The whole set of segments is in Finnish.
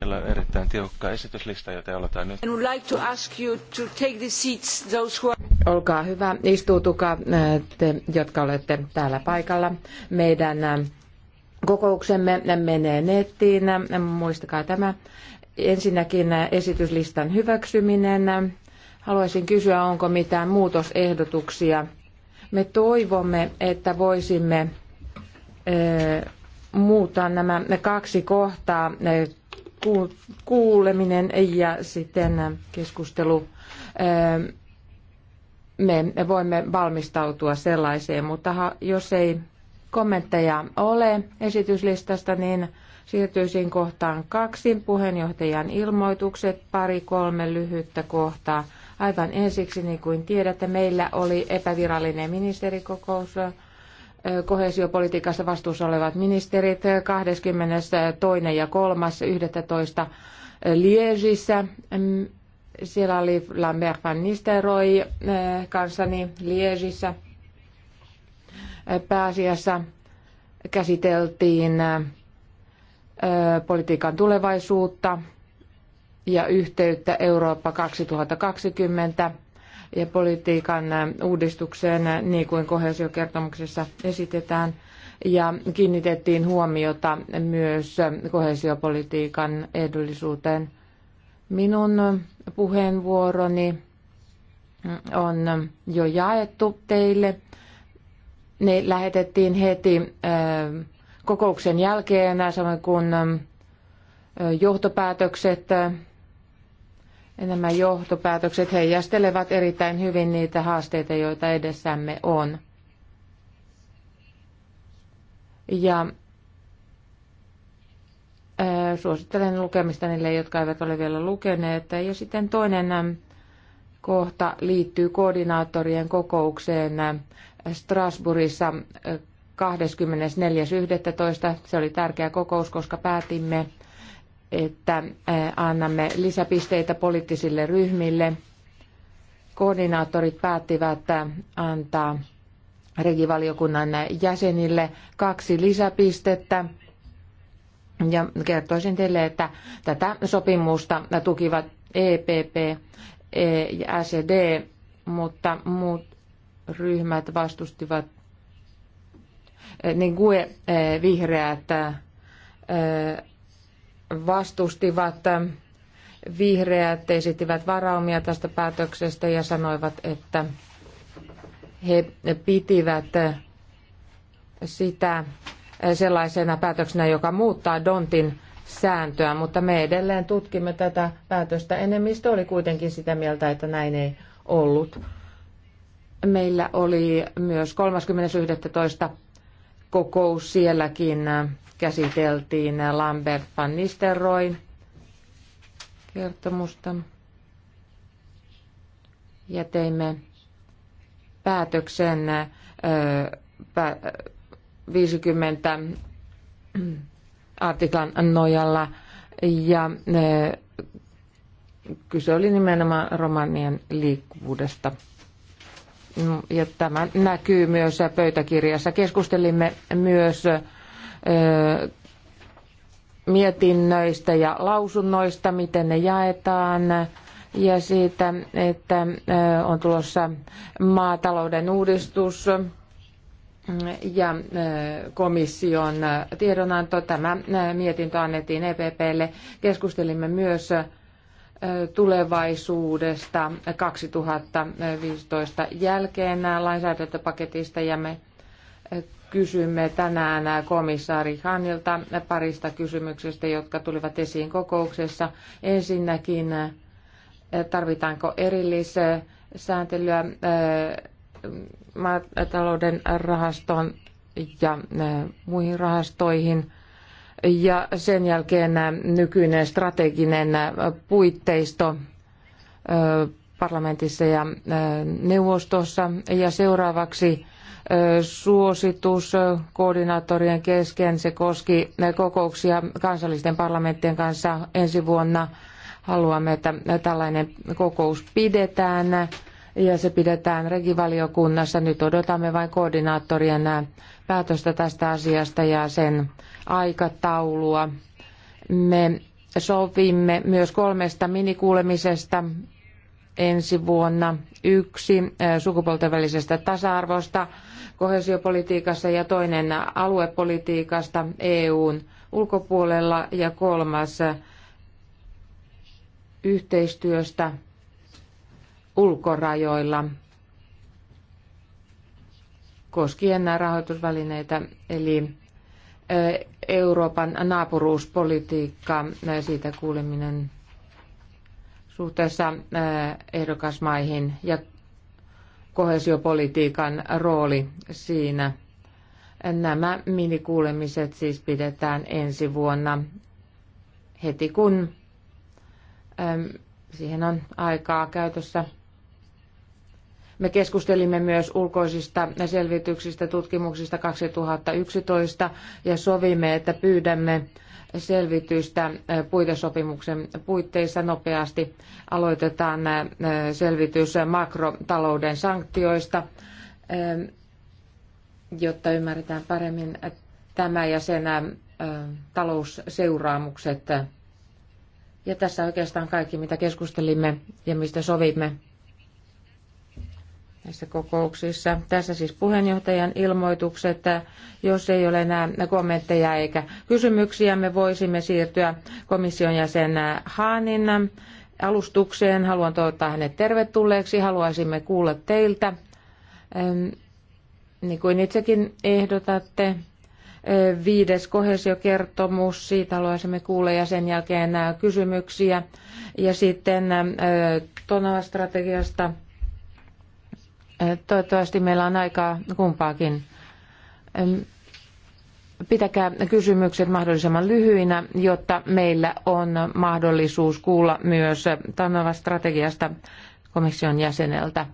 Meillä on erittäin tiukka esityslista, joten aloitetaan nyt. Olkaa hyvä, istuutukaa äh, te, jotka olette täällä paikalla. Meidän äh, kokouksemme menee nettiin. Muistakaa tämä. Ensinnäkin äh, esityslistan hyväksyminen. Haluaisin kysyä, onko mitään muutosehdotuksia. Me toivomme, että voisimme muuttaa nämä kaksi kohtaa kuuleminen ja sitten keskustelu. Ähm, me voimme valmistautua sellaiseen, mutta jos ei kommentteja ole esityslistasta, niin siirtyisin kohtaan kaksi puheenjohtajan ilmoitukset, pari kolme lyhyttä kohtaa. Aivan ensiksi, niin kuin tiedätte, meillä oli epävirallinen ministerikokous Kohesiopolitiikassa vastuussa olevat ministerit 22. ja 3. 11. Liegissä. Siellä oli Lambert van Nisteroi eh, kanssani Liegissä. Eh, pääasiassa käsiteltiin eh, politiikan tulevaisuutta ja yhteyttä Eurooppa 2020 ja politiikan uudistukseen, niin kuin kohesiokertomuksessa esitetään. Ja kiinnitettiin huomiota myös kohesiopolitiikan edullisuuteen. Minun puheenvuoroni on jo jaettu teille. Ne lähetettiin heti äh, kokouksen jälkeen, samoin kuin äh, johtopäätökset Nämä johtopäätökset heijastelevat erittäin hyvin niitä haasteita, joita edessämme on. Ja suosittelen lukemista niille, jotka eivät ole vielä lukeneet. Ja sitten toinen kohta liittyy koordinaattorien kokoukseen Strasbourgissa 24.11. Se oli tärkeä kokous, koska päätimme että annamme lisäpisteitä poliittisille ryhmille. Koordinaattorit päättivät antaa regivaliokunnan jäsenille kaksi lisäpistettä. Ja kertoisin teille, että tätä sopimusta tukivat EPP ja SED, mutta muut ryhmät vastustivat, niin kuin vihreät vastustivat. Vihreät esittivät varaumia tästä päätöksestä ja sanoivat, että he pitivät sitä sellaisena päätöksenä, joka muuttaa Dontin sääntöä, mutta me edelleen tutkimme tätä päätöstä. Enemmistö oli kuitenkin sitä mieltä, että näin ei ollut. Meillä oli myös 30.11. kokous sielläkin käsiteltiin Lambert van Nisteroin kertomusta ja teimme päätöksen 50 artiklan nojalla ja kyse oli nimenomaan romanien liikkuvuudesta. Ja tämä näkyy myös pöytäkirjassa. Keskustelimme myös mietinnöistä ja lausunnoista, miten ne jaetaan ja siitä, että on tulossa maatalouden uudistus ja komission tiedonanto. Tämä mietintö annettiin EPPlle. Keskustelimme myös tulevaisuudesta 2015 jälkeen lainsäädäntöpaketista ja me Kysymme tänään komissaari Hanilta parista kysymyksestä, jotka tulivat esiin kokouksessa. Ensinnäkin, eh, tarvitaanko sääntelyä eh, maatalouden rahastoon ja eh, muihin rahastoihin. Ja sen jälkeen nykyinen strateginen puitteisto parlamentissa ja neuvostossa. Ja seuraavaksi suositus koordinaattorien kesken. Se koski kokouksia kansallisten parlamenttien kanssa ensi vuonna. Haluamme, että tällainen kokous pidetään ja se pidetään regivaliokunnassa. Nyt odotamme vain koordinaattorien päätöstä tästä asiasta ja sen aikataulua. Me sovimme myös kolmesta minikuulemisesta ensi vuonna. Yksi sukupuolten välisestä tasa-arvosta, kohesiopolitiikassa ja toinen aluepolitiikasta EUn ulkopuolella ja kolmas yhteistyöstä ulkorajoilla koskien nämä rahoitusvälineitä, eli Euroopan naapuruuspolitiikka, siitä kuuleminen suhteessa ehdokasmaihin ja kohesiopolitiikan rooli siinä. Nämä minikuulemiset siis pidetään ensi vuonna heti kun siihen on aikaa käytössä. Me keskustelimme myös ulkoisista selvityksistä tutkimuksista 2011 ja sovimme, että pyydämme selvitystä äh, puitesopimuksen puitteissa nopeasti. Aloitetaan äh, selvitys makrotalouden sanktioista, äh, jotta ymmärretään paremmin tämä ja sen talousseuraamukset. Ja tässä oikeastaan kaikki, mitä keskustelimme ja mistä sovimme näissä kokouksissa. Tässä siis puheenjohtajan ilmoitukset. Jos ei ole enää kommentteja eikä kysymyksiä, me voisimme siirtyä komission jäsen Haanin alustukseen. Haluan toivottaa hänet tervetulleeksi. Haluaisimme kuulla teiltä, niin kuin itsekin ehdotatte, viides kohesiokertomus, siitä haluaisimme kuulla ja sen jälkeen kysymyksiä. Ja sitten Tonava-strategiasta Toivottavasti meillä on aikaa kumpaakin. Pitäkää kysymykset mahdollisimman lyhyinä, jotta meillä on mahdollisuus kuulla myös Tanova-strategiasta komission jäseneltä.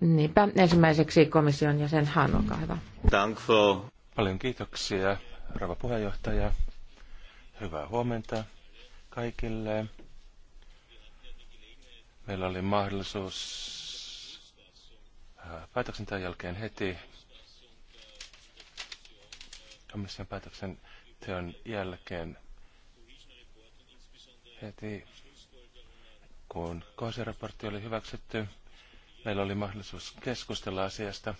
Niinpä ensimmäiseksi komission jäsen Hannu, olkaa hyvä. Paljon kiitoksia, rouva puheenjohtaja. Hyvää huomenta kaikille. Meillä oli mahdollisuus Äh, tämän jälkeen heti komission teon jälkeen heti, kun KC-raportti oli hyväksytty, meillä oli mahdollisuus keskustella asiasta.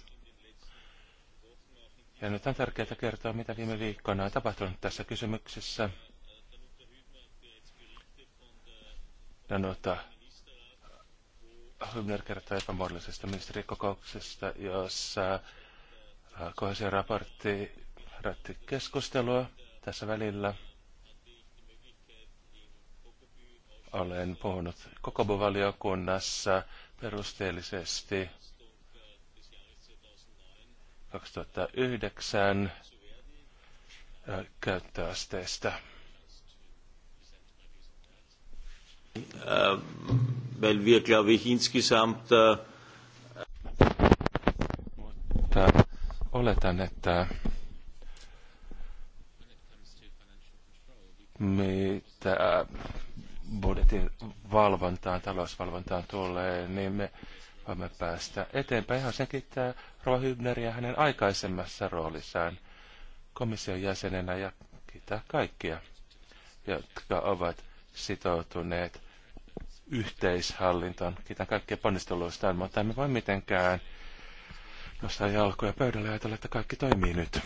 Ja nyt on tärkeää kertoa, mitä viime viikkoina on tapahtunut tässä kysymyksessä. noita Hymner kertoi epämuodollisesta ministerikokouksesta, jossa äh, kohesion raportti herätti keskustelua tässä välillä. Olen puhunut koko valiokunnassa perusteellisesti 2009 äh, käyttöasteesta. Um weil wir, glaube ich, insgesamt... Äh, oletan, että mitä budjetin valvontaan, talousvalvontaan tulee, niin me voimme päästä eteenpäin. Ihan sen kiittää Rova Hybneriä hänen aikaisemmassa roolissaan komission jäsenenä ja kiittää kaikkia, jotka ovat sitoutuneet yhteishallintaan. Kiitän kaikkia ponnisteluistaan, mutta emme voi mitenkään nostaa jalkoja pöydälle ja ajatella, että kaikki toimii nyt.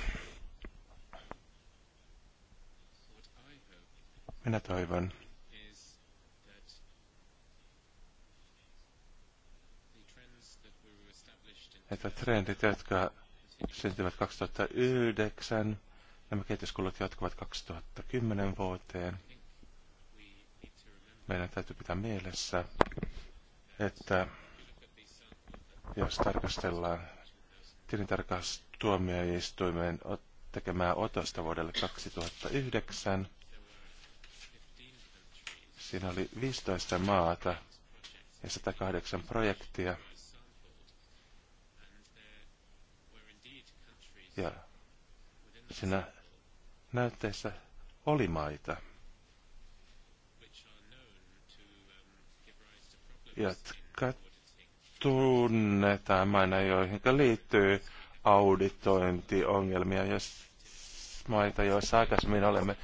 Minä toivon. Että trendit, jotka syntyvät 2009, nämä kehityskulut jatkuvat 2010 vuoteen meidän täytyy pitää mielessä, että jos tarkastellaan tilintarkastustuomioistuimen tekemää otosta vuodelle 2009, siinä oli 15 maata ja 108 projektia. Ja siinä näytteessä oli maita. jotka tunnetaan maina, joihin liittyy auditointiongelmia, jos maita, joissa aikaisemmin olemme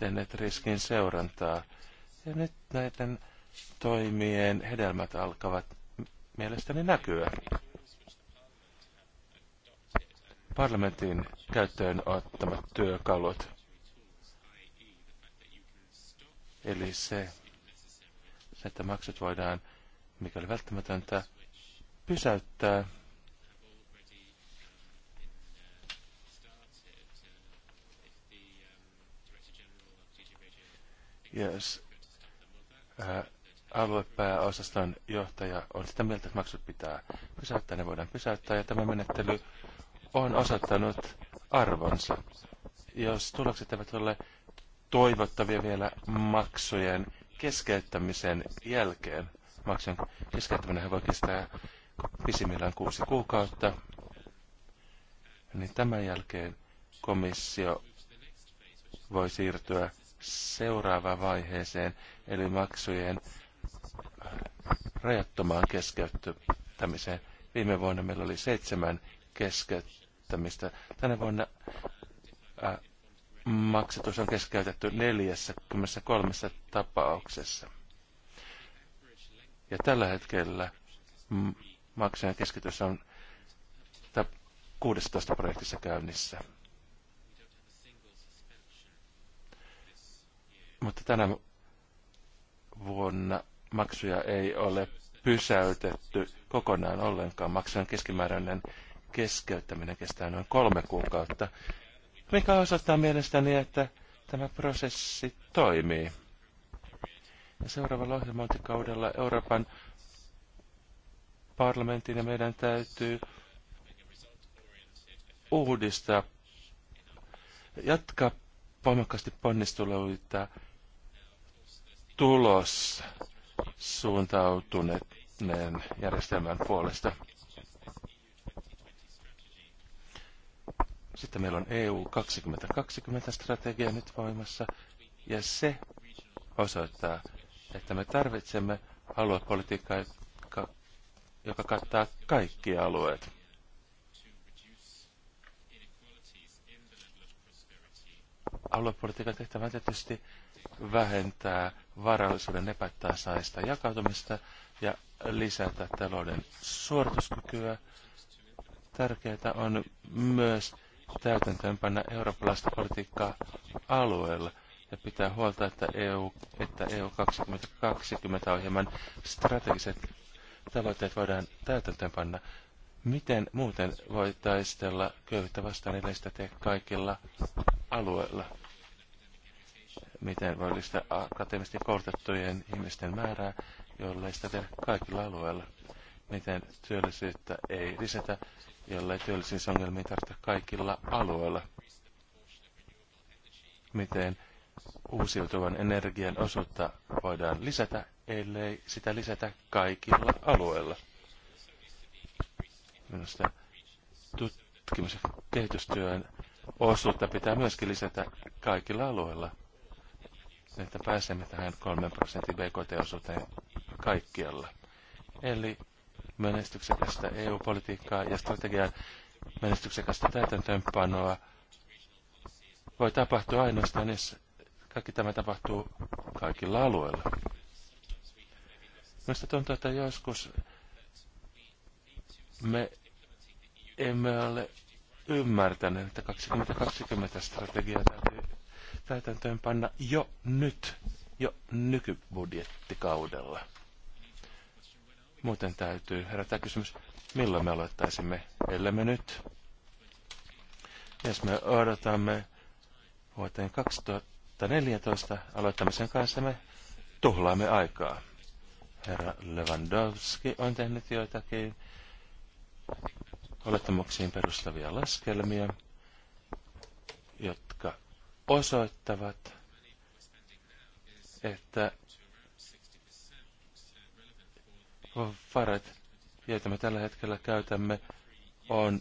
tehneet riskin seurantaa. Ja nyt näiden toimien hedelmät alkavat mielestäni näkyä. Parlamentin käyttöön ottamat työkalut, eli se, että maksut voidaan mikä oli välttämätöntä, pysäyttää Yes. Äh, aluepääosaston johtaja on sitä mieltä, että maksut pitää pysäyttää, ne voidaan pysäyttää, ja tämä menettely on osoittanut arvonsa. Jos tulokset eivät ole toivottavia vielä maksujen keskeyttämisen jälkeen, maksun keskeyttäminen voi kestää pisimmillään kuusi kuukautta. Niin tämän jälkeen komissio voi siirtyä seuraavaan vaiheeseen, eli maksujen rajattomaan keskeyttämiseen. Viime vuonna meillä oli seitsemän keskeyttämistä. Tänä vuonna ää, äh, maksatus on keskeytetty 43 tapauksessa. Ja tällä hetkellä maksajan keskitys on 16 projektissa käynnissä. Mutta tänä vuonna maksuja ei ole pysäytetty kokonaan ollenkaan. Maksujen keskimääräinen keskeyttäminen kestää noin kolme kuukautta, mikä osoittaa mielestäni, että tämä prosessi toimii. Ja seuraavalla ohjelmointikaudella Euroopan parlamentin ja meidän täytyy uudistaa, jatkaa voimakkaasti ponnisteluita tulos suuntautuneen järjestelmän puolesta. Sitten meillä on EU 2020 strategia nyt voimassa ja se osoittaa, että me tarvitsemme aluepolitiikkaa, joka, joka kattaa kaikki alueet. Aluepolitiikan tehtävä on tietysti vähentää varallisuuden epätasaista jakautumista ja lisätä talouden suorituskykyä. Tärkeää on myös täytäntöönpanna eurooppalaista politiikkaa alueella – ja pitää huolta, että EU, että EU 2020 ohjelman strategiset tavoitteet voidaan täytäntöönpanna. Miten muuten voi taistella köyhyyttä vastaan, ellei niin sitä tee kaikilla alueilla? Miten voi lisätä akateemisesti koulutettujen ihmisten määrää, jollei sitä tehdä kaikilla alueilla? Miten työllisyyttä ei lisätä, jollei työllisyysongelmiin tarvita kaikilla alueilla? Miten uusiutuvan energian osuutta voidaan lisätä, ellei sitä lisätä kaikilla alueilla. Minusta tutkimus- ja kehitystyön osuutta pitää myöskin lisätä kaikilla alueilla, että pääsemme tähän 3 prosentin BKT-osuuteen kaikkialla. Eli menestyksekästä EU-politiikkaa ja strategian menestyksekästä täytäntöönpanoa voi tapahtua ainoastaan, jos kaikki tämä tapahtuu kaikilla alueilla. Minusta tuntuu, että joskus me emme ole ymmärtäneet, että 2020 strategiaa täytyy täytäntöön panna jo nyt, jo nykybudjettikaudella. Muuten täytyy herätä kysymys, milloin me aloittaisimme, ellei me nyt. Jos me odotamme vuoteen 2000, 2014 aloittamisen kanssa me tuhlaamme aikaa. Herra Lewandowski on tehnyt joitakin olettamuksiin perustavia laskelmia, jotka osoittavat, että varat, joita me tällä hetkellä käytämme, on,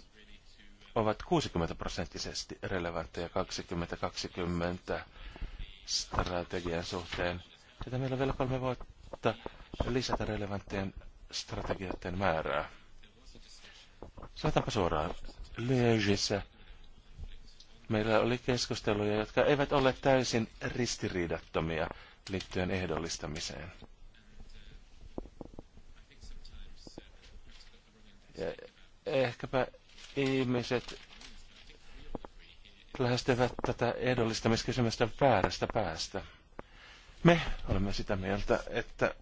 ovat 60 prosenttisesti relevantteja 2020 strategian suhteen. Tätä meillä on vielä kolme vuotta lisätä relevanttien strategioiden määrää. Sanotaanpa suoraan, Liegissä meillä oli keskusteluja, jotka eivät ole täysin ristiriidattomia liittyen ehdollistamiseen. Ja ehkäpä ihmiset lähestyvät tätä ehdollistamiskysymystä väärästä päästä. Me olemme sitä mieltä, että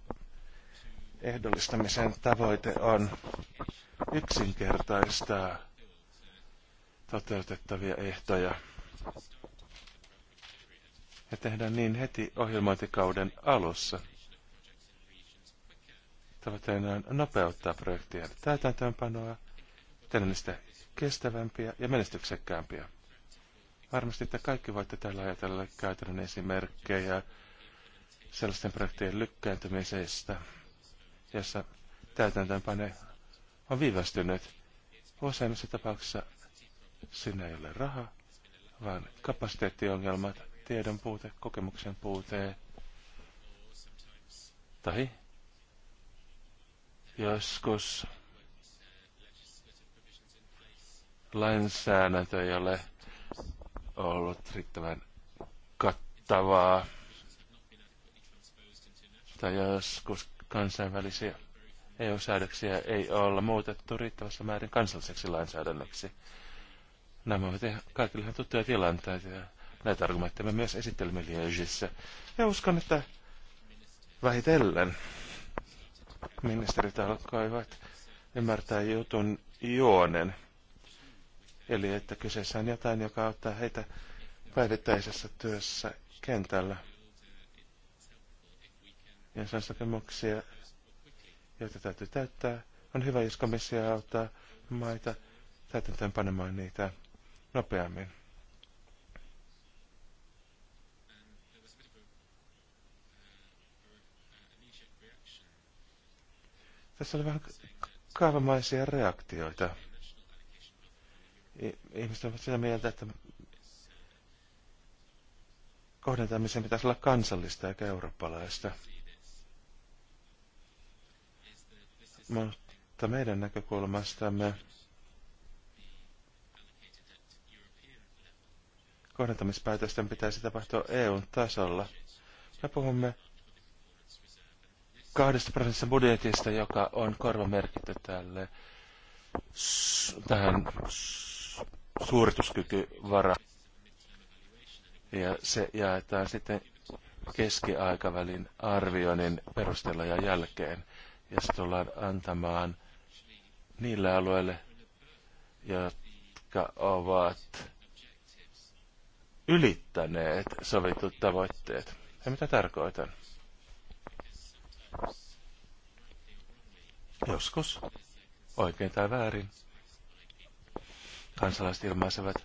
ehdollistamisen tavoite on yksinkertaistaa toteutettavia ehtoja ja tehdä niin heti ohjelmointikauden alussa. Tavoitteena on nopeuttaa projektien täytäntöönpanoa, tehdä niistä kestävämpiä ja menestyksekkäämpiä. Varmasti että kaikki voitte tällä ajatella käytännön esimerkkejä sellaisten projektien lykkääntymisestä, jossa täytäntöönpane on viivästynyt. Useimmissa tapauksissa sinne ei ole raha, vaan kapasiteettiongelmat, tiedon puute, kokemuksen puute. Tai joskus lainsäädäntö ei ole ollut riittävän kattavaa. Tai joskus kansainvälisiä EU-säädöksiä ei olla muutettu riittävässä määrin kansalliseksi lainsäädännöksi. Nämä ovat kaikille ihan tuttuja tilanteita ja näitä argumentteja me myös esittelimme Liegeissä. Ja uskon, että vähitellen ministerit alkoivat ymmärtää jutun juonen. Eli että kyseessä on jotain, joka auttaa heitä päivittäisessä työssä kentällä. Ja se on sopimuksia, joita täytyy täyttää. On hyvä, jos komissio auttaa maita täytäntöön panemaan niitä nopeammin. Tässä oli vähän kaavamaisia reaktioita ihmiset ovat sitä mieltä, että kohdentamisen pitäisi olla kansallista eikä eurooppalaista. Mutta meidän näkökulmastamme kohdentamispäätösten pitäisi tapahtua EUn tasolla. Me puhumme kahdesta prosentista budjetista, joka on korvamerkitty tälle tähän suorituskykyvara. Ja se jaetaan sitten keskiaikavälin arvioinnin perusteella ja jälkeen. Ja se tullaan antamaan niille alueille, jotka ovat ylittäneet sovitut tavoitteet. Ja mitä tarkoitan? Joskus, oikein tai väärin, kansalaiset ilmaisevat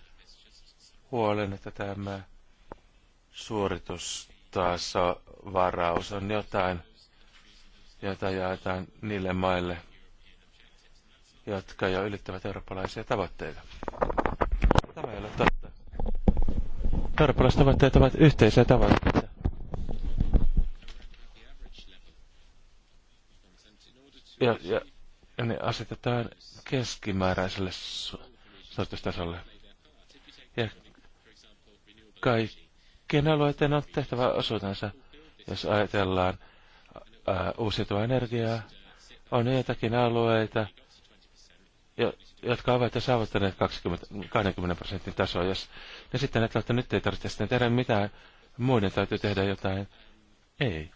huolen, että tämä varaus on jotain, jota jaetaan niille maille, jotka jo ylittävät eurooppalaisia tavoitteita. Tämä ei ole totta. Eurooppalaiset tavoitteet ovat yhteisiä tavoitteita. Ja, ja, ja ne asetetaan keskimääräiselle su- kustannustasolle. Ja kaikkien alueiden on tehtävä osuutensa, jos ajatellaan ää, uusiutuvaa energiaa. On joitakin alueita, jo, jotka ovat jo saavuttaneet 20, 20 prosentin tasoa. Jos ne sitten ajatellaan, että nyt ei tarvitse tehdä mitään, muiden täytyy tehdä jotain. Ei.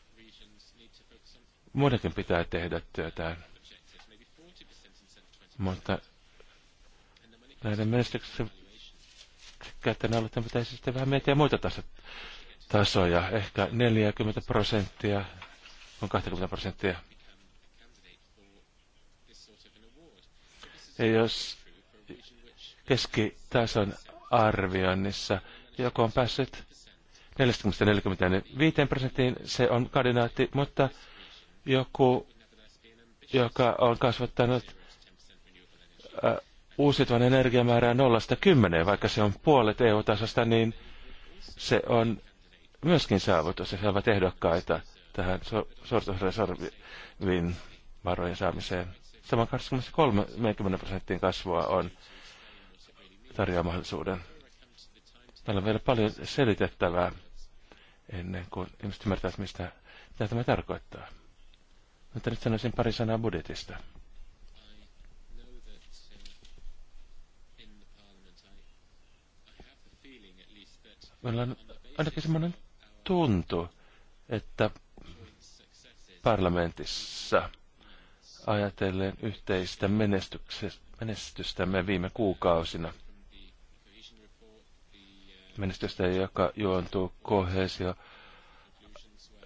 Muidenkin pitää tehdä työtään. Mutta näiden menestyksekkäiden alueiden pitäisi sitten vähän miettiä muita tasoja. Ehkä 40 prosenttia on 20 prosenttia. Ja jos keskitason arvioinnissa joku on päässyt 40-45 niin prosenttiin, se on kardinaatti, mutta joku, joka on kasvattanut äh, uusiutuvan energiamäärää nollasta kymmeneen, vaikka se on puolet EU-tasosta, niin se on myöskin saavutus ja he ovat ehdokkaita tähän sortusreservin varojen saamiseen. Saman 23 prosenttiin kasvua on tarjoaa mahdollisuuden. Täällä on vielä paljon selitettävää ennen kuin ihmiset ymmärtävät, mistä, mitä tämä tarkoittaa. Mutta nyt sanoisin pari sanaa budjetista. Meillä on ainakin semmoinen tuntu, että parlamentissa ajatellen yhteistä menestystämme viime kuukausina. Menestystä, joka juontuu kohesio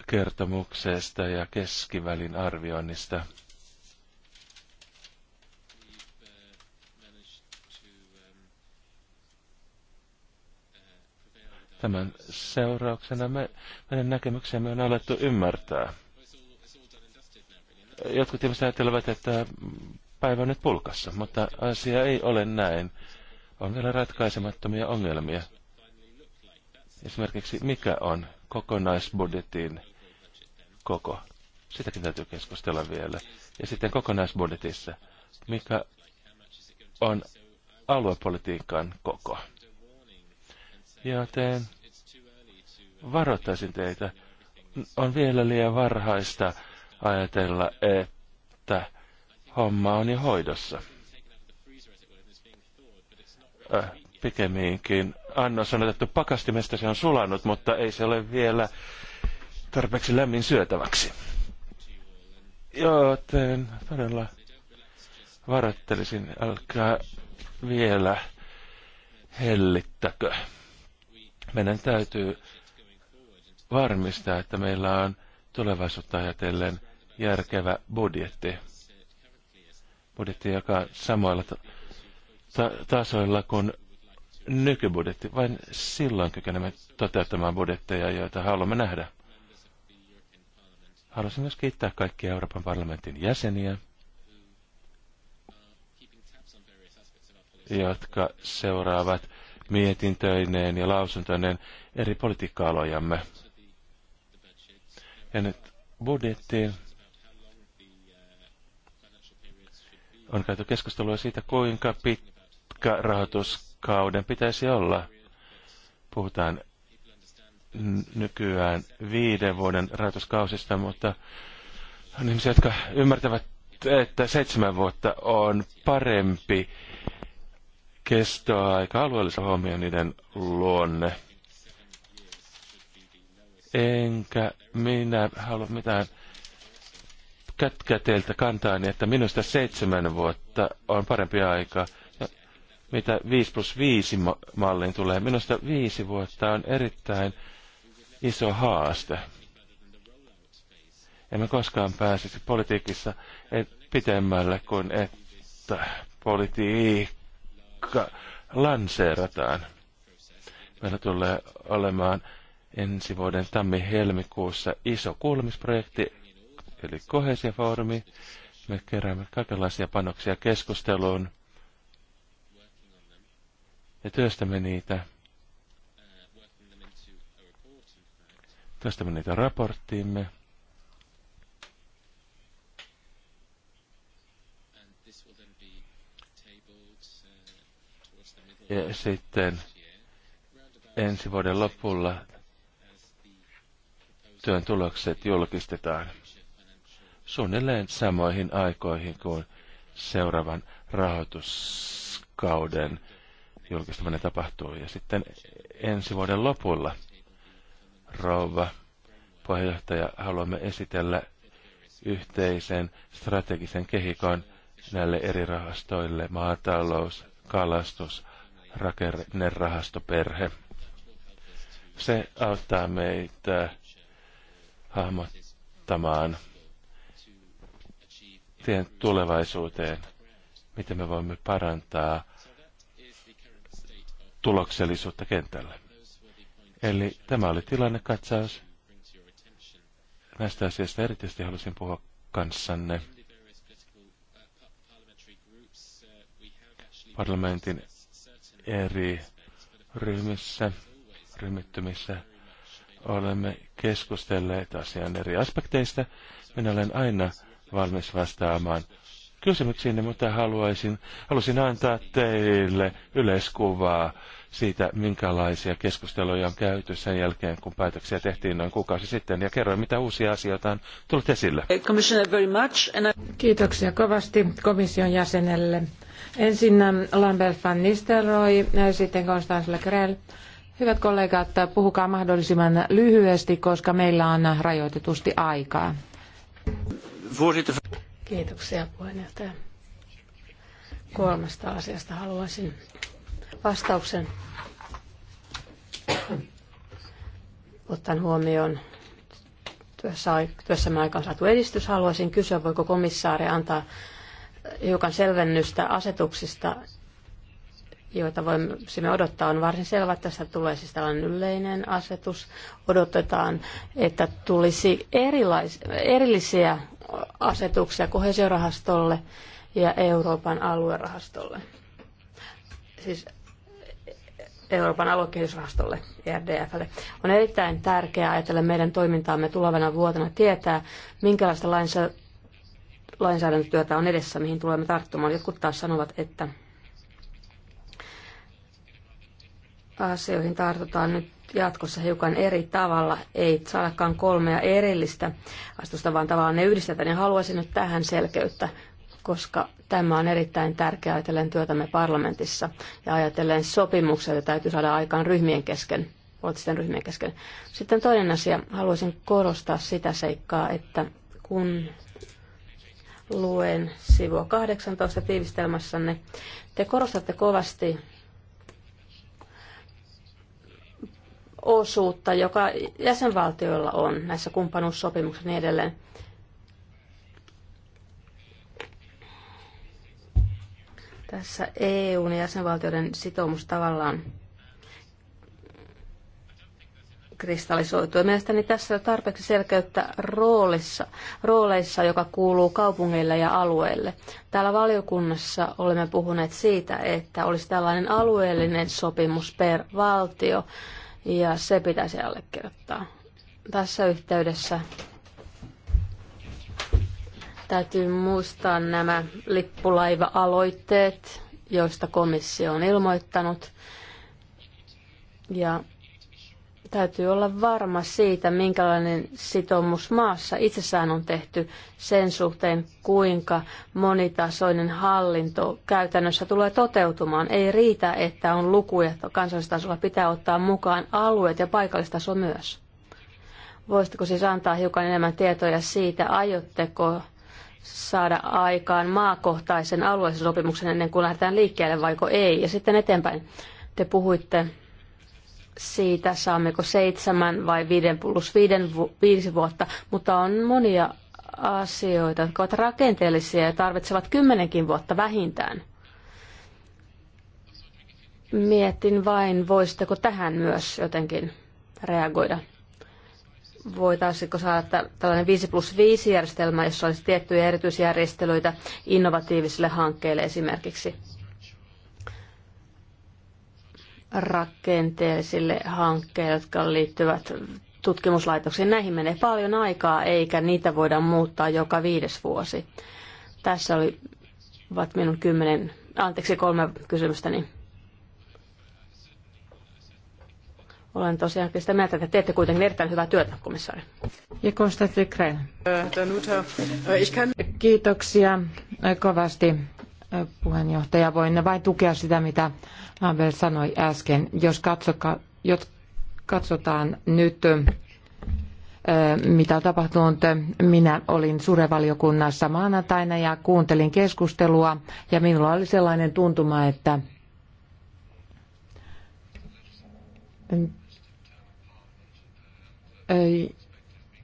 kertomuksesta ja keskivälin arvioinnista – Tämän seurauksena me, meidän näkemyksemme on alettu ymmärtää. Jotkut ihmiset ajattelevat, että päivä on nyt pulkassa, mutta asia ei ole näin. On vielä ratkaisemattomia ongelmia. Esimerkiksi mikä on kokonaisbudjetin koko. Sitäkin täytyy keskustella vielä. Ja sitten kokonaisbudjetissa, mikä on aluepolitiikan koko. Joten varoittaisin teitä. On vielä liian varhaista ajatella, että homma on jo hoidossa. Äh, pikemminkin. Annos on otettu pakastimesta, se on sulanut, mutta ei se ole vielä tarpeeksi lämmin syötäväksi. Joten todella varoittelisin, älkää vielä hellittäkö. Meidän täytyy varmistaa, että meillä on tulevaisuutta ajatellen järkevä budjetti. Budjetti, joka on samoilla ta- tasoilla kuin nykybudjetti. Vain silloin kykenemme toteuttamaan budjetteja, joita haluamme nähdä. Haluaisin myös kiittää kaikkia Euroopan parlamentin jäseniä, jotka seuraavat mietintöineen ja lausuntoineen eri politiikka-alojamme. Ja nyt budjettiin on käyty keskustelua siitä, kuinka pitkä rahoituskauden pitäisi olla. Puhutaan nykyään viiden vuoden rahoituskausista, mutta on ihmisiä, jotka ymmärtävät, että seitsemän vuotta on parempi kestoa aika alueellisella huomioon niiden luonne. Enkä minä halua mitään kätkä teiltä kantaa, niin että minusta seitsemän vuotta on parempi aika. Ja mitä 5 plus 5 malliin tulee, minusta viisi vuotta on erittäin iso haaste. Emme koskaan pääsisi politiikissa pitemmälle kuin että politiikka lanseerataan. Meillä tulee olemaan ensi vuoden tammi-helmikuussa iso kuulemisprojekti, eli kohesiafoorumi. Me keräämme kaikenlaisia panoksia keskusteluun ja työstämme niitä. Työstämme niitä raporttiimme. Ja sitten ensi vuoden lopulla työn tulokset julkistetaan suunnilleen samoihin aikoihin kuin seuraavan rahoituskauden julkistaminen tapahtuu. Ja sitten ensi vuoden lopulla, rouva puheenjohtaja, haluamme esitellä yhteisen strategisen kehikon näille eri rahastoille, maatalous, kalastus, rakennerahastoperhe. Se auttaa meitä hahmottamaan tien tulevaisuuteen, miten me voimme parantaa tuloksellisuutta kentällä. Eli tämä oli tilannekatsaus. Näistä asioista erityisesti halusin puhua kanssanne. Parlamentin eri ryhmissä, ryhmittymissä olemme keskustelleet asian eri aspekteista. Minä olen aina valmis vastaamaan Kysymyksiin, niin mutta haluaisin, halusin antaa teille yleiskuvaa siitä, minkälaisia keskusteluja on käyty sen jälkeen, kun päätöksiä tehtiin noin kuukausi sitten, ja kerroin, mitä uusia asioita on tullut esille. Kiitoksia kovasti komission jäsenelle. Ensin ähm, Lambert van Nistelrooy, äh, sitten Constance Le Grel. Hyvät kollegat, äh, puhukaa mahdollisimman lyhyesti, koska meillä on rajoitetusti aikaa. Voorzitter. Kiitoksia puheenjohtaja. Kolmesta asiasta haluaisin vastauksen. Ottaen huomioon työssä, työssämme aikaan saatu edistys, haluaisin kysyä, voiko komissaari antaa hiukan selvennystä asetuksista, joita voimme odottaa. On varsin selvä, että tässä tulee siis tällainen yleinen asetus. Odotetaan, että tulisi erilais, erillisiä asetuksia kohesiorahastolle ja Euroopan aluerahastolle, siis Euroopan aluekehitysrahastolle, e RDFlle. On erittäin tärkeää ajatella meidän toimintaamme tulevana vuotena tietää, minkälaista lainsäädäntötyötä on edessä, mihin tulemme tarttumaan. Jotkut taas sanovat, että asioihin tartutaan nyt jatkossa hiukan eri tavalla. Ei saadakaan kolmea erillistä astusta, vaan tavallaan ne yhdistetään. Ja haluaisin nyt tähän selkeyttä, koska tämä on erittäin tärkeää ajatellen työtämme parlamentissa ja ajatellen sopimuksia, joita täytyy saada aikaan ryhmien kesken, poliittisten ryhmien kesken. Sitten toinen asia. Haluaisin korostaa sitä seikkaa, että kun luen sivua 18 tiivistelmässänne, te korostatte kovasti osuutta, joka jäsenvaltioilla on näissä kumppanuussopimuksissa niin edelleen. Tässä EUn ja jäsenvaltioiden sitoumus tavallaan kristallisoituu. mielestäni tässä on tarpeeksi selkeyttä roolissa, rooleissa, joka kuuluu kaupungeille ja alueille. Täällä valiokunnassa olemme puhuneet siitä, että olisi tällainen alueellinen sopimus per valtio, ja se pitäisi allekirjoittaa. Tässä yhteydessä täytyy muistaa nämä lippulaiva-aloitteet, joista komissio on ilmoittanut. Ja Täytyy olla varma siitä, minkälainen sitoumus maassa itsessään on tehty sen suhteen, kuinka monitasoinen hallinto käytännössä tulee toteutumaan. Ei riitä, että on lukuja kansallistasolla, pitää ottaa mukaan alueet ja paikallistaso myös. Voisitko siis antaa hiukan enemmän tietoja siitä, aiotteko saada aikaan maakohtaisen alueellisen sopimuksen ennen kuin lähdetään liikkeelle vaiko ei, ja sitten eteenpäin. Te puhuitte siitä, saammeko seitsemän vai viiden plus viiden vu- viisi vuotta, mutta on monia asioita, jotka ovat rakenteellisia ja tarvitsevat kymmenenkin vuotta vähintään. Mietin vain, voisitteko tähän myös jotenkin reagoida. Voitaisiinko saada tällainen 5 plus 5 järjestelmä, jossa olisi tiettyjä erityisjärjestelyitä innovatiivisille hankkeille esimerkiksi? rakenteellisille hankkeille, jotka liittyvät tutkimuslaitoksiin. Näihin menee paljon aikaa, eikä niitä voida muuttaa joka viides vuosi. Tässä oli ovat minun kymmenen, anteeksi kolme kysymystäni. Olen tosiaan sitä mieltä, että teette kuitenkin erittäin hyvää työtä, komissaari. Ja Konstantin Krell. Äh, äh, Kiitoksia kovasti puheenjohtaja. Voin vain tukea sitä, mitä Lambert sanoi äsken. Jos, katsoka, jos katsotaan nyt, mitä on tapahtunut, minä olin surevaliokunnassa maanantaina ja kuuntelin keskustelua ja minulla oli sellainen tuntuma, että ei,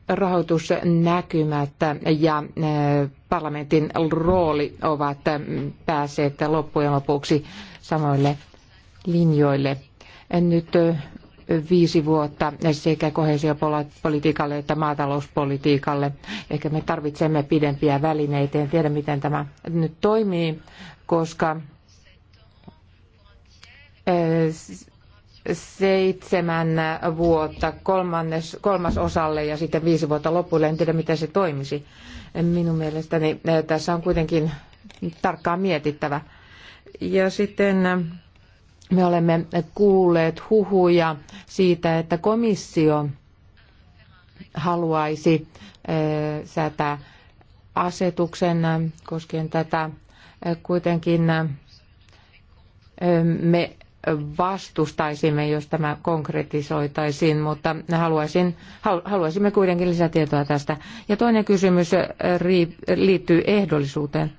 rahoitusnäkymät ja eh, parlamentin rooli ovat eh, päässeet loppujen lopuksi samoille linjoille. Nyt eh, viisi vuotta sekä kohesiopolitiikalle että maatalouspolitiikalle. Ehkä me tarvitsemme pidempiä välineitä. En tiedä, miten tämä nyt toimii, koska seitsemän vuotta kolmannes, kolmas osalle ja sitten viisi vuotta lopuille. En tiedä, miten se toimisi. Minun mielestäni eh, tässä on kuitenkin tarkkaan mietittävä. Ja sitten eh, me olemme kuulleet huhuja siitä, että komissio haluaisi eh, säätää asetuksen koskien tätä. Kuitenkin me vastustaisimme, jos tämä konkretisoitaisiin, mutta haluaisin, haluaisimme kuitenkin lisätietoa tästä. Ja toinen kysymys äh, liittyy ehdollisuuteen.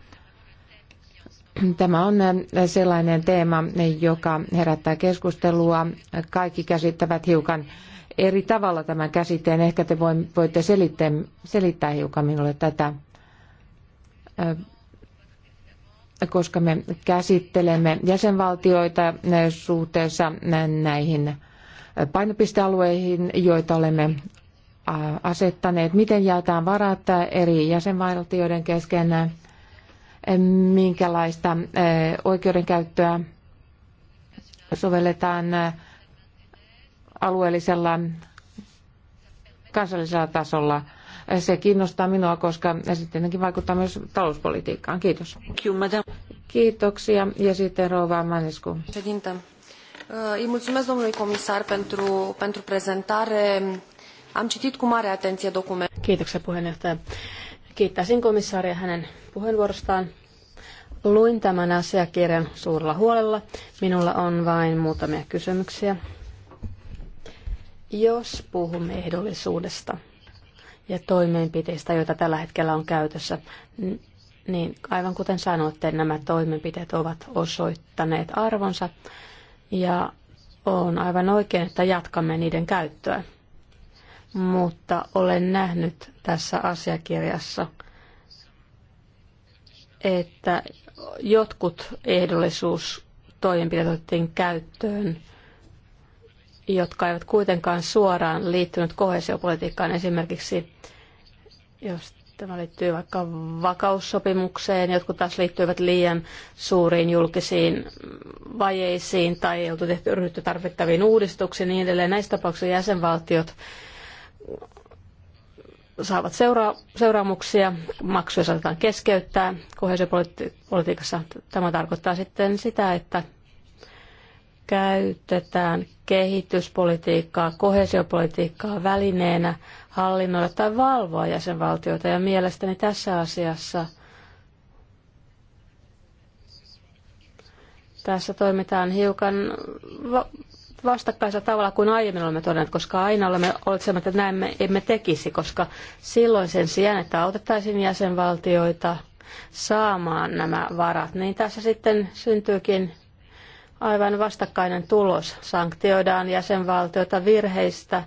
Tämä on äh, sellainen teema, joka herättää keskustelua. Kaikki käsittävät hiukan eri tavalla tämän käsitteen. Ehkä te voitte selittää, selittää hiukan minulle tätä äh, koska me käsittelemme jäsenvaltioita eh, suhteessa näihin eh, painopistealueihin, joita olemme asettaneet, miten jaetaan varat eh, eri jäsenvaltioiden kesken, minkälaista oikeudenkäyttöä sovelletaan alueellisella kansallisella tasolla – se kiinnostaa minua, koska se tietenkin vaikuttaa myös talouspolitiikkaan. Kiitos. Kiitoksia. Ja sitten Rova Manescu. Uh, îi mulțumesc domnului comisar pentru, pentru prezentare. Am citit cu mare atenție documentul. Kiitoksia puheenjohtaja. Kiittäisin komissaaria hänen puheenvuorostaan. Luin tämän asiakirjan suurella huolella. Minulla on vain muutamia kysymyksiä. Jos puhumme ehdollisuudesta, ja toimenpiteistä, joita tällä hetkellä on käytössä. Niin aivan kuten sanoitte, nämä toimenpiteet ovat osoittaneet arvonsa ja on aivan oikein, että jatkamme niiden käyttöä. Mutta olen nähnyt tässä asiakirjassa, että jotkut ehdollisuustoimenpiteet otettiin käyttöön – jotka eivät kuitenkaan suoraan liittyneet kohesiopolitiikkaan. Esimerkiksi jos tämä liittyy vaikka vakaussopimukseen, jotkut taas liittyvät liian suuriin julkisiin vajeisiin tai ei oltu tehty, ryhdytty tarvittaviin uudistuksiin niin edelleen. Näissä tapauksissa jäsenvaltiot saavat seura- seuraamuksia, maksuja saatetaan keskeyttää. Kohesiopolitiikassa tämä tarkoittaa sitten sitä, että käytetään kehityspolitiikkaa, kohesiopolitiikkaa välineenä hallinnoida tai valvoa jäsenvaltioita. Ja mielestäni tässä asiassa tässä toimitaan hiukan vastakkaisella tavalla kuin aiemmin olemme todenneet, koska aina olemme olleet että näin me emme tekisi, koska silloin sen sijaan, että autettaisiin jäsenvaltioita saamaan nämä varat, niin tässä sitten syntyykin aivan vastakkainen tulos. Sanktioidaan jäsenvaltioita virheistä,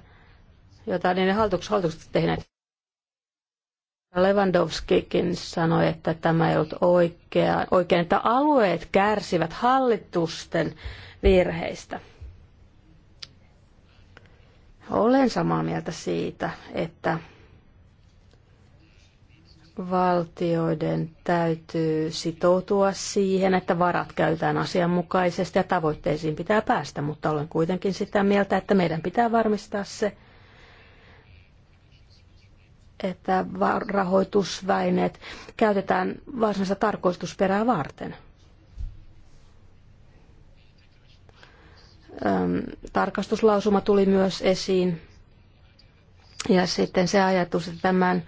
joita niiden hallitukset, hallitukset tehneet. Lewandowskikin sanoi, että tämä ei ollut oikea, oikein, että alueet kärsivät hallitusten virheistä. Olen samaa mieltä siitä, että valtioiden täytyy sitoutua siihen, että varat käytetään asianmukaisesti ja tavoitteisiin pitää päästä, mutta olen kuitenkin sitä mieltä, että meidän pitää varmistaa se, että rahoitusväineet käytetään varsinaista tarkoitusperää varten. tarkastuslausuma tuli myös esiin. Ja sitten se ajatus, että tämän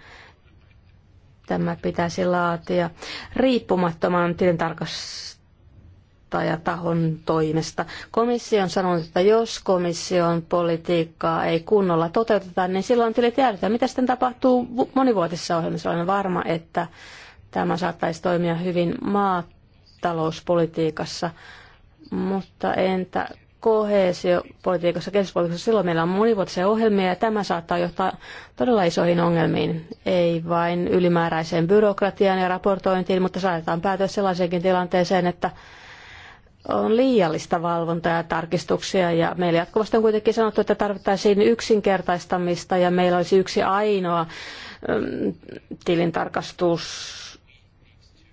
tämä pitäisi laatia riippumattoman tilintarkastajatahon toimesta. Komissio on sanonut, että jos komission politiikkaa ei kunnolla toteuteta, niin silloin tilit jäädytään. Mitä sitten tapahtuu monivuotisessa ohjelmassa? Olen varma, että tämä saattaisi toimia hyvin maatalouspolitiikassa, mutta entä koheesiopolitiikassa, kehityspolitiikassa, silloin meillä on monivuotisia ohjelmia ja tämä saattaa johtaa todella isoihin ongelmiin. Ei vain ylimääräiseen byrokratiaan ja raportointiin, mutta saatetaan päätyä sellaiseenkin tilanteeseen, että on liiallista valvontaa ja tarkistuksia ja meillä jatkuvasti on kuitenkin sanottu, että tarvittaisiin yksinkertaistamista ja meillä olisi yksi ainoa mm, tilintarkastus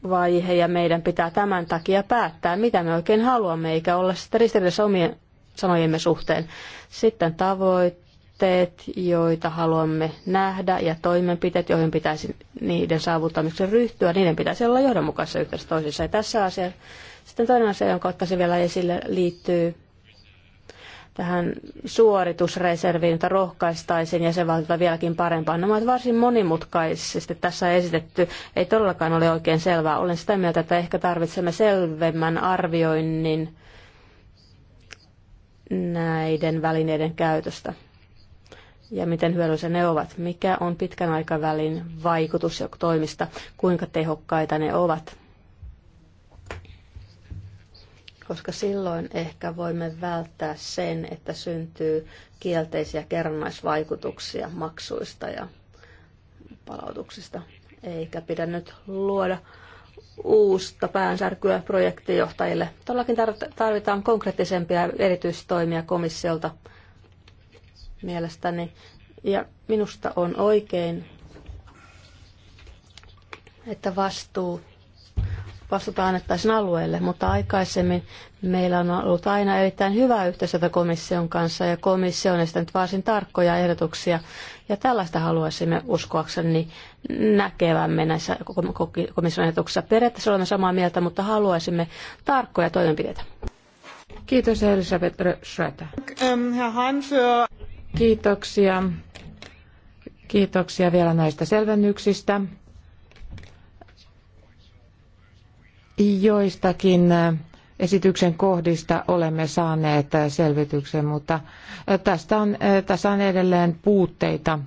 vaihe ja meidän pitää tämän takia päättää, mitä me oikein haluamme, eikä olla sitten ristiriidassa omien sanojemme suhteen. Sitten tavoitteet, joita haluamme nähdä ja toimenpiteet, joihin pitäisi niiden saavuttamiseksi ryhtyä, niiden pitäisi olla johdonmukaisessa yhteydessä toisissa. Ja tässä asia, sitten toinen asia, jonka ottaisin vielä esille, liittyy tähän suoritusreserviin, jota rohkaistaisiin jäsenvaltiota vieläkin parempaan. Nämä ovat varsin monimutkaisesti tässä esitetty. Ei todellakaan ole oikein selvää. Olen sitä mieltä, että ehkä tarvitsemme selvemmän arvioinnin näiden välineiden käytöstä ja miten hyödyllisiä ne ovat. Mikä on pitkän aikavälin vaikutus toimista, kuinka tehokkaita ne ovat koska silloin ehkä voimme välttää sen, että syntyy kielteisiä kerrannaisvaikutuksia maksuista ja palautuksista. Eikä pidä nyt luoda uusta päänsärkyä projektijohtajille. Todellakin tarvitaan konkreettisempia erityistoimia komissiolta mielestäni. Ja minusta on oikein, että vastuu vastuuta annettaisiin alueelle, mutta aikaisemmin meillä on ollut aina erittäin hyvä yhteistyötä komission kanssa ja komissio on esittänyt varsin tarkkoja ehdotuksia ja tällaista haluaisimme uskoakseni näkevämme näissä komission ehdotuksissa. Periaatteessa olemme samaa mieltä, mutta haluaisimme tarkkoja toimenpiteitä. Kiitos Elisabeth Schröter. Ähm, Kiitoksia. Kiitoksia vielä näistä selvennyksistä. Joistakin äh, esityksen kohdista olemme saaneet äh, selvityksen, mutta äh, tästä on, tässä on edelleen puutteita.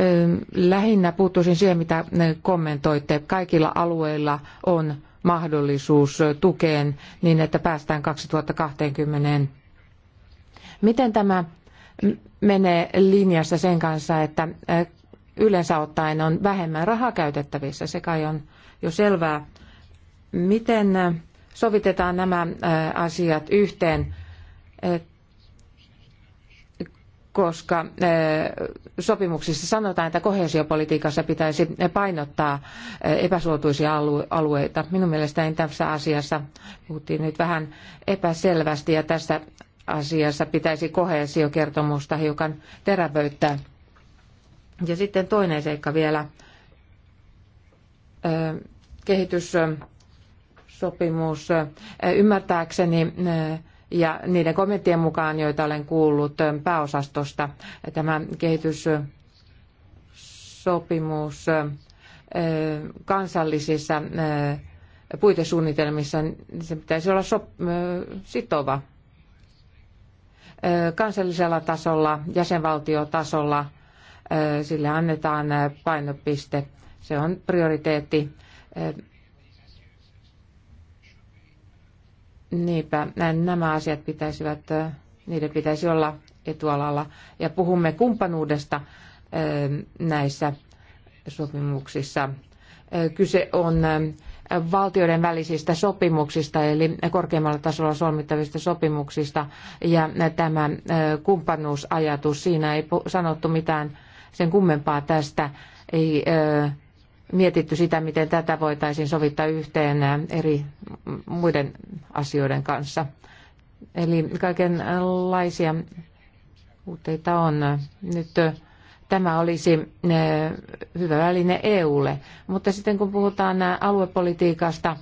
Ähm, lähinnä puuttuisin siihen, mitä kommentoitte. Kaikilla alueilla on mahdollisuus tukeen niin, että päästään 2020. Miten tämä menee linjassa sen kanssa, että yleensä ottaen on vähemmän rahaa käytettävissä, se kai on jo selvää. Miten äh, sovitetaan nämä äh, asiat yhteen, koska äh, sopimuksissa sanotaan, että kohesiopolitiikassa pitäisi painottaa epäsuotuisia alueita. Minun mielestäni tässä asiassa puhuttiin nyt vähän epäselvästi ja tässä asiassa pitäisi kohesiokertomusta hiukan terävöittää. Ja sitten toinen seikka vielä. Kehityssopimus. Ymmärtääkseni ja niiden kommenttien mukaan, joita olen kuullut pääosastosta, tämä kehityssopimus kansallisissa puitesuunnitelmissa, niin se pitäisi olla sop- sitova kansallisella tasolla, jäsenvaltiotasolla sille annetaan painopiste. Se on prioriteetti. Niinpä nämä asiat pitäisivät, niiden pitäisi olla etualalla. Ja puhumme kumppanuudesta näissä sopimuksissa. Kyse on valtioiden välisistä sopimuksista, eli korkeimmalla tasolla solmittavista sopimuksista. Ja tämä kumppanuusajatus, siinä ei sanottu mitään sen kummempaa tästä. Ei mietitty sitä, miten tätä voitaisiin sovittaa yhteen eri muiden asioiden kanssa. Eli kaikenlaisia puutteita on. Nyt tämä olisi hyvä väline EUlle. Mutta sitten kun puhutaan aluepolitiikasta,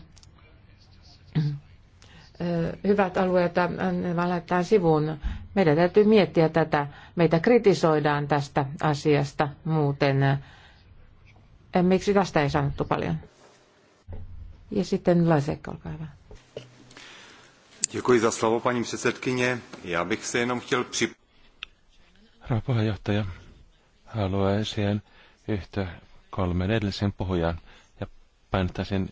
hyvät alueet laitetaan sivuun. Meidän täytyy miettiä tätä. Meitä kritisoidaan tästä asiasta muuten. En, eh, Miksi tästä ei sanottu paljon? Ja sitten Lasek, olkaa hyvä. Děkuji za slovo, paní předsedkyně. Já bych se jenom chtěl při... Herra puheenjohtaja, haluaisin yhtä kolmen edellisen puhujan ja painottaisin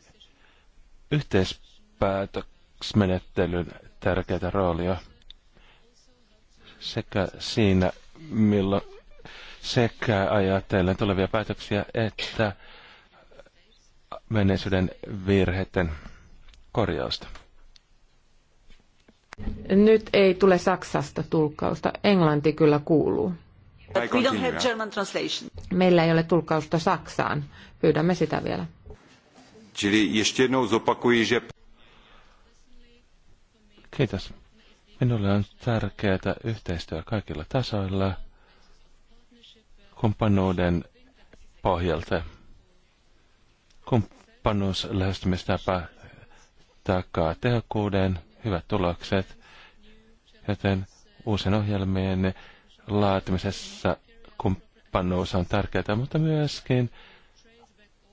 yhteispäätöksmenettelyn tärkeitä roolia – sekä siinä, milloin sekä ajatellen tulevia päätöksiä että menneisyyden virheiden korjausta. Nyt ei tule Saksasta tulkkausta. Englanti kyllä kuuluu. Meillä ei ole tulkkausta Saksaan. Pyydämme sitä vielä. Kiitos. Minulle on tärkeää yhteistyö kaikilla tasoilla kumppanuuden pohjalta. Kumppanuus lähestymistapa takaa tehokkuuden, hyvät tulokset, joten uusien ohjelmien laatimisessa kumppanuus on tärkeää, mutta myöskin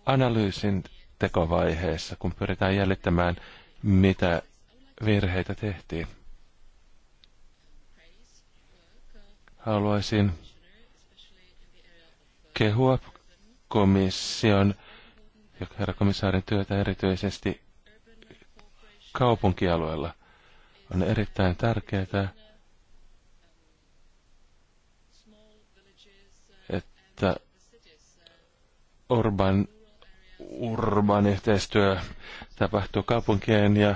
analyysin tekovaiheessa, kun pyritään jäljittämään, mitä virheitä tehtiin. Haluaisin kehua komission ja herra komissaarin työtä erityisesti kaupunkialueella. On erittäin tärkeää, että urban, urban yhteistyö tapahtuu kaupunkien ja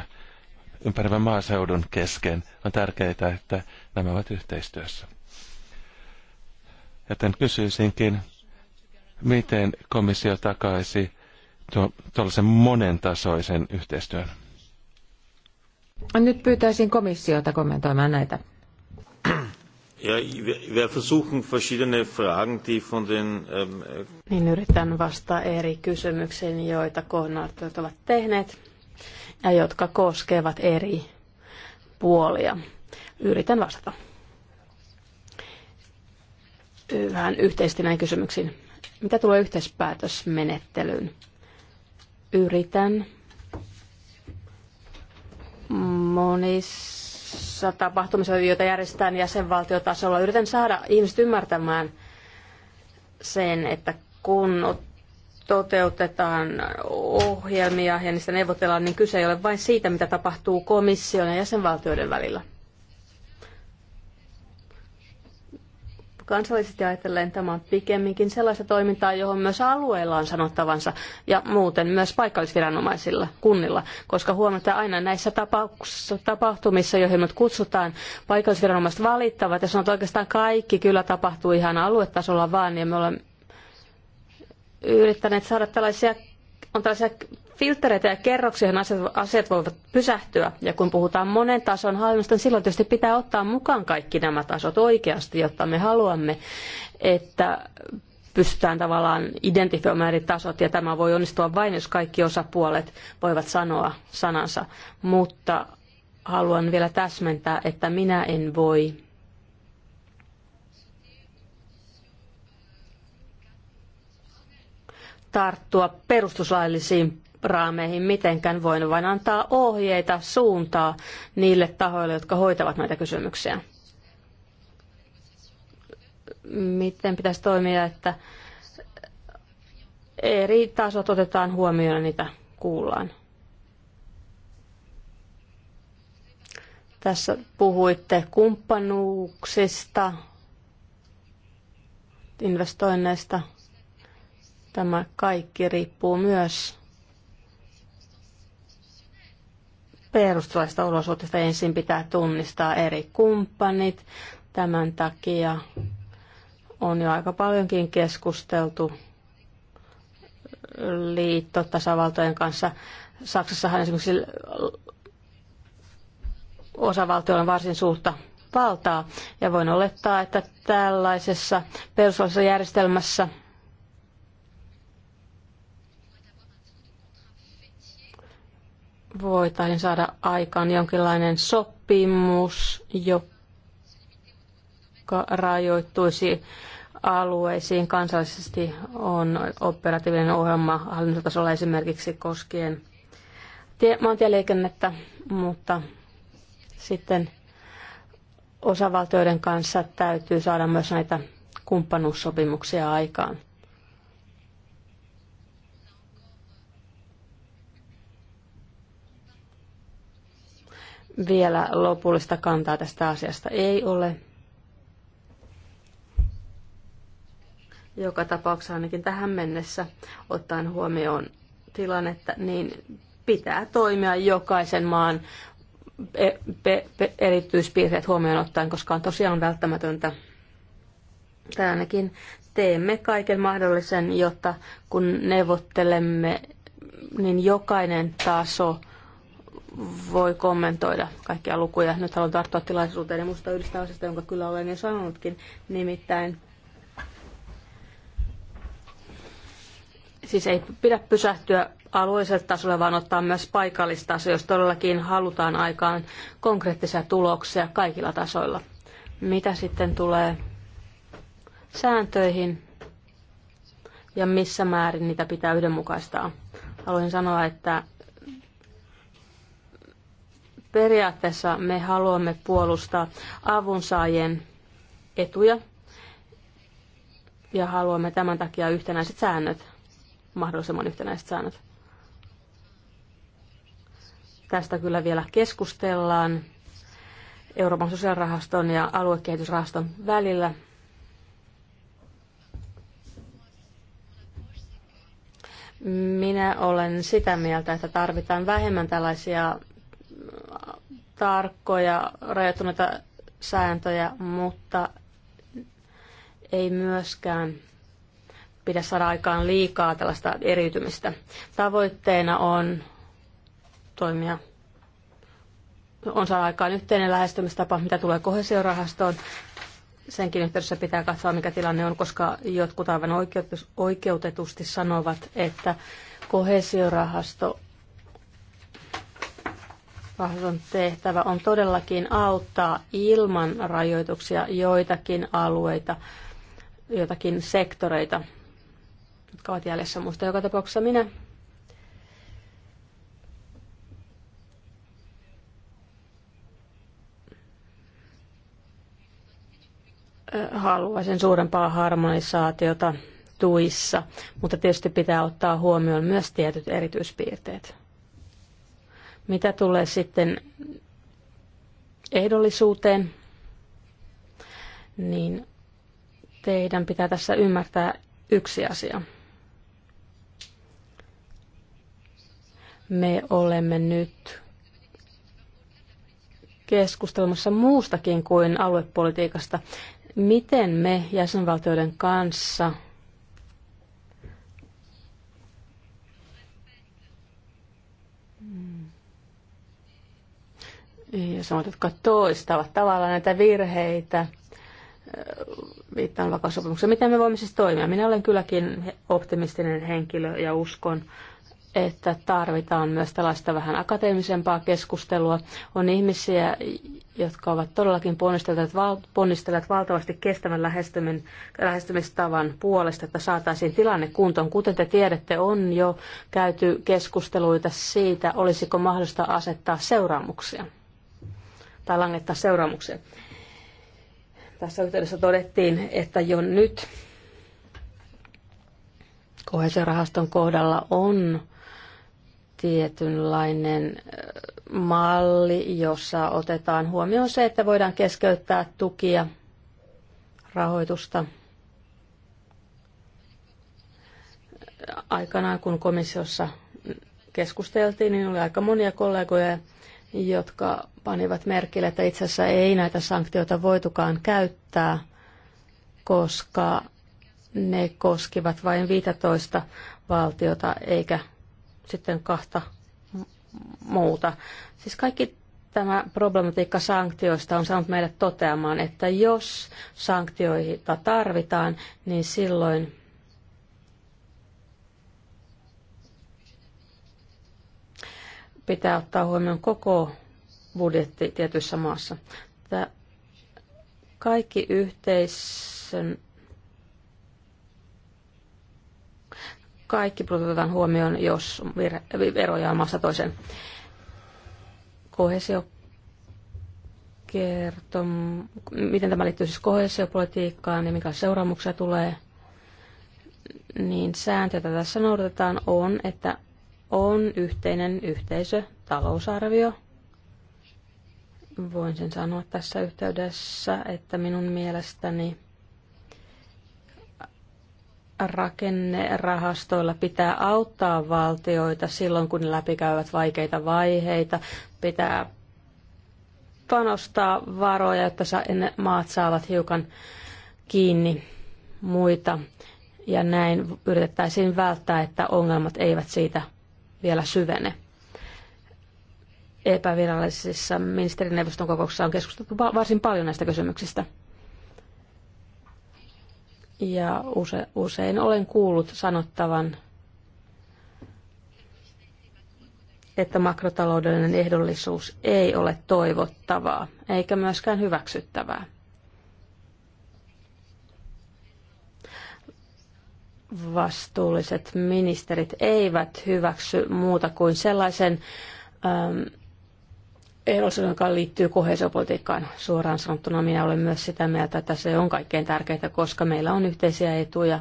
ympäröivän maaseudun kesken. On tärkeää, että nämä ovat yhteistyössä. Joten kysyisinkin, miten komissio takaisi tuollaisen monentasoisen yhteistyön? Nyt pyytäisin komissiota kommentoimaan näitä. Ja, wir versuchen verschiedene Fragen, die von den... Ähm, niin yritän vastata eri kysymyksiin, joita koordinaattorit ovat tehneet ja jotka koskevat eri puolia. Yritän vastata vähän yhteisesti näin kysymyksiin. Mitä tulee yhteispäätösmenettelyyn? Yritän monissa tapahtumissa, joita järjestetään jäsenvaltiotasolla, yritän saada ihmiset ymmärtämään sen, että kun toteutetaan ohjelmia ja niistä neuvotellaan, niin kyse ei ole vain siitä, mitä tapahtuu komission ja jäsenvaltioiden välillä. Kansallisesti ajatellen tämä on pikemminkin sellaista toimintaa, johon myös alueilla on sanottavansa ja muuten myös paikallisviranomaisilla, kunnilla, koska huomataan aina näissä tapahtumissa, joihin nyt kutsutaan, paikallisviranomaiset valittavat ja sanovat että oikeastaan kaikki kyllä tapahtuu ihan aluetasolla vaan ja me olemme yrittäneet saada tällaisia on tällaisia filtreitä ja kerroksia, johon asiat voivat pysähtyä. Ja kun puhutaan monen tason hallinnosta, niin silloin tietysti pitää ottaa mukaan kaikki nämä tasot oikeasti, jotta me haluamme, että pystytään tavallaan identifioimaan eri tasot, ja tämä voi onnistua vain, jos kaikki osapuolet voivat sanoa sanansa. Mutta haluan vielä täsmentää, että minä en voi tarttua perustuslaillisiin raameihin mitenkään. Voin vain antaa ohjeita, suuntaa niille tahoille, jotka hoitavat näitä kysymyksiä. Miten pitäisi toimia, että eri tasot otetaan huomioon ja niitä kuullaan. Tässä puhuitte kumppanuuksista, investoinneista. Tämä kaikki riippuu myös perustuslaista olosuhteista ensin pitää tunnistaa eri kumppanit. Tämän takia on jo aika paljonkin keskusteltu liitto tasavaltojen kanssa. Saksassahan esimerkiksi osavaltio on varsin suurta valtaa, ja voin olettaa, että tällaisessa perustuslaisessa järjestelmässä – voitaisiin saada aikaan jonkinlainen sopimus, joka rajoittuisi alueisiin. Kansallisesti on operatiivinen ohjelma hallintotasolla esimerkiksi koskien maantieliikennettä, mutta sitten osavaltioiden kanssa täytyy saada myös näitä kumppanuussopimuksia aikaan. vielä lopullista kantaa tästä asiasta ei ole. Joka tapauksessa ainakin tähän mennessä, ottaen huomioon tilannetta, niin pitää toimia jokaisen maan e, erityispiirteet huomioon ottaen, koska on tosiaan välttämätöntä. Tai ainakin teemme kaiken mahdollisen, jotta kun neuvottelemme, niin jokainen taso – voi kommentoida kaikkia lukuja. Nyt haluan tarttua tilaisuuteen ja musta yhdestä asiasta, jonka kyllä olen jo sanonutkin, nimittäin siis ei pidä pysähtyä alueelliselle tasolle, vaan ottaa myös paikallista, jos todellakin halutaan aikaan konkreettisia tuloksia kaikilla tasoilla. Mitä sitten tulee sääntöihin ja missä määrin niitä pitää yhdenmukaistaa? Haluaisin sanoa, että Periaatteessa me haluamme puolustaa avunsaajien etuja ja haluamme tämän takia yhtenäiset säännöt, mahdollisimman yhtenäiset säännöt. Tästä kyllä vielä keskustellaan Euroopan sosiaalirahaston ja aluekehitysrahaston välillä. Minä olen sitä mieltä, että tarvitaan vähemmän tällaisia tarkkoja rajoittuneita sääntöjä, mutta ei myöskään pidä saada aikaan liikaa tällaista eriytymistä. Tavoitteena on toimia on saada aikaan yhteinen lähestymistapa, mitä tulee kohesiorahastoon. Senkin yhteydessä pitää katsoa, mikä tilanne on, koska jotkut aivan oikeutetusti sanovat, että kohesiorahasto Vahvan tehtävä on todellakin auttaa ilman rajoituksia joitakin alueita, joitakin sektoreita, jotka ovat jäljessä muista. Joka tapauksessa minä haluaisin suurempaa harmonisaatiota tuissa, mutta tietysti pitää ottaa huomioon myös tietyt erityispiirteet. Mitä tulee sitten ehdollisuuteen, niin teidän pitää tässä ymmärtää yksi asia. Me olemme nyt keskustelemassa muustakin kuin aluepolitiikasta. Miten me jäsenvaltioiden kanssa – ja samat, jotka toistavat tavallaan näitä virheitä, viittaan vakaussopimukseen. Miten me voimme siis toimia? Minä olen kylläkin optimistinen henkilö ja uskon, että tarvitaan myös tällaista vähän akateemisempaa keskustelua. On ihmisiä, jotka ovat todellakin ponnistelleet, valtavasti kestävän lähestymistavan puolesta, että saataisiin tilanne kuntoon. Kuten te tiedätte, on jo käyty keskusteluita siitä, olisiko mahdollista asettaa seuraamuksia tai langettaa seuraamuksia. Tässä yhteydessä todettiin, että jo nyt kohesiorahaston kohdalla on tietynlainen malli, jossa otetaan huomioon se, että voidaan keskeyttää tukia, rahoitusta. Aikanaan kun komissiossa keskusteltiin, niin oli aika monia kollegoja, jotka panivat merkille, että itse asiassa ei näitä sanktioita voitukaan käyttää, koska ne koskivat vain 15 valtiota eikä sitten kahta muuta. Siis kaikki tämä problematiikka sanktioista on saanut meidät toteamaan, että jos sanktioita tarvitaan, niin silloin pitää ottaa huomioon koko budjetti tietyssä maassa. Tämä kaikki yhteisön kaikki otetaan huomioon, jos veroja on maassa toisen kohesio kertom, miten tämä liittyy siis kohesiopolitiikkaan ja mikä seuraamuksia tulee, niin sääntö, jota tässä noudatetaan, on, että on yhteinen yhteisö, talousarvio. Voin sen sanoa tässä yhteydessä, että minun mielestäni rakennerahastoilla pitää auttaa valtioita silloin, kun ne läpikäyvät vaikeita vaiheita. Pitää panostaa varoja, jotta maat saavat hiukan kiinni muita. Ja näin yritettäisiin välttää, että ongelmat eivät siitä vielä syvene. Epävirallisissa ministerineuvoston kokouksissa on keskusteltu varsin paljon näistä kysymyksistä. Ja use, usein olen kuullut sanottavan, että makrotaloudellinen ehdollisuus ei ole toivottavaa eikä myöskään hyväksyttävää. vastuulliset ministerit eivät hyväksy muuta kuin sellaisen ähm, ehdollisuuden, joka liittyy kohesiopolitiikkaan. Suoraan sanottuna minä olen myös sitä mieltä, että se on kaikkein tärkeintä, koska meillä on yhteisiä etuja,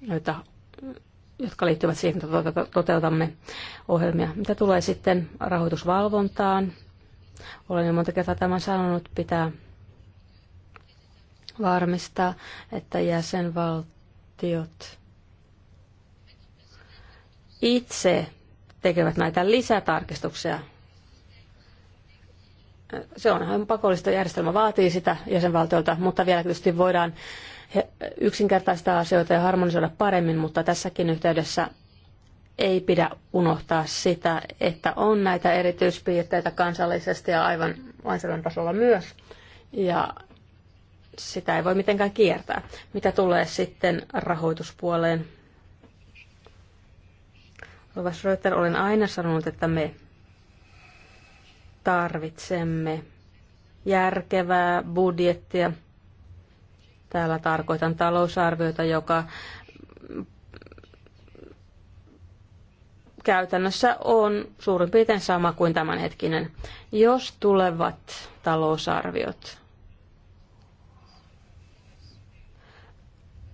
joita, jotka liittyvät siihen, että toteutamme ohjelmia. Mitä tulee sitten rahoitusvalvontaan? Olen jo monta kertaa tämän sanonut, pitää varmistaa, että jäsenvaltiot itse tekevät näitä lisätarkistuksia. Se on ihan pakollista, järjestelmä vaatii sitä jäsenvaltiolta, mutta vielä tietysti voidaan yksinkertaistaa asioita ja harmonisoida paremmin, mutta tässäkin yhteydessä ei pidä unohtaa sitä, että on näitä erityispiirteitä kansallisesti ja aivan lainsäädännön tasolla myös. Ja sitä ei voi mitenkään kiertää. Mitä tulee sitten rahoituspuoleen? Rova Schröter, olen aina sanonut, että me tarvitsemme järkevää budjettia. Täällä tarkoitan talousarviota, joka käytännössä on suurin piirtein sama kuin tämänhetkinen. Jos tulevat talousarviot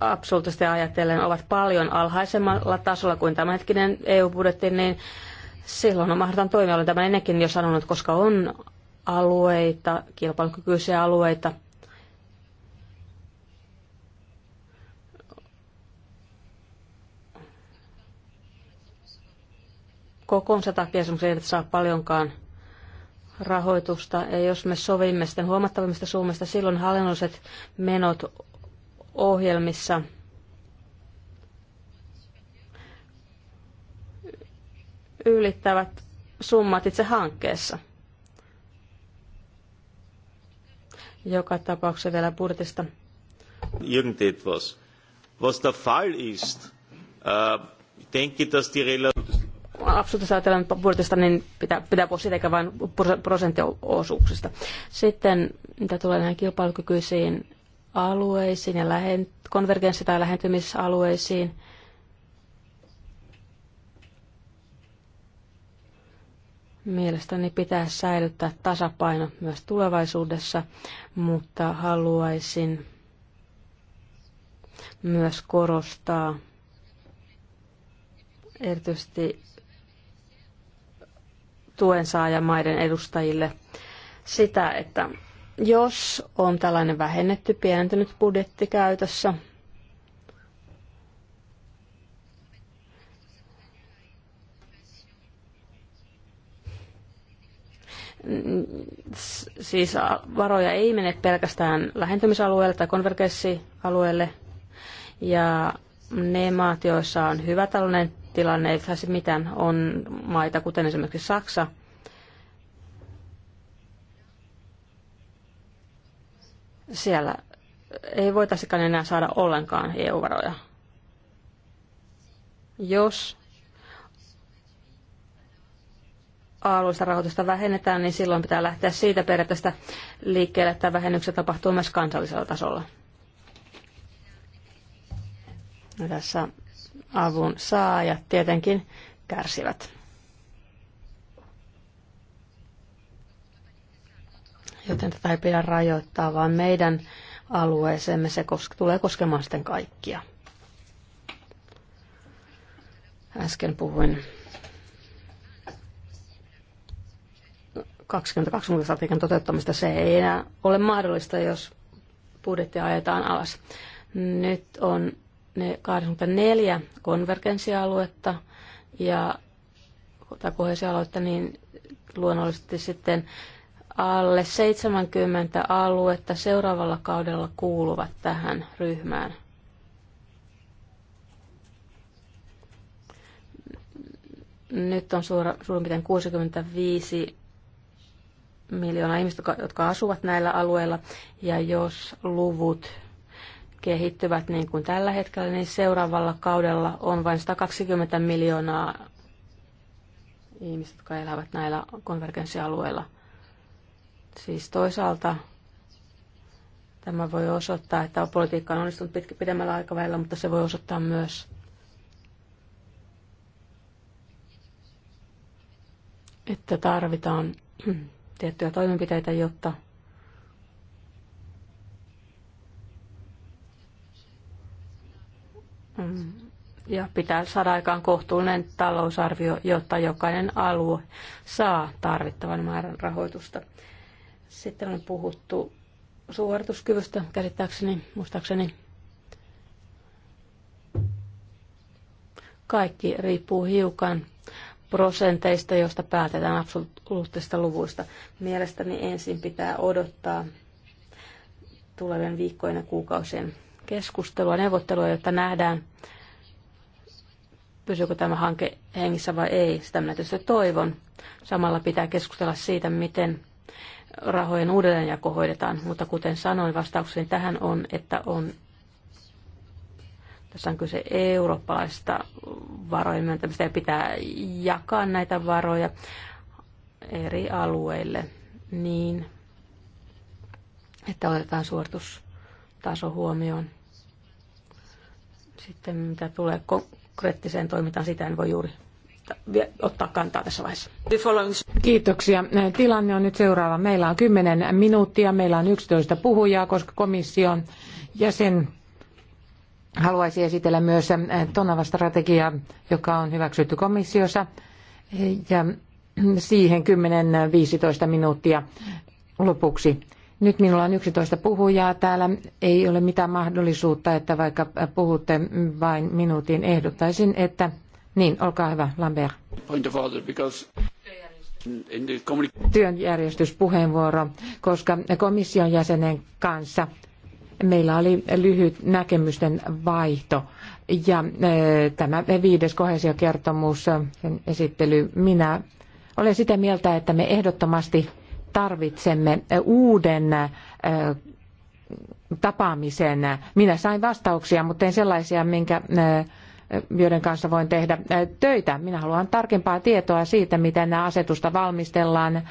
absoluuttisesti ajatellen ovat paljon alhaisemmalla tasolla kuin tämänhetkinen EU-budjetti, niin silloin on mahdoton toimia. Olen tämän ennenkin jo sanonut, koska on alueita, kilpailukykyisiä alueita, kokonsa takia semmoiset saa paljonkaan rahoitusta. Ja jos me sovimme sitten huomattavimmista summista, silloin hallinnolliset menot ohjelmissa ylittävät summat itse hankkeessa. Joka tapauksessa vielä budjetista. Irgendetwas. Was der Fall ist, äh, ich denke, dass die Relation absoluuttisesti ajatellen budjetista, niin pitää, pitää puhua siitäkään vain prosenttiosuuksista. Sitten mitä tulee näihin kilpailukykyisiin alueisiin ja lähen, konvergenssi- tai lähentymisalueisiin. Mielestäni pitää säilyttää tasapaino myös tulevaisuudessa, mutta haluaisin myös korostaa erityisesti tuen saajamaiden edustajille sitä, että jos on tällainen vähennetty, pienentynyt budjetti käytössä, siis varoja ei mene pelkästään lähentymisalueelle tai konvergenssialueelle. Ja ne maat, joissa on hyvä tällainen tilanne, ei saisi mitään, on maita, kuten esimerkiksi Saksa, siellä ei voitaisikaan enää saada ollenkaan EU-varoja. Jos alueellista rahoitusta vähennetään, niin silloin pitää lähteä siitä periaatteesta liikkeelle, että vähennykset tapahtuu myös kansallisella tasolla. Ja tässä avun saajat tietenkin kärsivät. joten tätä ei pidä rajoittaa, vaan meidän alueeseemme se tulee koskemaan sitten kaikkia. Äsken puhuin 2020 strategian toteuttamista. Se ei enää ole mahdollista, jos budjetti ajetaan alas. Nyt on ne 24 konvergenssialuetta ja tai niin luonnollisesti sitten alle 70 aluetta seuraavalla kaudella kuuluvat tähän ryhmään. Nyt on suora, suurin piirtein 65 miljoonaa ihmistä, jotka asuvat näillä alueilla. Ja jos luvut kehittyvät niin kuin tällä hetkellä, niin seuraavalla kaudella on vain 120 miljoonaa ihmistä, jotka elävät näillä konvergenssialueilla – Siis toisaalta tämä voi osoittaa, että politiikka on onnistunut pitkä, pidemmällä aikavälillä, mutta se voi osoittaa myös että tarvitaan tiettyjä toimenpiteitä, jotta mm. ja pitää saada aikaan kohtuullinen talousarvio, jotta jokainen alue saa tarvittavan määrän rahoitusta. Sitten on puhuttu suorituskyvystä käsittääkseni, muistaakseni. Kaikki riippuu hiukan prosenteista, joista päätetään absoluuttisista luvuista. Mielestäni ensin pitää odottaa tulevien viikkojen ja kuukausien keskustelua, neuvottelua, jotta nähdään, pysyykö tämä hanke hengissä vai ei. Sitä minä tietysti toivon. Samalla pitää keskustella siitä, miten rahojen uudelleenjako hoidetaan, mutta kuten sanoin, vastaukseni tähän on, että on tässä on kyse eurooppalaista varojen myöntämistä ja pitää jakaa näitä varoja eri alueille niin, että otetaan suoritustaso huomioon. Sitten mitä tulee konkreettiseen toimintaan, sitä en voi juuri ottaa kantaa tässä vaiheessa. Kiitoksia. Tilanne on nyt seuraava. Meillä on 10 minuuttia, meillä on 11 puhujaa, koska komission jäsen haluaisi esitellä myös eh, tonava strategia, joka on hyväksytty komissiossa. Ja siihen 10-15 minuuttia lopuksi. Nyt minulla on 11 puhujaa täällä. Ei ole mitään mahdollisuutta, että vaikka puhutte vain minuutin, ehdottaisin, että niin, olkaa hyvä, Lambert. Point of order, because koska komission jäsenen kanssa meillä oli lyhyt näkemysten vaihto. Ja e, tämä viides kohesiokertomus, sen esittely, minä olen sitä mieltä, että me ehdottomasti tarvitsemme uuden e, tapaamisen. Minä sain vastauksia, mutta en sellaisia, minkä e, joiden kanssa voin tehdä töitä. Minä haluan tarkempaa tietoa siitä, miten nämä asetusta valmistellaan.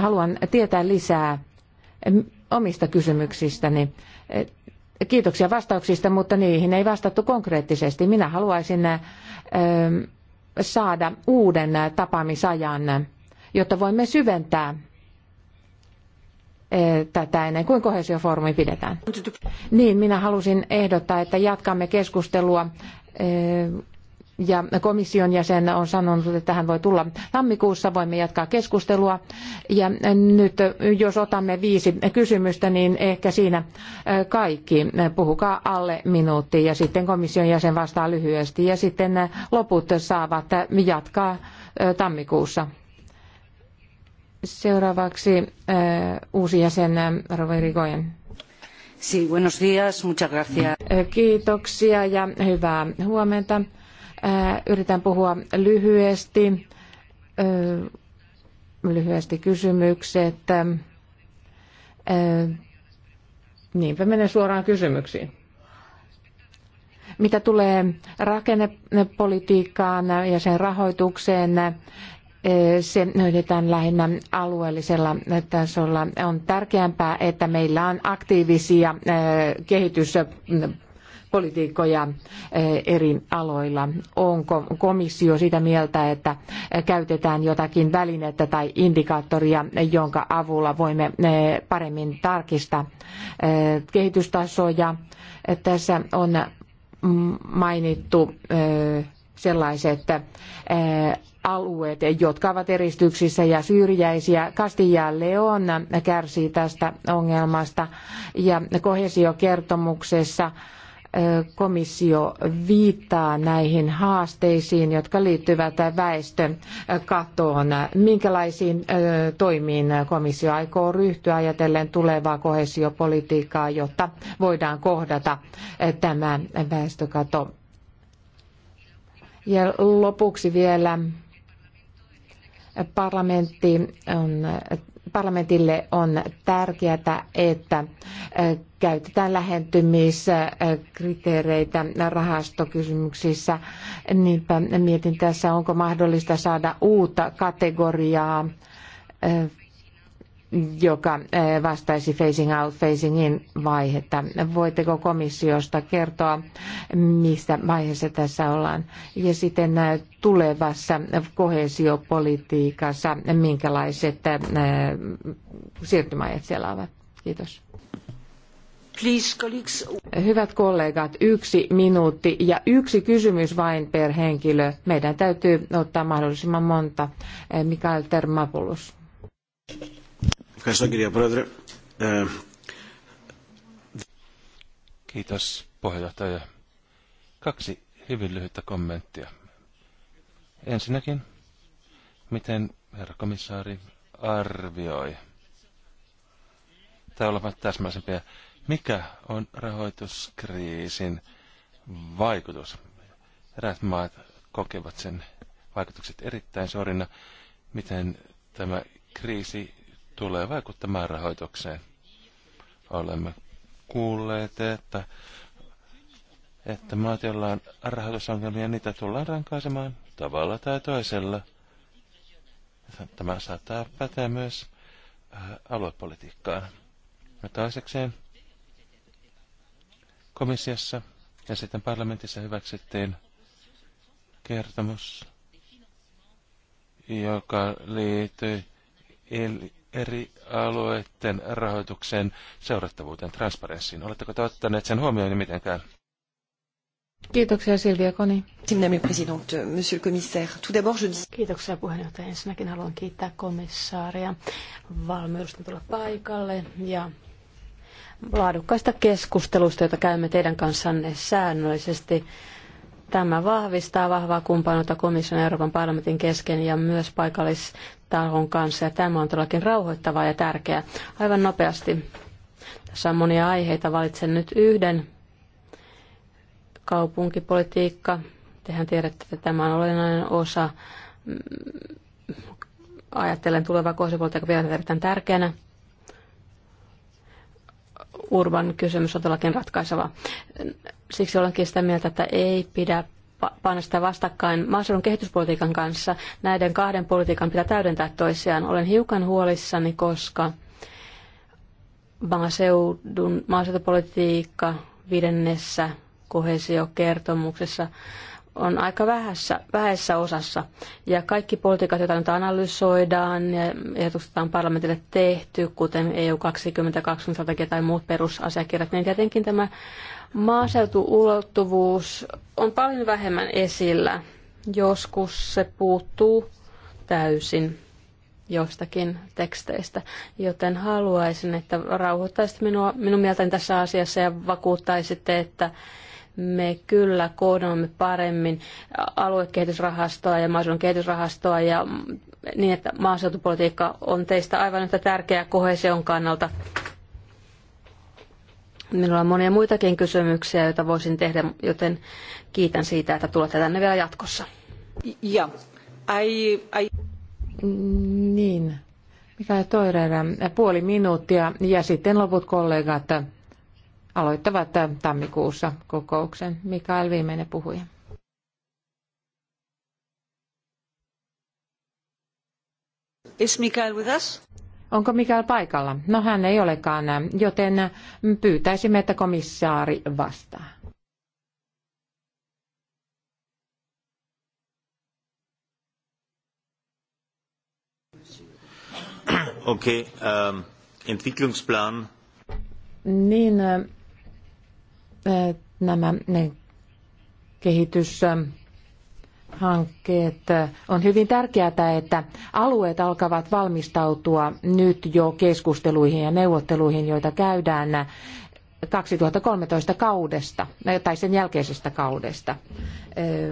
Haluan tietää lisää omista kysymyksistäni. Kiitoksia vastauksista, mutta niihin ei vastattu konkreettisesti. Minä haluaisin saada uuden tapaamisajan, jotta voimme syventää tätä ennen kuin kohesiofoorumi pidetään. Niin, minä halusin ehdottaa, että jatkamme keskustelua ja komission jäsen on sanonut, että hän voi tulla tammikuussa, voimme jatkaa keskustelua. Ja nyt jos otamme viisi kysymystä, niin ehkä siinä e, kaikki. Puhukaa alle minuutti ja sitten komission jäsen vastaa lyhyesti ja sitten loput saavat jatkaa e, tammikuussa. Seuraavaksi e, uusi jäsen Roveri Goyen. Sí, buenos días, muchas gracias. Kiitoksia ja hyvää huomenta. Yritän puhua lyhyesti. Lyhyesti kysymykset. Niinpä menen suoraan kysymyksiin. Mitä tulee rakennepolitiikkaan ja sen rahoitukseen, se hoidetaan lähinnä alueellisella tasolla. On tärkeämpää, että meillä on aktiivisia äh, kehityspolitiikkoja äh, eri aloilla. Onko komissio sitä mieltä, että käytetään jotakin välinettä tai indikaattoria, jonka avulla voimme äh, paremmin tarkistaa kehitystasoja? Tässä on mainittu sellaiset alueet, jotka ovat eristyksissä ja syrjäisiä. Castilla Leon kärsii tästä ongelmasta ja kohesiokertomuksessa komissio viittaa näihin haasteisiin, jotka liittyvät väestön katoon. Minkälaisiin toimiin komissio aikoo ryhtyä ajatellen tulevaa kohesiopolitiikkaa, jotta voidaan kohdata tämä väestökato? Ja lopuksi vielä Parlamentti on, parlamentille on tärkeää, että käytetään lähentymiskriteereitä rahastokysymyksissä. Niinpä mietin tässä, onko mahdollista saada uutta kategoriaa joka eh, vastaisi phasing out, phasing in vaihetta. Voitteko komissiosta kertoa, mistä vaiheessa tässä ollaan? Ja sitten eh, tulevassa kohesiopolitiikassa, minkälaiset eh, siirtymäajat siellä ovat? Kiitos. Hyvät kollegat, yksi minuutti ja yksi kysymys vain per henkilö. Meidän täytyy ottaa mahdollisimman monta. Mikael Termapulus. Thank Ευχαριστώ κύριε Πρόεδρε. Kiitos puheenjohtaja. Kaksi hyvin lyhyttä kommenttia. Ensinnäkin, miten herra komissaari arvioi, tai olemme täsmäisempiä, mikä on rahoituskriisin vaikutus? Eräät maat kokevat sen vaikutukset erittäin suurina. miten tämä kriisi tulee vaikuttamaan rahoitukseen. Olemme kuulleet, että, että maat, joilla on rahoitusongelmia, niitä tullaan rankaisemaan tavalla tai toisella. Tämä saattaa päteä myös äh, aluepolitiikkaan. Ja toisekseen komissiossa ja sitten parlamentissa hyväksyttiin kertomus, joka liittyi eri alueiden rahoituksen seurattavuuteen, transparenssiin. Oletteko te ottaneet sen huomioon niin mitenkään? Kiitoksia Silvia Koni. Madame Monsieur le Commissaire, d'abord je dis... Kiitoksia puheenjohtaja. Ensinnäkin haluan kiittää komissaaria valmiudesta tulla paikalle ja laadukkaista keskustelusta, jota käymme teidän kanssanne säännöllisesti. Tämä vahvistaa vahvaa kumppanuutta komission ja Euroopan parlamentin kesken ja myös paikallistahon kanssa. Ja tämä on todellakin rauhoittavaa ja tärkeää. Aivan nopeasti. Tässä on monia aiheita. Valitsen nyt yhden. Kaupunkipolitiikka. Tehän tiedätte, että tämä on olennainen osa. Mm, Ajattelen tulevaa kohdepolitiikkaa vielä erittäin tärkeänä Urban kysymys on todellakin ratkaiseva. Siksi olenkin sitä mieltä, että ei pidä panna sitä vastakkain maaseudun kehityspolitiikan kanssa. Näiden kahden politiikan pitää täydentää toisiaan. Olen hiukan huolissani, koska maaseudun, maaseutupolitiikka viidennessä kohesiokertomuksessa kertomuksessa on aika vähässä, vähässä osassa. Ja kaikki politiikat, joita nyt analysoidaan ja ehdotukset on parlamentille tehty, kuten EU 2020 strategia tai muut perusasiakirjat, niin tietenkin tämä maaseutuulottuvuus on paljon vähemmän esillä. Joskus se puuttuu täysin jostakin teksteistä, joten haluaisin, että rauhoittaisitte minua, minun mieltäni tässä asiassa ja vakuuttaisitte, että me kyllä koordinoimme paremmin aluekehitysrahastoa ja maaseudun kehitysrahastoa ja niin, että maaseutupolitiikka on teistä aivan yhtä tärkeää kohesion kannalta. Minulla on monia muitakin kysymyksiä, joita voisin tehdä, joten kiitän siitä, että tulette tänne vielä jatkossa. Ja, ai, ai. Niin, mikä toireena puoli minuuttia ja sitten loput kollegat aloittavat äh, tammikuussa kokouksen. Mikael, viimeinen puhuja. Is Mikael with us? Onko Mikael paikalla? No hän ei olekaan, äh, joten äh, pyytäisimme, että komissaari vastaa. Okei, okay, um, Entwicklungsplan. Niin, Äh, nämä kehityshankkeet. Äh, on hyvin tärkeää, että alueet alkavat valmistautua nyt jo keskusteluihin ja neuvotteluihin, joita käydään 2013 äh, kaudesta tai sen jälkeisestä kaudesta.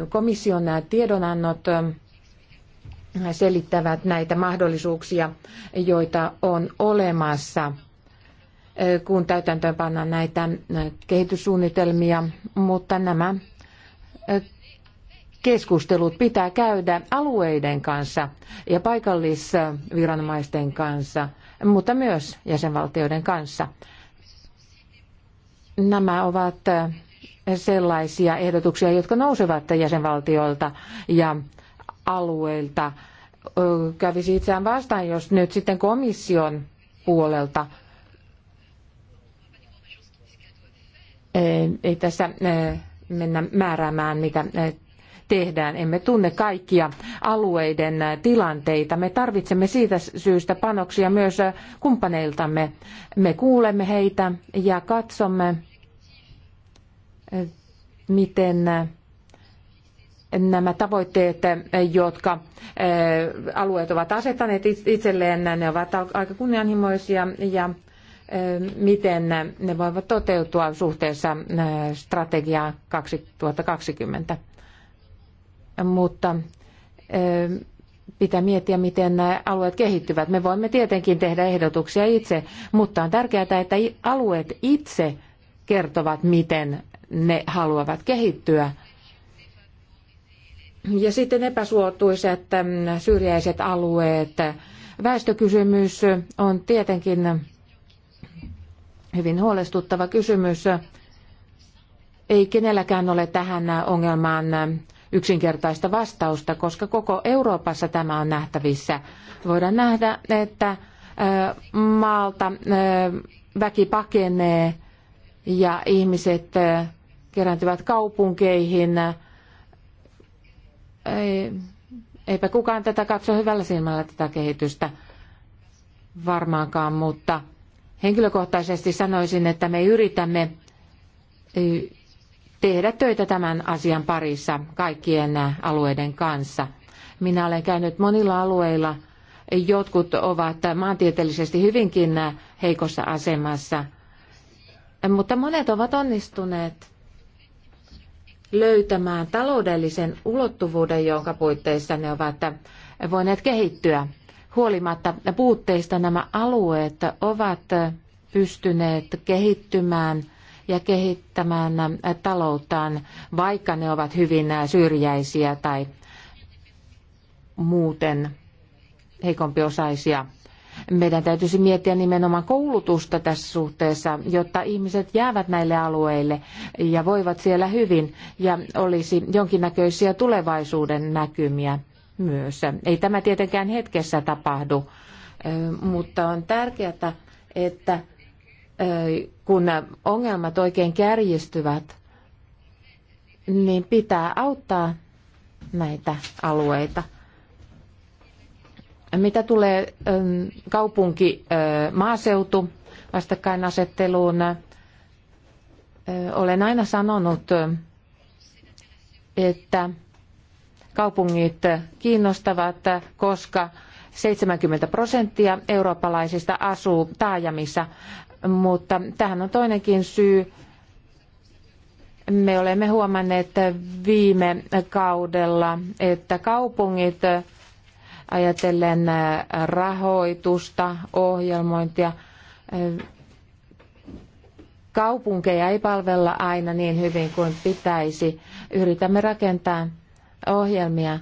Komission tiedonannot selittävät näitä mahdollisuuksia, joita on olemassa – kun täytäntöönpannaan näitä kehityssuunnitelmia, mutta nämä keskustelut pitää käydä alueiden kanssa ja paikallisviranomaisten kanssa, mutta myös jäsenvaltioiden kanssa. Nämä ovat sellaisia ehdotuksia, jotka nousevat jäsenvaltioilta ja alueilta. Kävisi itseään vastaan, jos nyt sitten komission puolelta ei tässä mennä määräämään, mitä tehdään. Emme tunne kaikkia alueiden tilanteita. Me tarvitsemme siitä syystä panoksia myös kumppaneiltamme. Me kuulemme heitä ja katsomme, miten nämä tavoitteet, jotka alueet ovat asettaneet itselleen, ne ovat aika kunnianhimoisia ja miten ne voivat toteutua suhteessa strategiaa 2020. Mutta pitää miettiä, miten nämä alueet kehittyvät. Me voimme tietenkin tehdä ehdotuksia itse, mutta on tärkeää, että alueet itse kertovat, miten ne haluavat kehittyä. Ja sitten epäsuotuiset syrjäiset alueet. Väestökysymys on tietenkin hyvin huolestuttava kysymys. Ei kenelläkään ole tähän ongelmaan yksinkertaista vastausta, koska koko Euroopassa tämä on nähtävissä. Voidaan nähdä, että maalta väki pakenee ja ihmiset kerääntyvät kaupunkeihin. Ei, eipä kukaan tätä katso hyvällä silmällä tätä kehitystä varmaankaan, mutta Henkilökohtaisesti sanoisin, että me yritämme tehdä töitä tämän asian parissa kaikkien alueiden kanssa. Minä olen käynyt monilla alueilla, jotkut ovat maantieteellisesti hyvinkin heikossa asemassa, mutta monet ovat onnistuneet löytämään taloudellisen ulottuvuuden, jonka puitteissa ne ovat voineet kehittyä huolimatta puutteista nämä alueet ovat pystyneet kehittymään ja kehittämään talouttaan, vaikka ne ovat hyvin syrjäisiä tai muuten heikompiosaisia. Meidän täytyisi miettiä nimenomaan koulutusta tässä suhteessa, jotta ihmiset jäävät näille alueille ja voivat siellä hyvin ja olisi jonkinnäköisiä tulevaisuuden näkymiä myös. Ei tämä tietenkään hetkessä tapahdu, mutta on tärkeää, että kun ongelmat oikein kärjistyvät, niin pitää auttaa näitä alueita. Mitä tulee kaupunki maaseutu vastakkainasetteluun, olen aina sanonut, että kaupungit kiinnostavat, koska 70 prosenttia eurooppalaisista asuu taajamissa, mutta tähän on toinenkin syy. Me olemme huomanneet viime kaudella, että kaupungit ajatellen rahoitusta, ohjelmointia, kaupunkeja ei palvella aina niin hyvin kuin pitäisi. Yritämme rakentaa ohjelmia,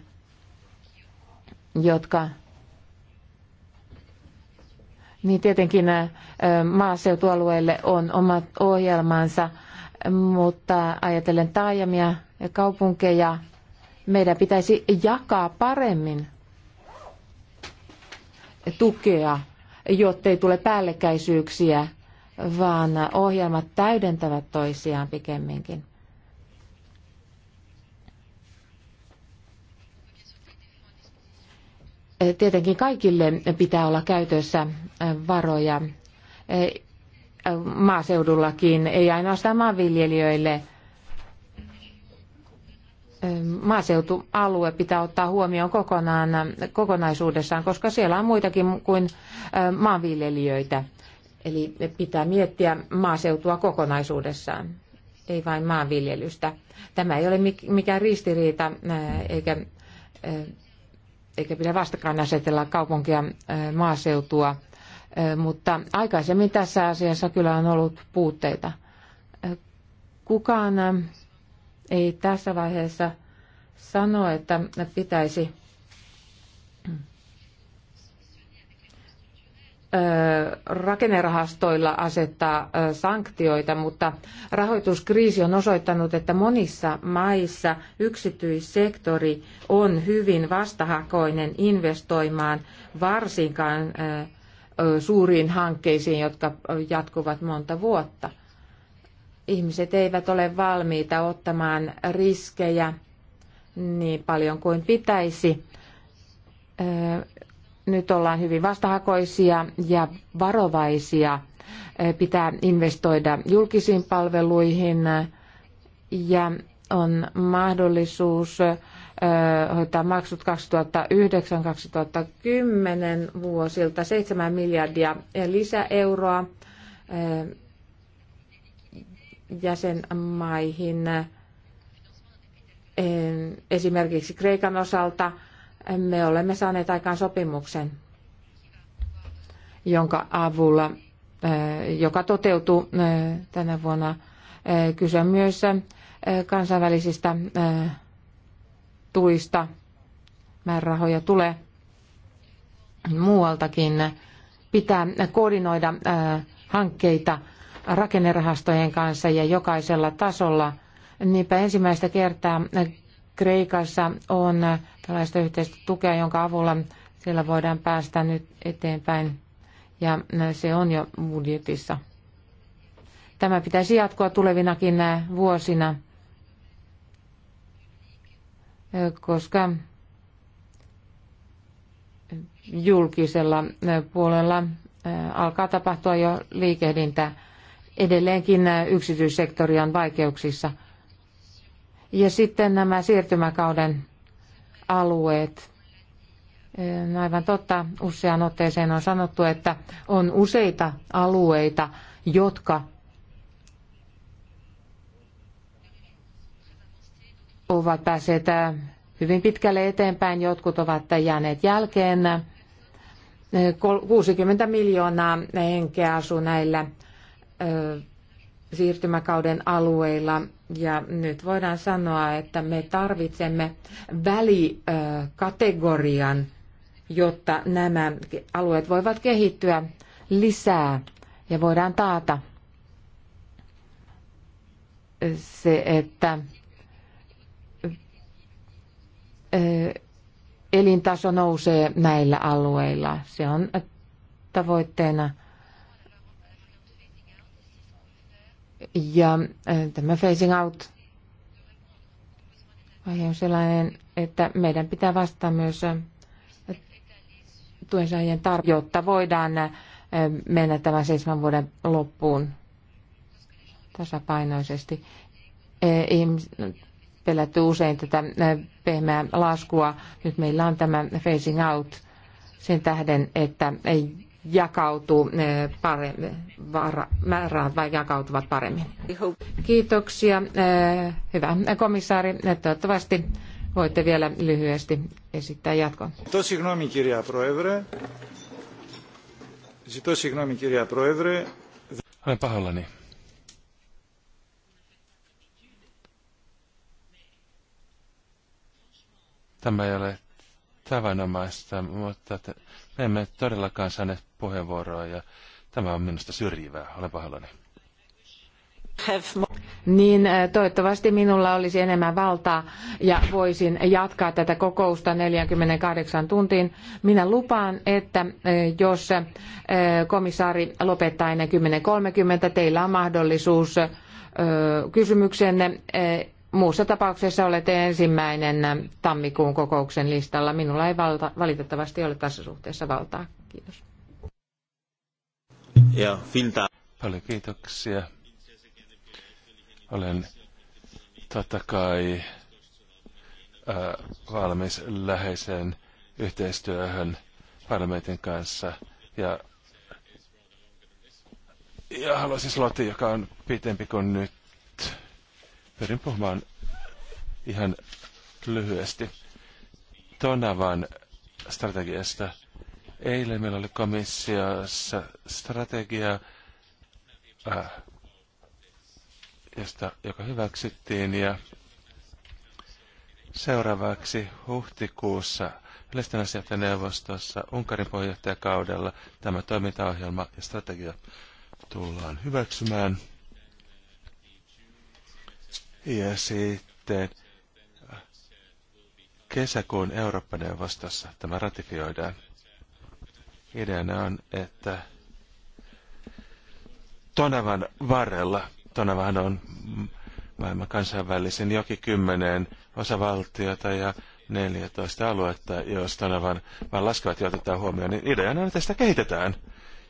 jotka niin tietenkin maaseutualueille on omat ohjelmansa, mutta ajatellen taajamia ja kaupunkeja, meidän pitäisi jakaa paremmin tukea, jottei tule päällekkäisyyksiä, vaan ohjelmat täydentävät toisiaan pikemminkin. Tietenkin kaikille pitää olla käytössä varoja maaseudullakin, ei ainoastaan maanviljelijöille. Maaseutualue pitää ottaa huomioon kokonaan, kokonaisuudessaan, koska siellä on muitakin kuin maanviljelijöitä. Eli pitää miettiä maaseutua kokonaisuudessaan, ei vain maanviljelystä. Tämä ei ole mikään ristiriita eikä eikä pidä vastakkain asetella kaupunkia maaseutua, mutta aikaisemmin tässä asiassa kyllä on ollut puutteita. Kukaan ei tässä vaiheessa sano, että pitäisi rakennerahastoilla asettaa sanktioita, mutta rahoituskriisi on osoittanut, että monissa maissa yksityissektori on hyvin vastahakoinen investoimaan varsinkaan suuriin hankkeisiin, jotka jatkuvat monta vuotta. Ihmiset eivät ole valmiita ottamaan riskejä niin paljon kuin pitäisi nyt ollaan hyvin vastahakoisia ja varovaisia. Eh, pitää investoida julkisiin palveluihin ja on mahdollisuus eh, hoitaa maksut 2009-2010 vuosilta 7 miljardia lisäeuroa eh, jäsenmaihin esimerkiksi Kreikan osalta – me olemme saaneet aikaan sopimuksen, jonka avulla, joka toteutuu tänä vuonna. Kyse myös kansainvälisistä tuista. Määrärahoja tulee muualtakin. Pitää koordinoida hankkeita rakennerahastojen kanssa ja jokaisella tasolla. Niinpä ensimmäistä kertaa Kreikassa on tällaista yhteistä tukea, jonka avulla siellä voidaan päästä nyt eteenpäin ja se on jo budjetissa. Tämä pitäisi jatkua tulevinakin vuosina, koska julkisella puolella alkaa tapahtua jo liikehdintä. Edelleenkin yksityissektori on vaikeuksissa – ja sitten nämä siirtymäkauden alueet. Ehm, aivan totta, useaan otteeseen on sanottu, että on useita alueita, jotka ovat päässeet äh, hyvin pitkälle eteenpäin, jotkut ovat jääneet jälkeen. 60 äh, miljoonaa henkeä asuu näillä äh, siirtymäkauden alueilla. Ja nyt voidaan sanoa, että me tarvitsemme välikategorian, jotta nämä alueet voivat kehittyä lisää ja voidaan taata se, että elintaso nousee näillä alueilla. Se on tavoitteena Ja äh, tämä phasing out aihe on sellainen, että meidän pitää vastata myös äh, tuensaajien tarpeen, jotta voidaan äh, mennä tämän seitsemän vuoden loppuun tasapainoisesti. Ihmiset pelätty usein tätä pehmeää laskua. Nyt meillä on tämä phasing out sen tähden, että ei jakautuu eh, paremmin, määrät jakautuvat paremmin. Kiitoksia. Eh, hyvä komissaari, eh, toivottavasti voitte vielä lyhyesti esittää jatkon. Olen pahoillani. Tämä ei ole tavanomaista, mutta me emme todellakaan saane puheenvuoroa ja tämä on minusta syrjivää. Olen pahallani. Niin eh, toivottavasti minulla olisi enemmän valtaa ja voisin jatkaa tätä kokousta 48 tuntiin. Minä lupaan, että eh, jos eh, komissaari lopettaa ennen 10.30, teillä on mahdollisuus kysymyksenne Muussa tapauksessa olet ensimmäinen tammikuun kokouksen listalla. Minulla ei valta, valitettavasti ole tässä suhteessa valtaa. Kiitos. Ja Finta. Paljon kiitoksia. Olen totta kai äh, valmis läheiseen yhteistyöhön parlamentin kanssa ja, ja haluaisin slotin, joka on pitempi kuin nyt Pyrin puhumaan ihan lyhyesti Tonavan strategiasta. Eilen meillä oli komissiossa strategia, äh, josta, joka hyväksyttiin ja seuraavaksi huhtikuussa yleisten asioiden neuvostossa Unkarin puheenjohtajakaudella tämä toimintaohjelma ja strategia tullaan hyväksymään. Ja sitten kesäkuun Eurooppa-neuvostossa tämä ratifioidaan. Ideana on, että Tonavan varrella, Tonavahan on maailman kansainvälisen joki kymmeneen osavaltiota ja 14 aluetta, jos Tonavan vaan laskevat ja otetaan huomioon, niin ideana on, että sitä kehitetään.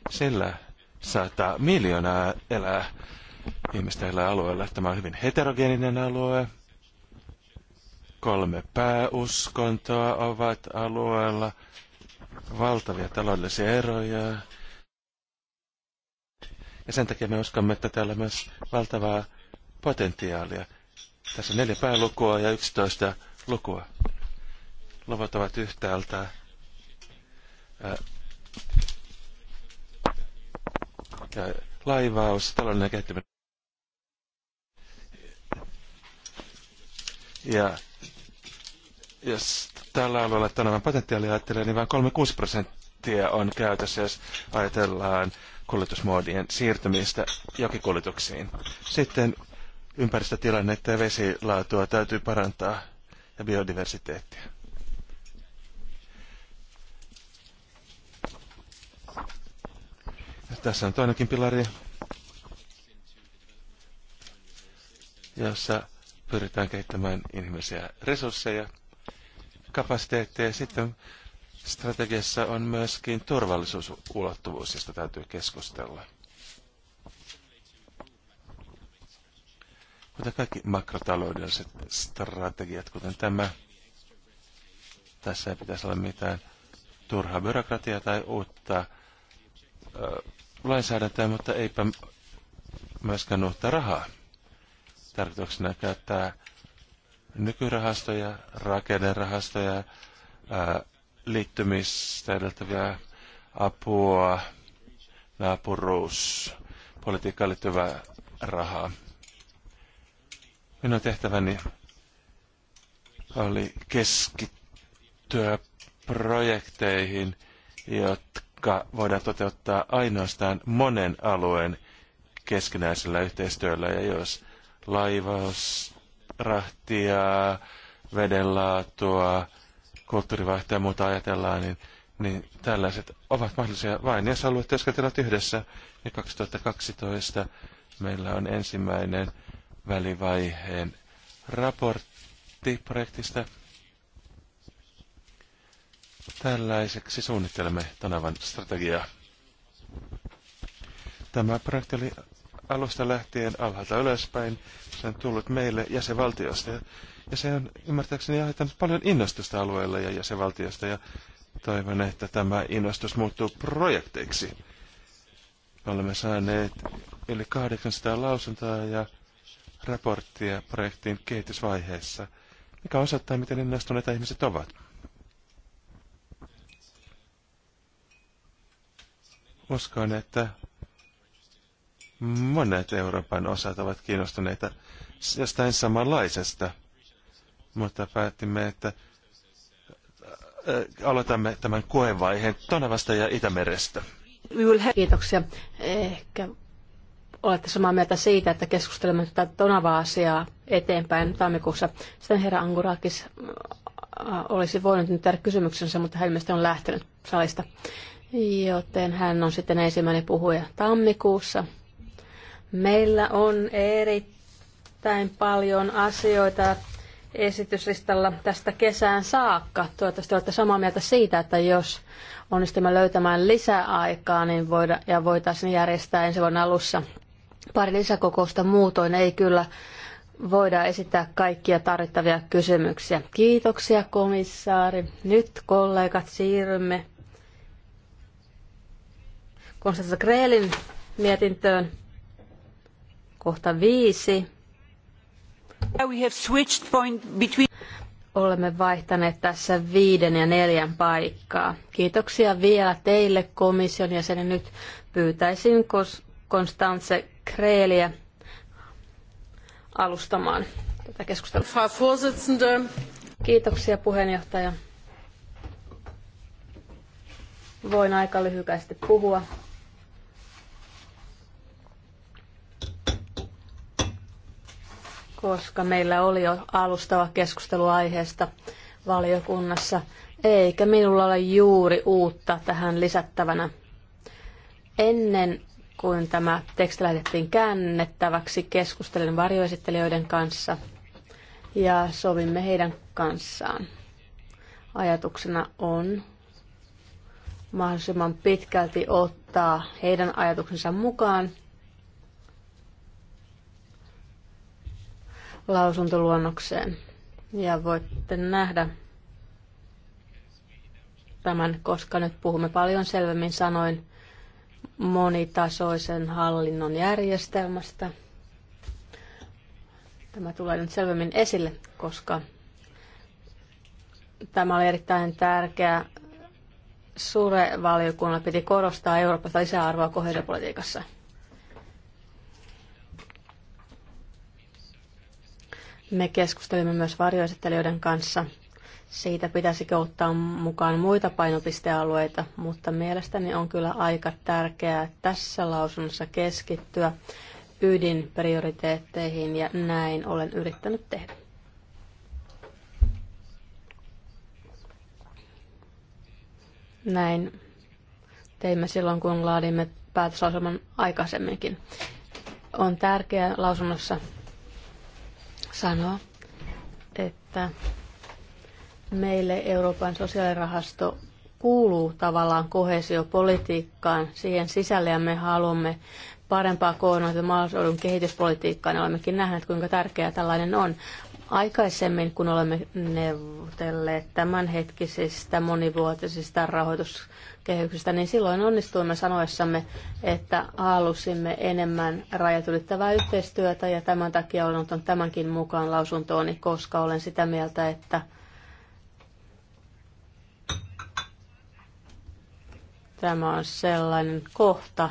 Sillä saattaa miljoonaa elää ihmistä elää alueella. Tämä on hyvin heterogeeninen alue. Kolme pääuskontoa ovat alueella. Valtavia taloudellisia eroja. Ja sen takia me uskomme, että täällä on myös valtavaa potentiaalia. Tässä on neljä päälukua ja yksitoista lukua. Luvut ovat yhtäältä ää, laivaus, taloudellinen kehittyminen Ja jos tällä alueella tämän potentiaalia ajattelee, niin vain 36 prosenttia on käytössä, jos ajatellaan kuljetusmoodien siirtymistä jokikuljetuksiin. Sitten ympäristötilannetta ja vesilaatua täytyy parantaa ja biodiversiteettiä. Ja tässä on toinenkin pilari, jossa pyritään kehittämään inhimillisiä resursseja, kapasiteetteja sitten strategiassa on myöskin turvallisuusulottuvuus, josta täytyy keskustella. Kuten kaikki makrotaloudelliset strategiat, kuten tämä, tässä ei pitäisi olla mitään turhaa byrokratiaa tai uutta lainsäädäntöä, mutta eipä myöskään uutta rahaa tarkoituksena käyttää nykyrahastoja, rakennerahastoja, liittymistä edeltäviä apua, naapuruus, politiikkaan liittyvää rahaa. Minun tehtäväni oli keskittyä projekteihin, jotka voidaan toteuttaa ainoastaan monen alueen keskinäisellä yhteistyöllä. Ja jos laivaus, vedenlaatua, kulttuurivaihtoa ja muuta ajatellaan, niin, niin tällaiset ovat mahdollisia vain, jos haluat työskentellä yhdessä. Ja 2012 meillä on ensimmäinen välivaiheen raportti projektista. Tällaiseksi suunnittelemme tänavan strategiaa. Tämä projekti oli alusta lähtien alhaalta ylöspäin. Se on tullut meille jäsenvaltiosta. Ja se on ymmärtääkseni aiheuttanut paljon innostusta alueella ja jäsenvaltiosta. Ja toivon, että tämä innostus muuttuu projekteiksi. Me olemme saaneet yli 800 lausuntoa ja raporttia projektin kehitysvaiheessa, mikä osoittaa, miten innostuneita ihmiset ovat. Uskon, että monet Euroopan osat ovat kiinnostuneita jostain samanlaisesta, mutta päätimme, että äh, aloitamme tämän koevaiheen Tonavasta ja Itämerestä. Kiitoksia. Ehkä olette samaa mieltä siitä, että keskustelemme tätä Tonava-asiaa eteenpäin tammikuussa. Sitten herra Angurakis äh, olisi voinut nyt tehdä kysymyksensä, mutta hän ilmeisesti on lähtenyt salista. Joten hän on sitten ensimmäinen puhuja tammikuussa. Meillä on erittäin paljon asioita esityslistalla tästä kesään saakka. Toivottavasti olette samaa mieltä siitä, että jos onnistumme löytämään lisäaikaa niin voida, ja voitaisiin järjestää ensi vuoden alussa pari lisäkokousta muutoin, ei kyllä voida esittää kaikkia tarvittavia kysymyksiä. Kiitoksia komissaari. Nyt kollegat siirrymme Konstantin Kreelin mietintöön. Kohta viisi. Olemme vaihtaneet tässä viiden ja neljän paikkaa. Kiitoksia vielä teille komission jäsenen. Nyt pyytäisin Konstantse Kreeliä alustamaan tätä keskustelua. Kiitoksia puheenjohtaja. Voin aika lyhykäisesti puhua. koska meillä oli jo alustava keskustelu aiheesta valiokunnassa, eikä minulla ole juuri uutta tähän lisättävänä. Ennen kuin tämä teksti lähetettiin käännettäväksi, keskustelin varjoesittelijöiden kanssa ja sovimme heidän kanssaan. Ajatuksena on mahdollisimman pitkälti ottaa heidän ajatuksensa mukaan lausuntoluonnokseen. Ja voitte nähdä tämän, koska nyt puhumme paljon selvemmin sanoin monitasoisen hallinnon järjestelmästä. Tämä tulee nyt selvemmin esille, koska tämä oli erittäin tärkeä Sure-valiokunnalla piti korostaa Euroopasta lisäarvoa kohdepolitiikassa. Me keskustelimme myös varjoesittelijöiden kanssa siitä pitäisikö ottaa mukaan muita painopistealueita, mutta mielestäni on kyllä aika tärkeää tässä lausunnossa keskittyä ydinprioriteetteihin ja näin olen yrittänyt tehdä. Näin teimme silloin, kun laadimme päätöslausuman aikaisemminkin. On tärkeää lausunnossa sanoa, että meille Euroopan sosiaalirahasto kuuluu tavallaan kohesiopolitiikkaan, siihen sisälle ja me haluamme parempaa koordinoita maaseudun kehityspolitiikkaan ja olemmekin nähneet, kuinka tärkeää tällainen on. Aikaisemmin, kun olemme neuvotelleet tämänhetkisistä monivuotisista rahoituskehyksistä, niin silloin onnistuimme sanoessamme, että halusimme enemmän rajat ylittävää yhteistyötä ja tämän takia olen ottanut tämänkin mukaan lausuntooni, koska olen sitä mieltä, että tämä on sellainen kohta,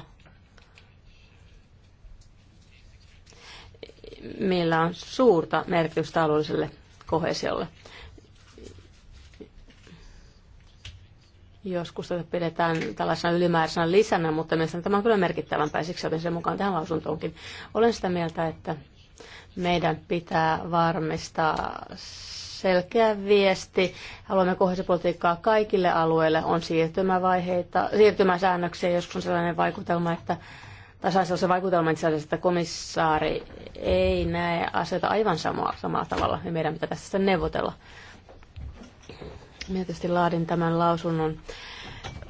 millä on suurta merkitystä alueelliselle kohesiolle. Joskus tätä pidetään tällaisena ylimääräisenä lisänä, mutta mielestäni tämä on kyllä merkittävämpää, siksi otin sen mukaan tähän lausuntoonkin. Olen sitä mieltä, että meidän pitää varmistaa selkeä viesti. Haluamme kohdallisuuspolitiikkaa kaikille alueille. On siirtymävaiheita, siirtymäsäännöksiä. Joskus on sellainen vaikutelma, että tai saa sellaisen vaikutelman itse asiassa, että komissaari ei näe asioita aivan samaa, samalla tavalla, ja meidän pitää tässä neuvotella. Minä tietysti laadin tämän lausunnon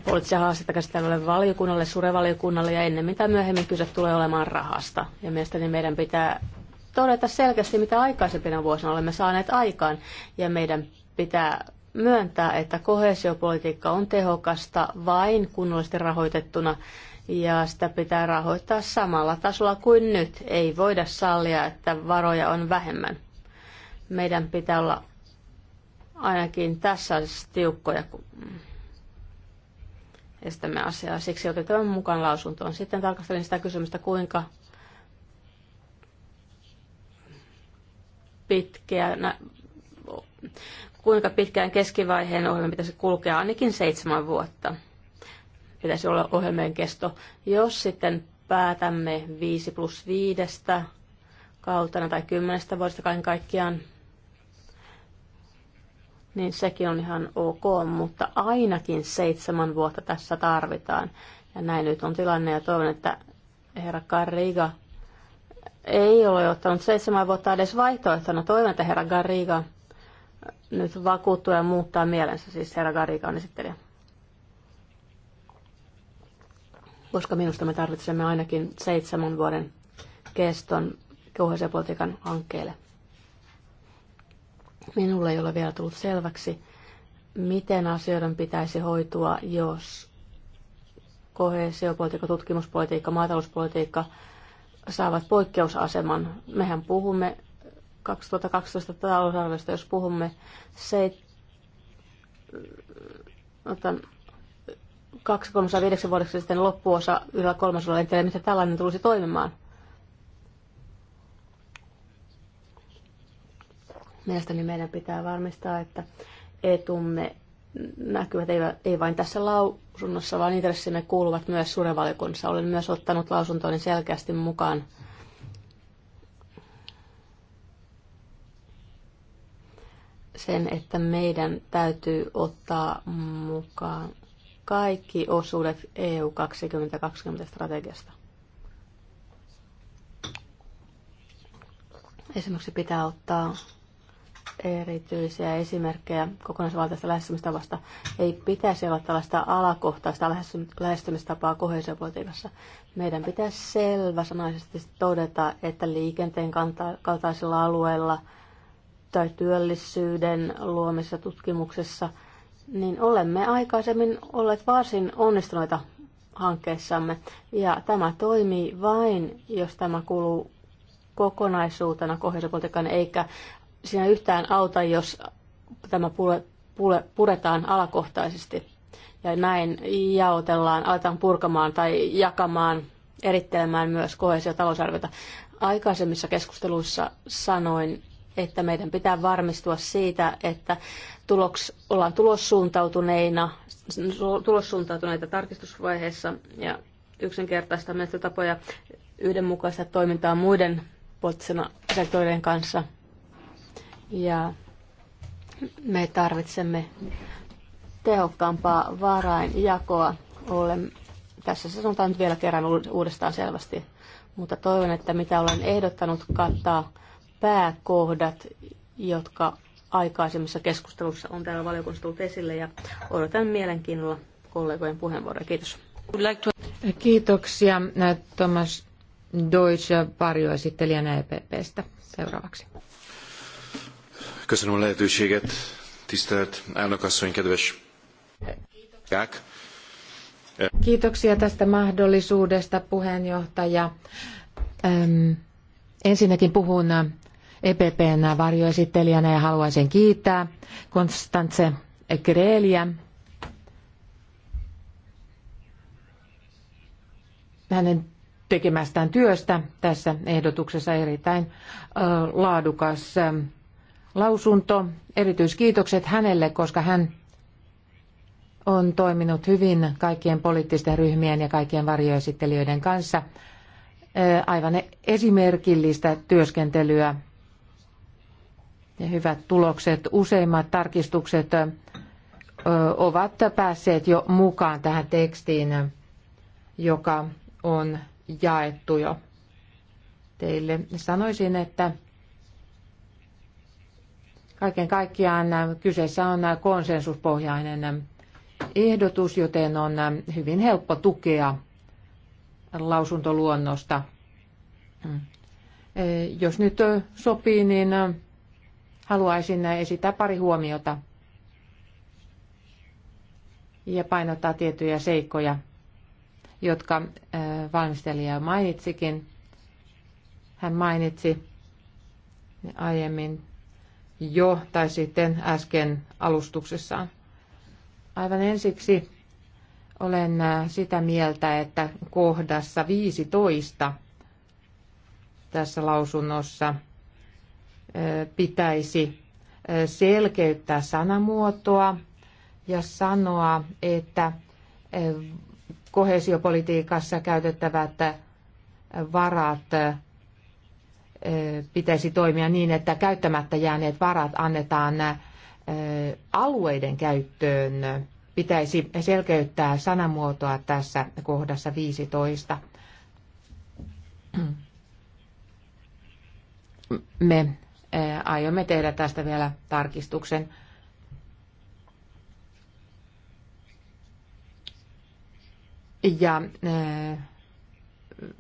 poliittisia haasteita käsittelevälle valiokunnalle, surevaliokunnalle, ja ennen mitä myöhemmin kyse tulee olemaan rahasta. Ja mielestäni meidän pitää todeta selkeästi, mitä aikaisempina vuosina olemme saaneet aikaan, ja meidän pitää myöntää, että kohesiopolitiikka on tehokasta vain kunnollisesti rahoitettuna ja sitä pitää rahoittaa samalla tasolla kuin nyt. Ei voida sallia, että varoja on vähemmän. Meidän pitää olla ainakin tässä tiukkoja, kun estämme asiaa. Siksi otetaan mukaan lausuntoon. Sitten tarkastelin sitä kysymystä, kuinka pitkä kuinka pitkään keskivaiheen ohjelma pitäisi kulkea ainakin seitsemän vuotta – pitäisi olla ohjelmien kesto. Jos sitten päätämme 5 plus 5 kautena tai 10 vuodesta kaiken kaikkiaan, niin sekin on ihan ok, mutta ainakin seitsemän vuotta tässä tarvitaan. Ja näin nyt on tilanne ja toivon, että herra Garriga ei ole ottanut seitsemän vuotta edes vaihtoehtona. Toivon, että herra Garriga nyt vakuuttuu ja muuttaa mielensä, siis herra Garriga on esittelijä. koska minusta me tarvitsemme ainakin seitsemän vuoden keston kohesiopolitiikan hankkeelle. Minulle ei ole vielä tullut selväksi, miten asioiden pitäisi hoitua, jos kohesiopolitiikka, tutkimuspolitiikka, maatalouspolitiikka saavat poikkeusaseman. Mehän puhumme 2012 talousarviosta, jos puhumme se, otan, kaksi kolmasosa viideksi vuodeksi sitten loppuosa yhdellä kolmasosalla. En tiedä, tällainen tulisi toimimaan. Mielestäni meidän pitää varmistaa, että etumme näkyvät ei, ei vain tässä lausunnossa, vaan intressimme kuuluvat myös suurenvaliokunnassa. Olen myös ottanut lausuntoni selkeästi mukaan sen, että meidän täytyy ottaa mukaan kaikki osuudet EU 2020-strategiasta. Esimerkiksi pitää ottaa erityisiä esimerkkejä kokonaisvaltaista lähestymistavasta. Ei pitäisi olla tällaista alakohtaista lähestymistapaa kohesiopolitiikassa. Meidän pitää selväsanaisesti todeta, että liikenteen kaltaisilla alueilla tai työllisyyden luomisessa tutkimuksessa – niin olemme aikaisemmin olleet varsin onnistuneita hankkeissamme. Ja tämä toimii vain, jos tämä kuuluu kokonaisuutena kohdistopolitiikkaan, eikä siinä yhtään auta, jos tämä pure, pure, puretaan alakohtaisesti. Ja näin jaotellaan, aletaan purkamaan tai jakamaan, erittelemään myös kohdisia talousarviota. Aikaisemmissa keskusteluissa sanoin, että meidän pitää varmistua siitä, että tuloks, ollaan tulossuuntautuneina, tulossuuntautuneita tarkistusvaiheessa ja yksinkertaista menettelytapoja yhdenmukaista toimintaa muiden poliittisen sektoreiden kanssa. Ja me tarvitsemme tehokkaampaa varainjakoa. Olen, tässä se sanotaan nyt vielä kerran uudestaan selvästi, mutta toivon, että mitä olen ehdottanut kattaa pääkohdat, jotka aikaisemmissa keskustelussa on täällä valiokunnassa tullut esille ja odotan mielenkiinnolla kollegojen puheenvuoroja. Kiitos. Kiitoksia Thomas Deutsch, varjoesittelijänä EPPstä. Seuraavaksi. Köszönöm a lehetőséget, tisztelt elnökasszony, kedves kollégák. Kiitoksia tästä mahdollisuudesta, puheenjohtaja. Ensinnäkin puhun EPPn varjoesittelijänä ja haluaisin kiittää Konstantse Kreeliä hänen tekemästään työstä tässä ehdotuksessa erittäin laadukas lausunto. Erityiskiitokset hänelle, koska hän on toiminut hyvin kaikkien poliittisten ryhmien ja kaikkien varjoesittelijöiden kanssa. Aivan esimerkillistä työskentelyä ja hyvät tulokset. Useimmat tarkistukset ovat päässeet jo mukaan tähän tekstiin, joka on jaettu jo teille. Sanoisin, että kaiken kaikkiaan kyseessä on konsensuspohjainen ehdotus, joten on hyvin helppo tukea lausuntoluonnosta. Jos nyt sopii, niin haluaisin esittää pari huomiota ja painottaa tiettyjä seikkoja, jotka valmistelija jo mainitsikin. Hän mainitsi aiemmin jo tai sitten äsken alustuksessaan. Aivan ensiksi olen sitä mieltä, että kohdassa 15 tässä lausunnossa – pitäisi selkeyttää sanamuotoa ja sanoa, että kohesiopolitiikassa käytettävät varat pitäisi toimia niin, että käyttämättä jääneet varat annetaan alueiden käyttöön. Pitäisi selkeyttää sanamuotoa tässä kohdassa 15. Me aiomme tehdä tästä vielä tarkistuksen. Ja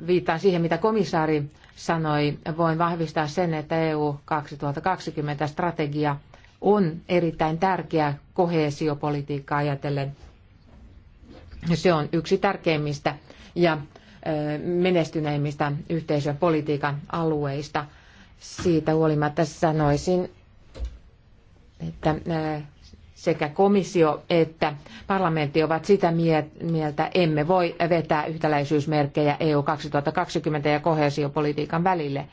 viittaan siihen, mitä komissaari sanoi. Voin vahvistaa sen, että EU 2020 strategia on erittäin tärkeä koheesiopolitiikkaa ajatellen. Se on yksi tärkeimmistä ja menestyneimmistä yhteisöpolitiikan alueista – siitä huolimatta sanoisin, että äh, sekä komissio että parlamentti ovat sitä mieltä, emme voi vetää yhtäläisyysmerkkejä EU 2020 ja koheesiopolitiikan välille.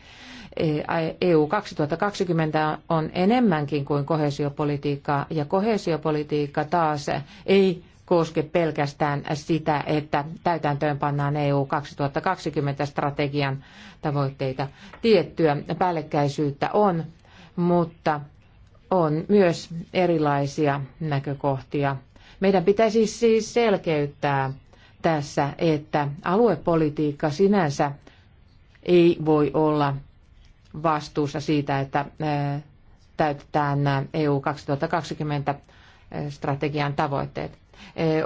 EU e 2020 on enemmänkin kuin koheesiopolitiikkaa ja koheesiopolitiikka taas ei koske pelkästään sitä, että täytäntöön pannaan EU 2020 strategian tavoitteita. Tiettyä päällekkäisyyttä on, mutta on myös erilaisia näkökohtia. Meidän pitäisi siis selkeyttää tässä, että aluepolitiikka sinänsä ei voi olla vastuussa siitä, että täytetään EU 2020 strategian tavoitteet.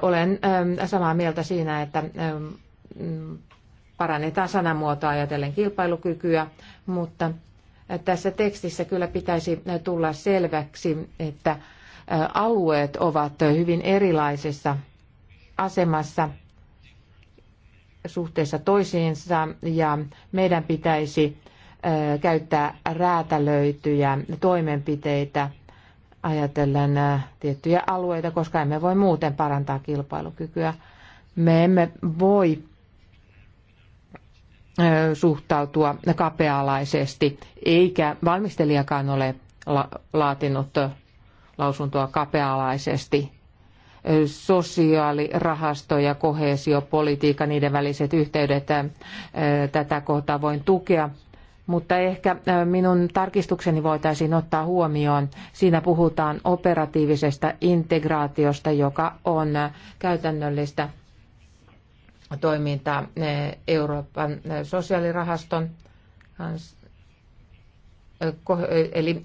Olen samaa mieltä siinä, että parannetaan sanamuotoa ajatellen kilpailukykyä, mutta tässä tekstissä kyllä pitäisi tulla selväksi, että alueet ovat hyvin erilaisessa asemassa suhteessa toisiinsa ja meidän pitäisi käyttää räätälöityjä toimenpiteitä ajatellen äh, tiettyjä alueita, koska emme voi muuten parantaa kilpailukykyä. Me emme voi äh, suhtautua kapealaisesti, eikä valmistelijakaan ole laatinut äh, lausuntoa kapealaisesti. Sosiaalirahasto ja kohesiopolitiikka, niiden väliset yhteydet, tätä kohtaa voin tukea, mutta ehkä minun tarkistukseni voitaisiin ottaa huomioon. Siinä puhutaan operatiivisesta integraatiosta, joka on käytännöllistä toimintaa Euroopan sosiaalirahaston eli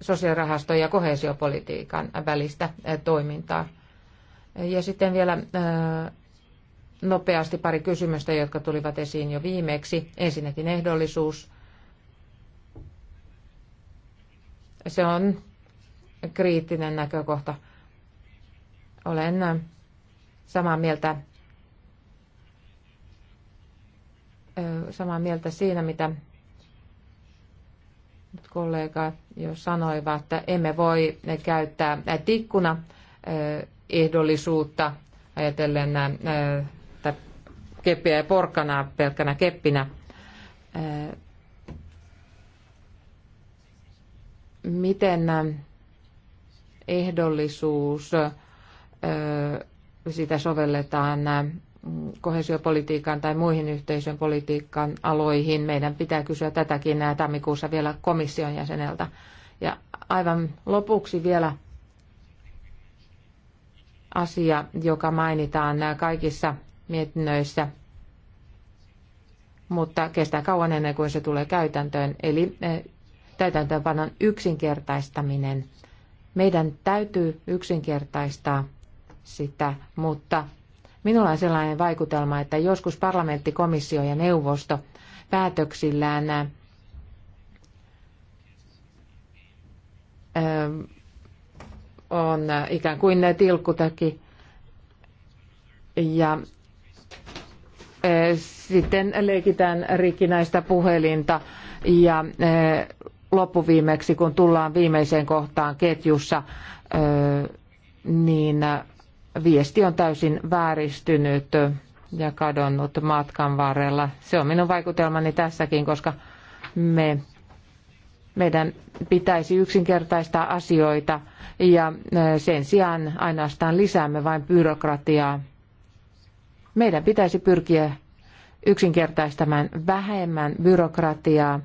sosiaalirahasto- ja kohesiopolitiikan välistä toimintaa. Ja sitten vielä nopeasti pari kysymystä, jotka tulivat esiin jo viimeksi. Ensinnäkin ehdollisuus. Se on kriittinen näkökohta. Olen samaa mieltä, samaa mieltä siinä, mitä kollega jo sanoivat, että emme voi käyttää tikkuna ehdollisuutta ajatellen keppiä ja porkkanaa pelkkänä keppinä. miten äh, ehdollisuus äh, sitä sovelletaan äh, kohesiopolitiikan tai muihin yhteisön politiikan aloihin. Meidän pitää kysyä tätäkin tammikuussa vielä komission jäseneltä. Ja aivan lopuksi vielä asia, joka mainitaan kaikissa mietinnöissä, mutta kestää kauan ennen kuin se tulee käytäntöön, eli täytäntöönpanon yksinkertaistaminen. Meidän täytyy yksinkertaistaa sitä, mutta minulla on sellainen vaikutelma, että joskus parlamentti, komissio ja neuvosto päätöksillään on ikään kuin ne tilkkutakin. ja sitten leikitään rikkinäistä puhelinta ja loppuviimeksi, kun tullaan viimeiseen kohtaan ketjussa, niin viesti on täysin vääristynyt ja kadonnut matkan varrella. Se on minun vaikutelmani tässäkin, koska me, meidän pitäisi yksinkertaistaa asioita ja sen sijaan ainoastaan lisäämme vain byrokratiaa. Meidän pitäisi pyrkiä yksinkertaistamaan vähemmän byrokratiaa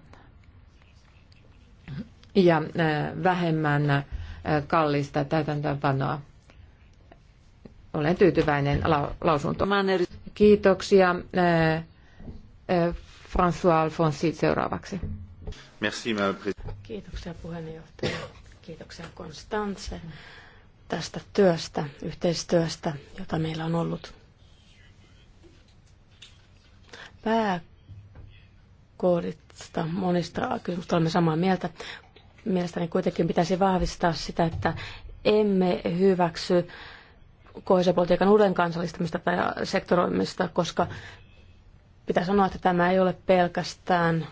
ja äh, vähemmän äh, kallista täytäntöönpanoa. Olen tyytyväinen lausuntoon. Kiitoksia. Äh, François Alfonsi seuraavaksi. Merci, Kiitoksia puheenjohtaja. Kiitoksia Konstantse tästä työstä, yhteistyöstä, jota meillä on ollut. Pääkoodista monista kysymyksistä olemme samaa mieltä mielestäni kuitenkin pitäisi vahvistaa sitä, että emme hyväksy kohesiopolitiikan uuden kansallistamista tai sektoroimista, koska pitää sanoa, että tämä ei ole pelkästään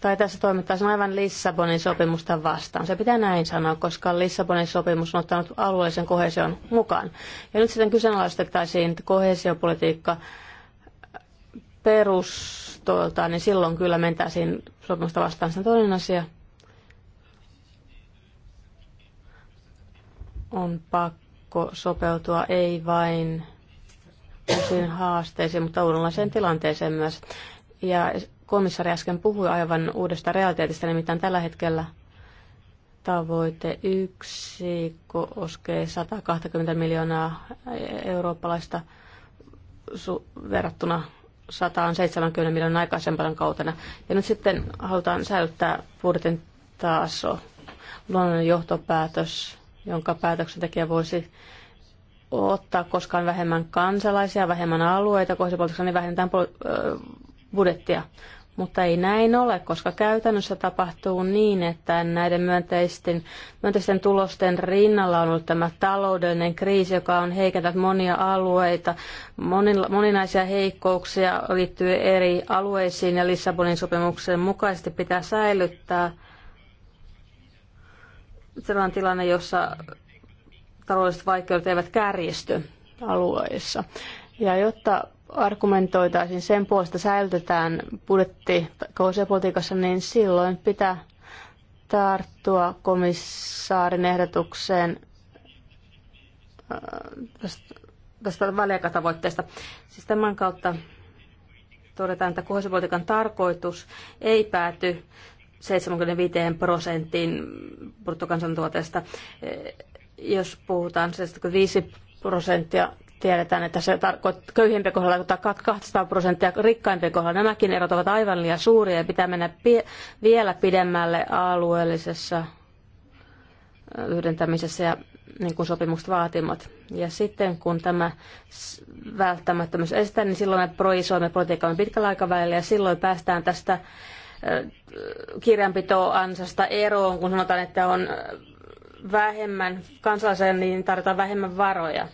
tai tässä toimittaisiin aivan Lissabonin sopimusta vastaan. Se pitää näin sanoa, koska Lissabonin sopimus on ottanut alueellisen kohesion mukaan. Ja nyt sitten kyseenalaistettaisiin kohesiopolitiikka perustoiltaan, niin silloin kyllä mentäisiin sopimusta vastaan. Sen toinen asia on pakko sopeutua ei vain uusiin haasteisiin, mutta uudenlaiseen tilanteeseen myös. Ja komissari äsken puhui aivan uudesta realiteetista, nimittäin tällä hetkellä tavoite yksi koskee 120 miljoonaa e- eurooppalaista verrattuna 170 miljoonan aikaisempana kautena. Ja nyt sitten halutaan säilyttää budjetin taso. Luonnollinen johtopäätös, jonka päätöksentekijä voisi ottaa koskaan vähemmän kansalaisia, vähemmän alueita kohdistupolitiikassa, niin vähennetään budjettia. Mutta ei näin ole, koska käytännössä tapahtuu niin, että näiden myönteisten, myönteisten tulosten rinnalla on ollut tämä taloudellinen kriisi, joka on heikentänyt monia alueita. Monilla, moninaisia heikkouksia liittyy eri alueisiin ja Lissabonin sopimuksen mukaisesti pitää säilyttää sellainen tilanne, jossa taloudelliset vaikeudet eivät kärjisty alueissa. Ja jotta argumentoitaisiin sen puolesta säilytetään budjetti politiikassa, niin silloin pitää tarttua komissaarin ehdotukseen äh, tästä, tästä väliaikatavoitteesta. Siis tämän kautta todetaan, että kohdallisuuspolitiikan tarkoitus ei pääty 75 prosenttiin bruttokansantuotteesta. Äh, jos puhutaan 75 siis, prosenttia Tiedetään, että se tarkoittaa köyhimpien kohdalla 200 tuota prosenttia, rikkaimpien kohdalla nämäkin erot ovat aivan liian suuria ja pitää mennä pie- vielä pidemmälle alueellisessa yhdentämisessä ja niin kuin sopimukset vaatimat. Ja sitten kun tämä välttämättömyys estää niin silloin me projisoimme politiikkaamme pitkällä aikavälillä ja silloin päästään tästä kirjanpitoansasta eroon, kun sanotaan, että on vähemmän kansalaisen, niin tarvitaan vähemmän varoja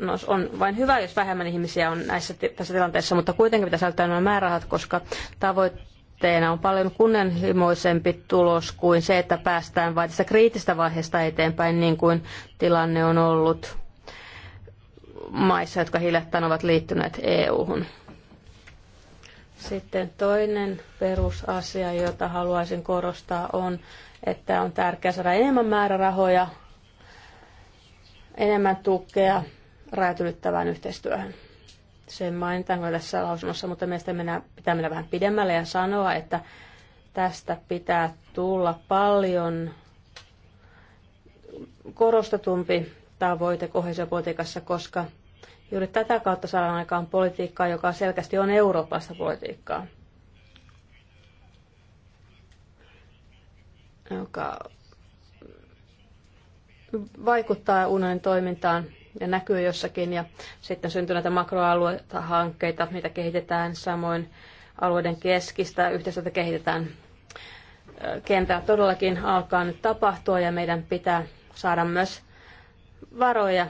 no, on vain hyvä, jos vähemmän ihmisiä on näissä, tässä tilanteessa, mutta kuitenkin pitäisi välttää nämä määrärahat, koska tavoitteena on paljon kunnianhimoisempi tulos kuin se, että päästään vain tästä kriittistä vaiheesta eteenpäin, niin kuin tilanne on ollut maissa, jotka hiljattain ovat liittyneet EU-hun. Sitten toinen perusasia, jota haluaisin korostaa, on, että on tärkeää saada enemmän määrärahoja enemmän tukea rajat ylittävään yhteistyöhön. Sen mainitaan tässä lausunnossa, mutta meistä mennään pitää mennä vähän pidemmälle ja sanoa, että tästä pitää tulla paljon korostetumpi tavoite kohesiopolitiikassa, koska juuri tätä kautta saadaan aikaan politiikkaa, joka selkeästi on Euroopassa politiikkaa. Joka vaikuttaa unen toimintaan ja näkyy jossakin. Ja sitten syntyy näitä makroalueita, hankkeita, mitä kehitetään samoin alueiden keskistä, yhteistyötä kehitetään. Kentää todellakin alkaa nyt tapahtua ja meidän pitää saada myös varoja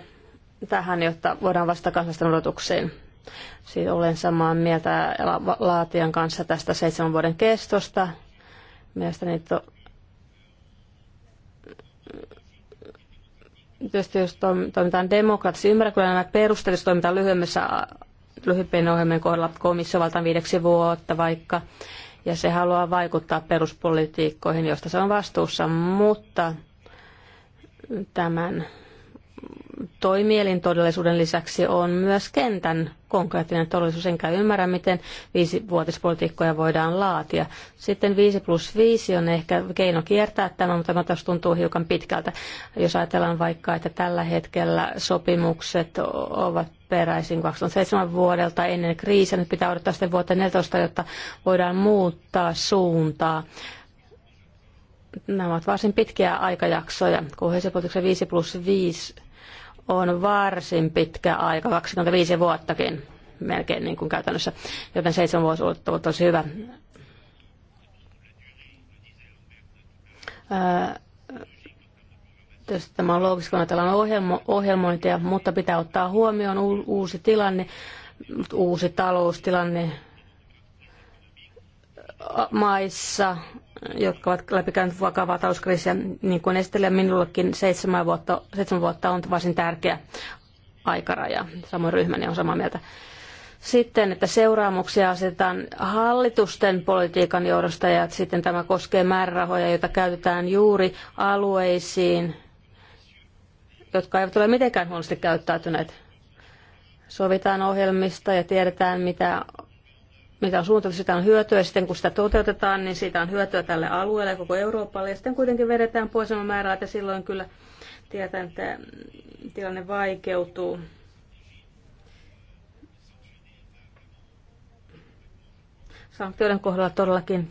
tähän, jotta voidaan vastata kansallisten odotuksiin. Siitä olen samaa mieltä laatijan kanssa tästä seitsemän vuoden kestosta. Mielestäni to... Tietysti jos toimitaan demokraattisesti, ymmärrän kyllä nämä perusteet, jos toimitaan lyhyemmässä, lyhyempien ohjelmien kohdalla komissio valtaan viideksi vuotta vaikka, ja se haluaa vaikuttaa peruspolitiikkoihin, josta se on vastuussa, mutta tämän toimielin todellisuuden lisäksi on myös kentän konkreettinen todellisuus, enkä ymmärrä, miten viisivuotispolitiikkoja voidaan laatia. Sitten 5 plus 5 on ehkä keino kiertää tämä, mutta tämä taas tuntuu hiukan pitkältä. Jos ajatellaan vaikka, että tällä hetkellä sopimukset ovat peräisin 2007 vuodelta ennen kriisiä, nyt pitää odottaa sitten vuoteen 14, jotta voidaan muuttaa suuntaa nämä ovat varsin pitkiä aikajaksoja. Kohesiopolitiikassa 5 plus 5 on varsin pitkä aika, 25 vuottakin melkein niin kuin käytännössä, joten seitsemän vuosi on tosi hyvä. Ää, tietysti tämä on loogista, kun ajatellaan ohjelmo, ohjelmointia, mutta pitää ottaa huomioon uusi tilanne, uusi taloustilanne, maissa, jotka ovat läpikäyneet vakavaa talouskriisiä, niin kuin esitellen minullekin seitsemän vuotta, seitsemän vuotta on varsin tärkeä aikaraja. Samoin ryhmäni on samaa mieltä. Sitten, että seuraamuksia asetetaan hallitusten politiikan johdosta ja sitten tämä koskee määrärahoja, joita käytetään juuri alueisiin, jotka eivät ole mitenkään huonosti käyttäytyneet. Sovitaan ohjelmista ja tiedetään, mitä mitä on suunniteltu, sitä on hyötyä. Sitten kun sitä toteutetaan, niin siitä on hyötyä tälle alueelle ja koko Euroopalle. Ja sitten kuitenkin vedetään pois sama määrää, että silloin kyllä tietää, että mm, tilanne vaikeutuu. Sanktioiden kohdalla todellakin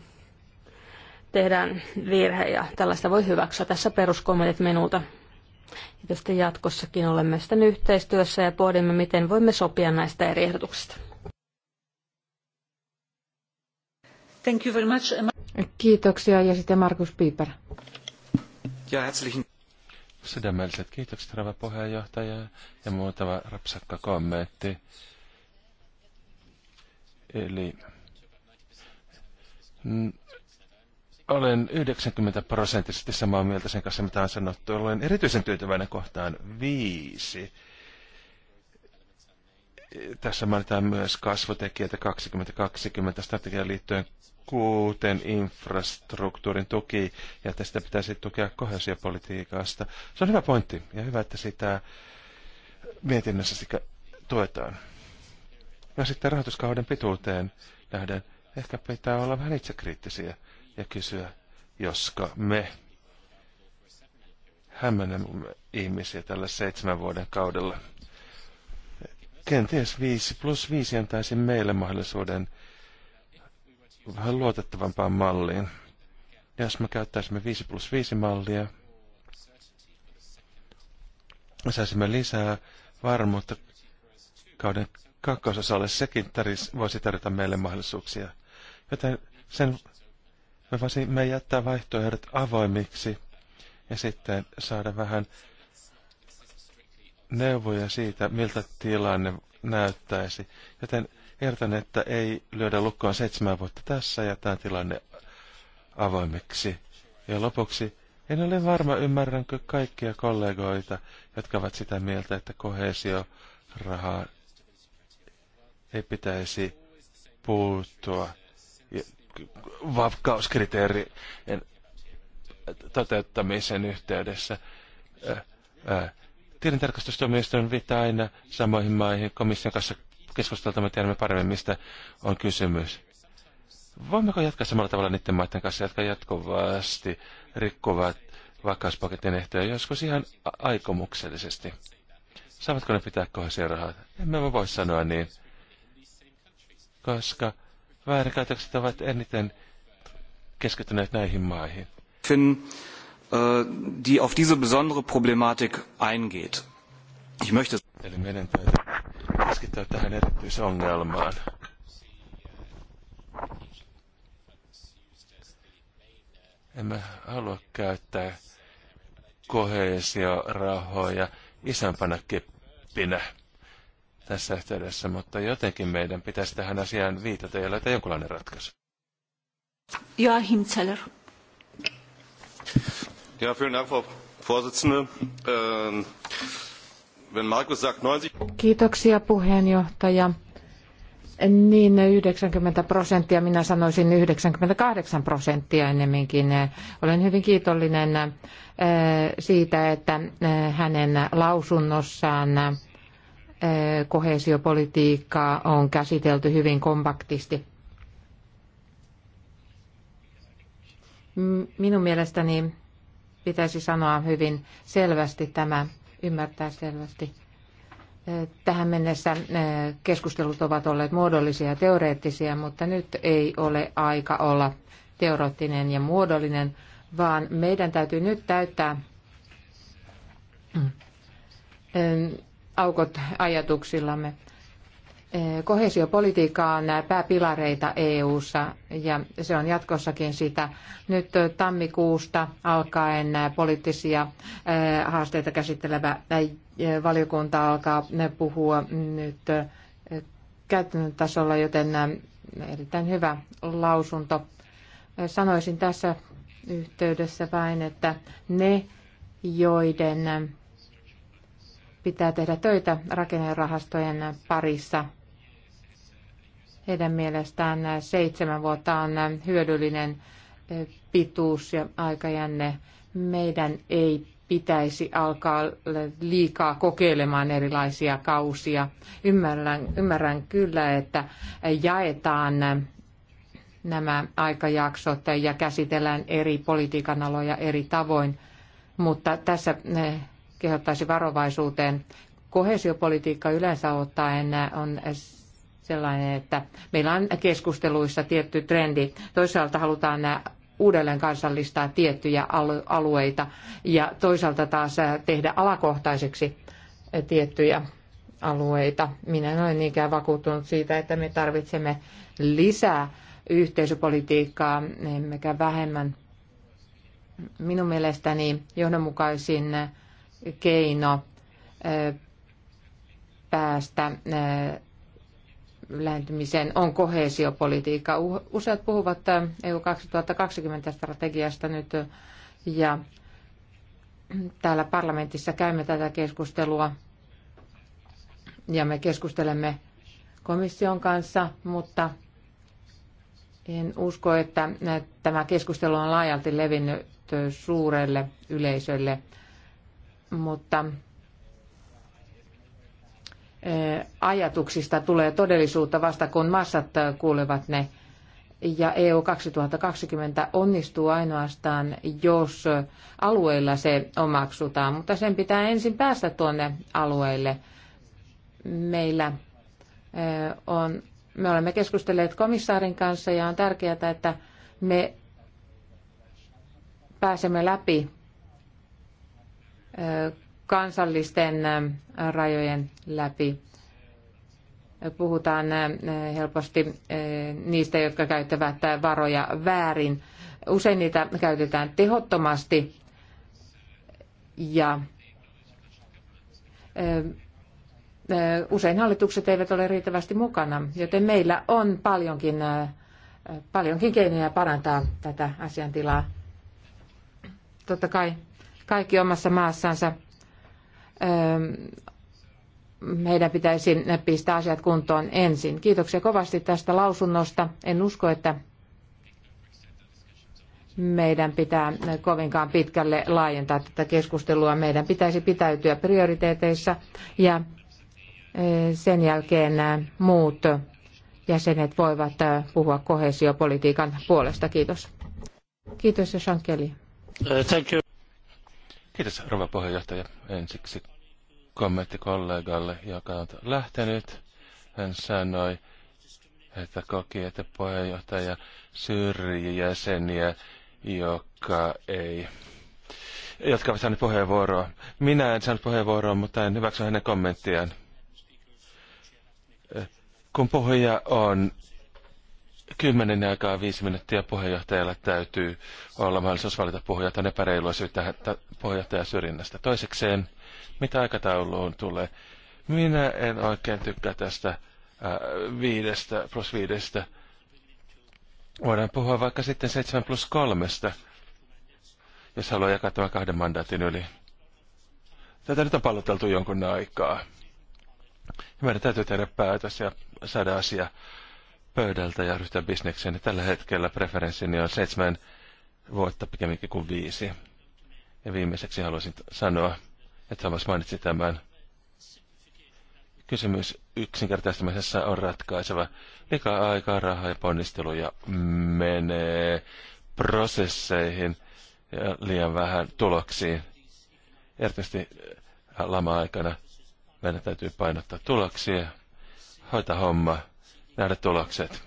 tehdään virhe ja tällaista voi hyväksyä. Tässä peruskommentit minulta. Ja jatkossakin olemme sitten yhteistyössä ja pohdimme, miten voimme sopia näistä eri ehdotuksista. Thank you very much. Kiitoksia ja sitten Markus Piper. Ja herzlichen Sydämelliset kiitokset, rouva puheenjohtaja, ja muutama rapsakka kommentti. Eli mm, olen 90 prosenttisesti samaa mieltä sen kanssa, mitä on sanottu. Olen erityisen tyytyväinen kohtaan viisi. Tässä mainitaan myös kasvutekijöitä 2020 strategiaan liittyen kuten infrastruktuurin tuki, ja että sitä pitäisi tukea kohesiopolitiikasta. Se on hyvä pointti, ja hyvä, että sitä mietinnössä sitä tuetaan. Ja sitten rahoituskauden pituuteen nähden ehkä pitää olla vähän itsekriittisiä ja kysyä, josko me hämmennämme ihmisiä tällä seitsemän vuoden kaudella. Kenties viisi plus viisi antaisi meille mahdollisuuden vähän luotettavampaan malliin. Jos me käyttäisimme 5 plus 5 mallia, saisimme lisää varmuutta kauden kakkososalle. Sekin taris, voisi tarjota meille mahdollisuuksia. Joten sen me voisimme jättää vaihtoehdot avoimiksi ja sitten saada vähän neuvoja siitä, miltä tilanne näyttäisi. Joten Kertan että ei lyödä lukkoon seitsemän vuotta tässä ja tämä tilanne avoimeksi. Ja lopuksi, en ole varma ymmärränkö kaikkia kollegoita, jotka ovat sitä mieltä, että rahaa ei pitäisi puuttua. Vapkauskriteeri toteuttamisen yhteydessä. Tilintarkastustuomioistuin viittaa aina samoihin maihin komission kanssa keskustelta me tiedämme paremmin, mistä on kysymys. Voimmeko jatkaa samalla tavalla niiden maiden kanssa, jotka jatkuvasti rikkovat vakauspaketin ehtoja joskus ihan aikomuksellisesti? Saavatko ne pitää kohdisia rahaa? Emme mä voi sanoa niin, koska väärinkäytökset ovat eniten keskittyneet näihin maihin. Finden, äh, die auf diese besondere Problematik eingeht. Ich möchte... Eli meidän täytyy keskittyä tähän erityisongelmaan. Emme halua käyttää koheesiorahoja isompana keppinä tässä yhteydessä, mutta jotenkin meidän pitäisi tähän asiaan viitata ja löytää jonkinlainen ratkaisu. Joachim Zeller. Ja, vielen Dank, Frau Vorsitzende. Ähm, wenn Markus Kiitoksia puheenjohtaja. Niin 90 prosenttia, minä sanoisin 98 prosenttia ennemminkin. Olen hyvin kiitollinen eh, siitä, että eh, hänen lausunnossaan eh, koheesiopolitiikkaa on käsitelty hyvin kompaktisti. Minun mielestäni pitäisi sanoa hyvin selvästi tämä ymmärtää selvästi. Tähän mennessä keskustelut ovat olleet muodollisia ja teoreettisia, mutta nyt ei ole aika olla teoreettinen ja muodollinen, vaan meidän täytyy nyt täyttää aukot ajatuksillamme. Kohesiopolitiikka on pääpilareita EU:ssa ja se on jatkossakin sitä. Nyt tammikuusta alkaen poliittisia haasteita käsittelevä valiokunta alkaa puhua nyt käytännön tasolla, joten erittäin hyvä lausunto. Sanoisin tässä yhteydessä vain, että ne, joiden pitää tehdä töitä rakennerahastojen parissa – heidän mielestään seitsemän vuotta on hyödyllinen eh, pituus ja aikajänne. Meidän ei pitäisi alkaa liikaa kokeilemaan erilaisia kausia. Ymmärrän, ymmärrän kyllä, että jaetaan nämä aikajaksot ja käsitellään eri politiikan aloja eri tavoin, mutta tässä eh, kehottaisi varovaisuuteen. Kohesiopolitiikka yleensä ottaen on sellainen, että meillä on keskusteluissa tietty trendi. Toisaalta halutaan nämä uudelleen kansallistaa tiettyjä alueita ja toisaalta taas tehdä alakohtaiseksi tiettyjä alueita. Minä en ole niinkään vakuuttunut siitä, että me tarvitsemme lisää yhteisöpolitiikkaa, emmekä vähemmän. Minun mielestäni johdonmukaisin keino päästä lähentymiseen on kohesiopolitiikka. Useat puhuvat äh, EU 2020 strategiasta nyt äh, ja täällä parlamentissa käymme tätä keskustelua ja me keskustelemme komission kanssa, mutta en usko, että äh, tämä keskustelu on laajalti levinnyt suurelle yleisölle, mutta ajatuksista tulee todellisuutta vasta kun massat kuulevat ne. Ja EU 2020 onnistuu ainoastaan, jos alueilla se omaksutaan, mutta sen pitää ensin päästä tuonne alueille. Meillä on, me olemme keskustelleet komissaarin kanssa ja on tärkeää, että me pääsemme läpi kansallisten rajojen läpi. Puhutaan helposti niistä, jotka käyttävät varoja väärin. Usein niitä käytetään tehottomasti ja usein hallitukset eivät ole riittävästi mukana, joten meillä on paljonkin, paljonkin keinoja parantaa tätä asiantilaa. Totta kai kaikki omassa maassansa meidän pitäisi pistää asiat kuntoon ensin. Kiitoksia kovasti tästä lausunnosta. En usko, että meidän pitää kovinkaan pitkälle laajentaa tätä keskustelua. Meidän pitäisi pitäytyä prioriteeteissa ja e, sen jälkeen muut jäsenet voivat puhua kohesiopolitiikan puolesta. Kiitos. Kiitos ja uh, Thank you. Kiitos, rouva puheenjohtaja. Ensiksi kommentti kollegalle, joka on lähtenyt. Hän sanoi, että koki, että puheenjohtaja syrjii jäseniä, joka ei, jotka ovat saaneet puheenvuoroa. Minä en saanut puheenvuoroa, mutta en hyväksy hänen kommenttiaan. Kun puhuja on kymmenen aikaa viisi minuuttia puheenjohtajalla täytyy olla mahdollisuus valita puheenjohtajan On epäreilua syyttää puheenjohtajan syrjinnästä. Toisekseen, mitä aikatauluun tulee? Minä en oikein tykkää tästä äh, viidestä plus viidestä. Voidaan puhua vaikka sitten seitsemän plus kolmesta, jos haluaa jakaa tämän kahden mandaatin yli. Tätä nyt on palloteltu jonkun aikaa. Meidän täytyy tehdä päätös ja saada asia pöydältä ja ryhtyä bisnekseen. Niin tällä hetkellä preferenssini on seitsemän vuotta pikemminkin kuin viisi. Ja viimeiseksi haluaisin sanoa, että Thomas mainitsi tämän. Kysymys yksinkertaistamisessa on ratkaiseva. Liikaa aikaa, rahaa ja ponnisteluja menee prosesseihin ja liian vähän tuloksiin. Erityisesti lama-aikana meidän täytyy painottaa tuloksia, hoitaa homma nähdä tulokset,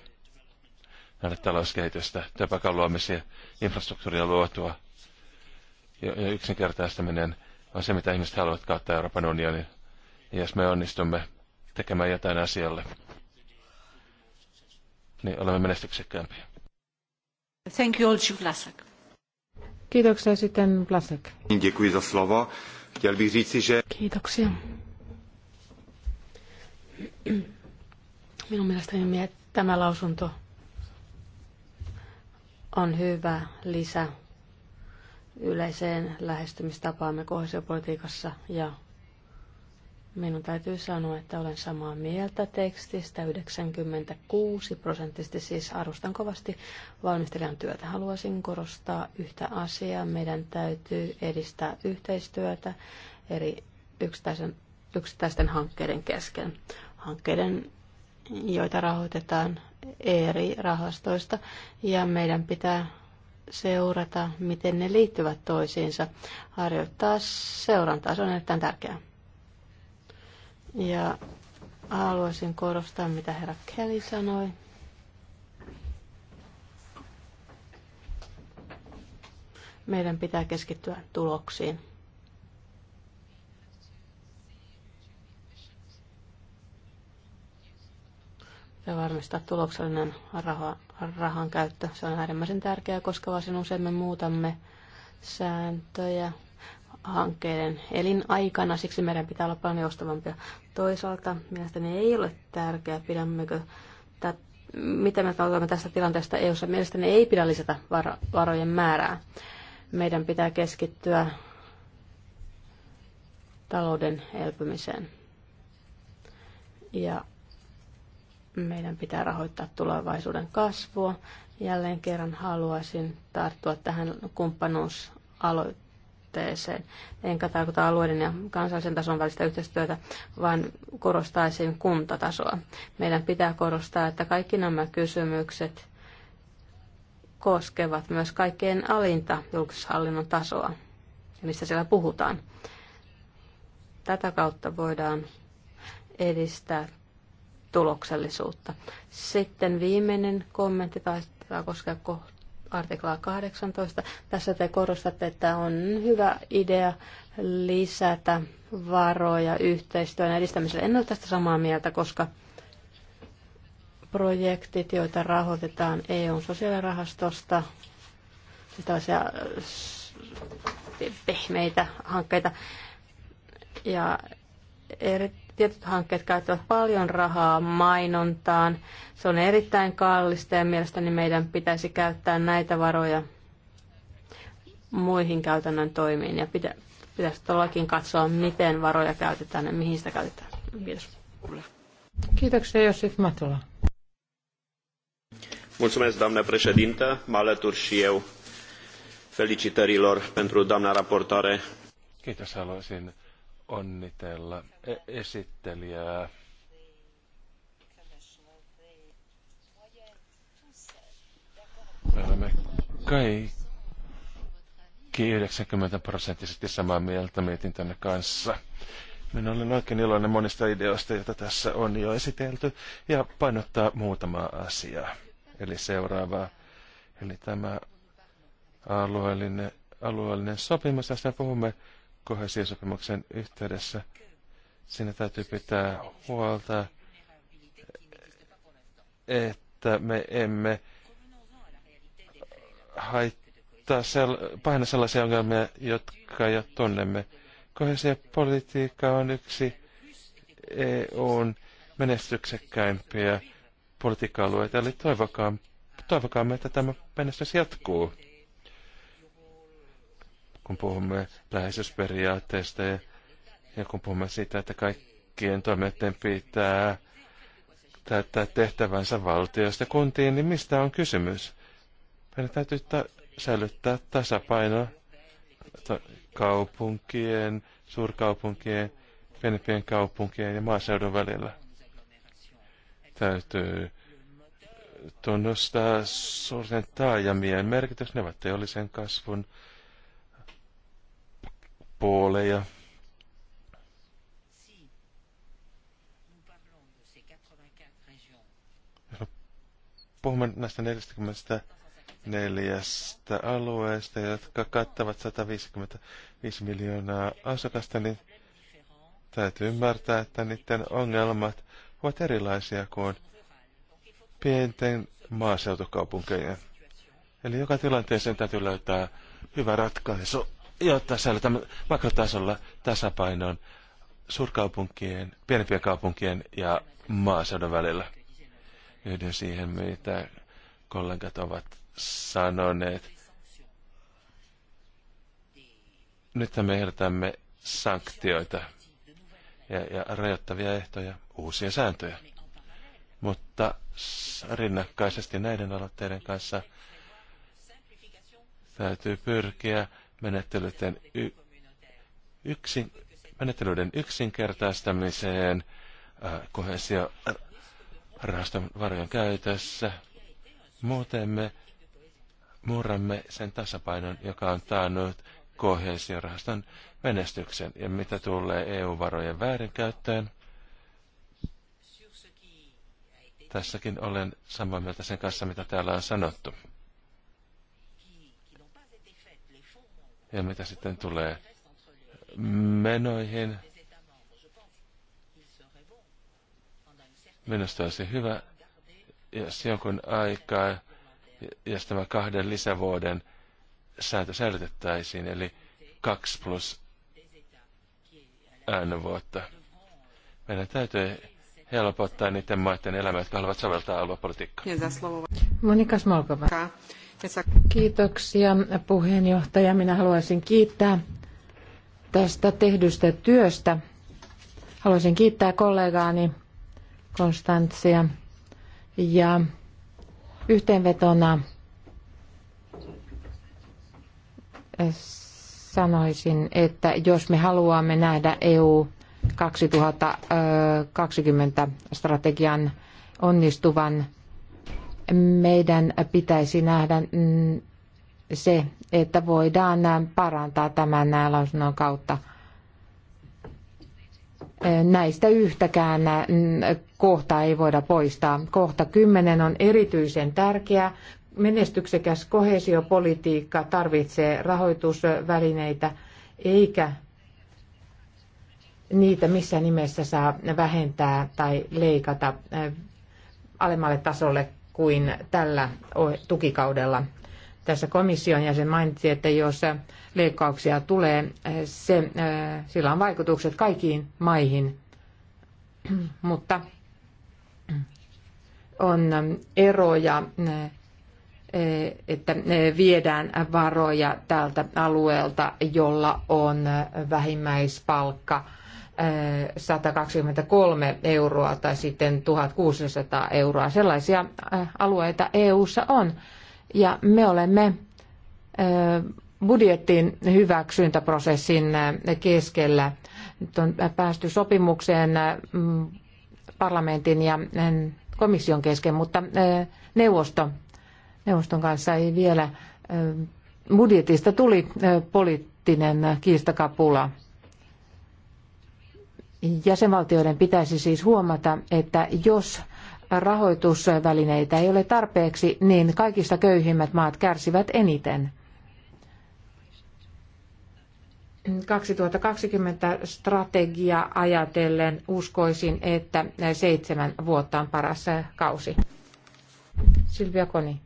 nähdä talouskehitystä, työpaikan luomisia, infrastruktuuria luotua. Ja yksinkertaistaminen on se, mitä ihmiset haluavat kautta Euroopan unionin. Ja jos me onnistumme tekemään jotain asialle, niin olemme menestyksekkäämpiä. Thank you, Olci Vlasak. Kiitoksia sitten Vlasak. Děkuji za slovo. Chtěl bych říci, že... Kiitoksia. Minun mielestäni tämä lausunto on hyvä lisä yleiseen lähestymistapaamme kohesiopolitiikassa ja minun täytyy sanoa, että olen samaa mieltä tekstistä, 96 prosenttisesti siis arvostan kovasti valmistelijan työtä. Haluaisin korostaa yhtä asiaa. Meidän täytyy edistää yhteistyötä eri yksittäisen, yksittäisten hankkeiden kesken. Hankkeiden joita rahoitetaan eri rahastoista, ja meidän pitää seurata, miten ne liittyvät toisiinsa. Harjoittaa seurantaa, se on erittäin tärkeää. Ja haluaisin korostaa, mitä herra Kelly sanoi. Meidän pitää keskittyä tuloksiin. ja varmistaa tuloksellinen raha, rahan käyttö. Se on äärimmäisen tärkeää, koska varsin usein me muutamme sääntöjä hankkeiden elinaikana, siksi meidän pitää olla paljon joustavampia. Toisaalta mielestäni ei ole tärkeää, pidämmekö tätä mitä me olemme tästä tilanteesta eu Mielestäni ei pidä lisätä varojen määrää. Meidän pitää keskittyä talouden elpymiseen. Ja meidän pitää rahoittaa tulevaisuuden kasvua. Jälleen kerran haluaisin tarttua tähän kumppanuusaloitteeseen. Enkä tarkoita alueiden ja kansallisen tason välistä yhteistyötä, vaan korostaisin kuntatasoa. Meidän pitää korostaa, että kaikki nämä kysymykset koskevat myös kaikkein alinta julkishallinnon tasoa, mistä siellä puhutaan. Tätä kautta voidaan edistää tuloksellisuutta. Sitten viimeinen kommentti taitaa koskea artiklaa 18. Tässä te korostatte, että on hyvä idea lisätä varoja yhteistyön edistämiselle. En ole tästä samaa mieltä, koska projektit, joita rahoitetaan EUn sosiaalirahastosta, siis tällaisia äh, pehmeitä hankkeita, ja erittäin Tietyt hankkeet käyttävät paljon rahaa mainontaan. Se on erittäin kallista ja mielestäni meidän pitäisi käyttää näitä varoja muihin käytännön toimiin. Ja pitä, pitäisi todellakin katsoa, miten varoja käytetään ja mihin sitä käytetään. Kiitos. Kiitoksia, Josif Matula. Mulțumesc, doamnă președintă. Mă alătur și eu felicitărilor pentru doamna raportare. Kiitos, haluaisin onnitella e- esittelijää. Me olemme kaikki 90 prosenttisesti samaa mieltä mietintönne kanssa. Minä olen oikein iloinen monista ideoista, joita tässä on jo esitelty, ja painottaa muutamaa asiaa. Eli seuraavaa. Eli tämä alueellinen, alueellinen sopimus, tästä puhumme kohesiosopimuksen yhteydessä. Siinä täytyy pitää huolta, että me emme haittaa sel- pahenna sellaisia ongelmia, jotka jo tunnemme. Kohesiopolitiikka on yksi EUn menestyksekkäimpiä politiikka-alueita, eli toivokaamme, toivokaa, että tämä menestys jatkuu kun puhumme läheisyysperiaatteesta ja, ja kun puhumme siitä, että kaikkien toimijoiden pitää täyttää tehtävänsä valtiosta kuntiin, niin mistä on kysymys? Meidän täytyy ta- säilyttää tasapaino kaupunkien, suurkaupunkien, pienempien kaupunkien ja maaseudun välillä. Täytyy tunnustaa suurten taajamien merkitys. Ne ovat teollisen kasvun puoleja. Jos puhumme näistä 44 alueesta, jotka kattavat 155 miljoonaa asukasta, niin täytyy ymmärtää, että niiden ongelmat ovat erilaisia kuin pienten maaseutukaupunkeja. Eli joka tilanteeseen täytyy löytää hyvä ratkaisu jotta säilytämme makrotasolla tasapainoon suurkaupunkien, pienempien kaupunkien ja maaseudun välillä. Yhdyn siihen, mitä kollegat ovat sanoneet. Nyt me ehdotamme sanktioita ja, ja rajoittavia ehtoja, uusia sääntöjä. Mutta rinnakkaisesti näiden aloitteiden kanssa täytyy pyrkiä menettelyiden, y, yksin, menettelyiden yksinkertaistamiseen rahaston varojen käytössä. Muuten me murramme sen tasapainon, joka on taannut kohesiorahaston menestyksen. Ja mitä tulee EU-varojen väärinkäyttöön, tässäkin olen samaa mieltä sen kanssa, mitä täällä on sanottu. Ja mitä sitten tulee menoihin, minusta olisi hyvä, jos jonkun aikaa, jos tämä kahden lisävuoden sääntö säilytettäisiin, eli kaksi plus n vuotta. Meidän täytyy helpottaa niiden maiden elämää, jotka haluavat soveltaa aluepolitiikkaa. Monika Smolkova. Kiitoksia puheenjohtaja. Minä haluaisin kiittää tästä tehdystä työstä. Haluaisin kiittää kollegaani Konstantsia ja yhteenvetona sanoisin, että jos me haluamme nähdä EU 2020 strategian onnistuvan, meidän pitäisi nähdä mm, se, että voidaan parantaa tämän lausunnon kautta näistä yhtäkään mm, kohtaa ei voida poistaa. Kohta kymmenen on erityisen tärkeä. Menestyksekäs koheesiopolitiikka tarvitsee rahoitusvälineitä eikä niitä missä nimessä saa vähentää tai leikata äh, alemmalle tasolle kuin tällä tukikaudella. Tässä komission jäsen mainitsi, että jos leikkauksia tulee, se, äh, sillä on vaikutukset kaikkiin maihin, mutta on eroja äh, että äh, viedään varoja tältä alueelta, jolla on vähimmäispalkka 123 euroa tai sitten 1600 euroa. Sellaisia äh, alueita EU:ssa on. Ja me olemme äh, budjettin hyväksyntäprosessin äh, keskellä. Nyt on päästy sopimukseen mm, parlamentin ja komission kesken, mutta neuvosto, neuvoston kanssa ei vielä budjetista tuli poliittinen kiistakapula Jäsenvaltioiden pitäisi siis huomata, että jos rahoitusvälineitä ei ole tarpeeksi, niin kaikista köyhimmät maat kärsivät eniten. 2020 strategia ajatellen uskoisin, että seitsemän vuotta on paras kausi. Silvia Koni.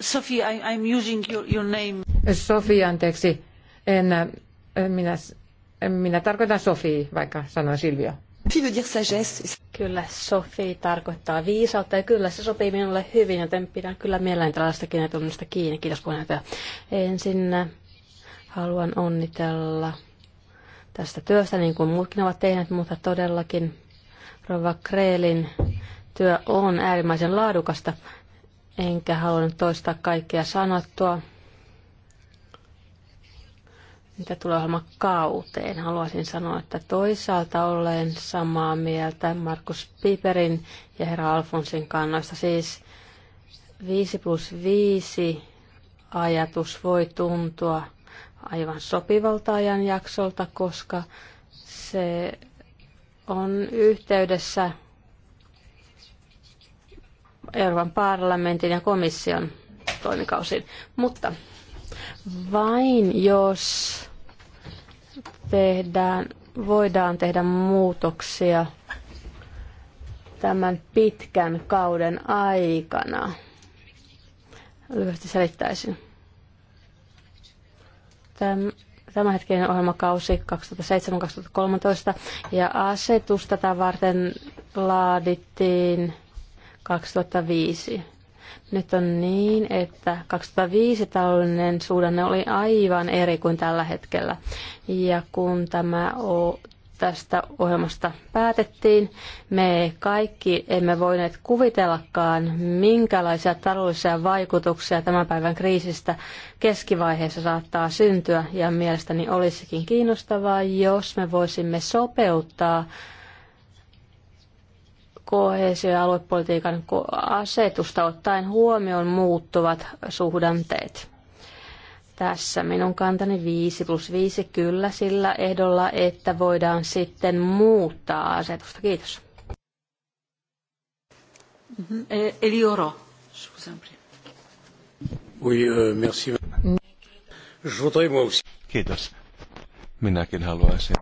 Sophie, I'm using your, your name. Sophie, anteeksi en, äh, minä, minä tarkoitan Sofi, vaikka sanoin Silvio. Kyllä Sofi tarkoittaa viisautta ja kyllä se sopii minulle hyvin, joten pidän kyllä mielelläni tällaista tunnusta kiinni. Kiitos puheenjohtaja. Ensin äh, haluan onnitella tästä työstä, niin kuin muutkin ovat tehneet, mutta todellakin Rova Kreelin työ on äärimmäisen laadukasta, enkä halunnut toistaa kaikkea sanottua mitä tulee kauteen, haluaisin sanoa, että toisaalta olen samaa mieltä Markus Piperin ja herra Alfonsin kannoista. Siis 5 plus 5 ajatus voi tuntua aivan sopivalta jaksolta, koska se on yhteydessä Euroopan parlamentin ja komission toimikausiin. Mutta vain jos tehdään, voidaan tehdä muutoksia tämän pitkän kauden aikana. Lyhyesti selittäisin. Tämä tämänhetkinen ohjelmakausi 2007-2013 ja asetus tätä varten laadittiin 2005. Nyt on niin, että 2005 taloudellinen suhdanne oli aivan eri kuin tällä hetkellä. Ja kun tämä o, tästä ohjelmasta päätettiin, me kaikki emme voineet kuvitellakaan, minkälaisia taloudellisia vaikutuksia tämän päivän kriisistä keskivaiheessa saattaa syntyä. Ja mielestäni olisikin kiinnostavaa, jos me voisimme sopeuttaa kohesio- aluepolitiikan asetusta ottaen huomioon muuttuvat suhdanteet. Tässä minun kantani 5 plus 5 kyllä sillä ehdolla, että voidaan sitten muuttaa asetusta. Kiitos. Mm-hmm. E- Elioro, Oui, euh, merci. Kiitos. Minäkin haluaisin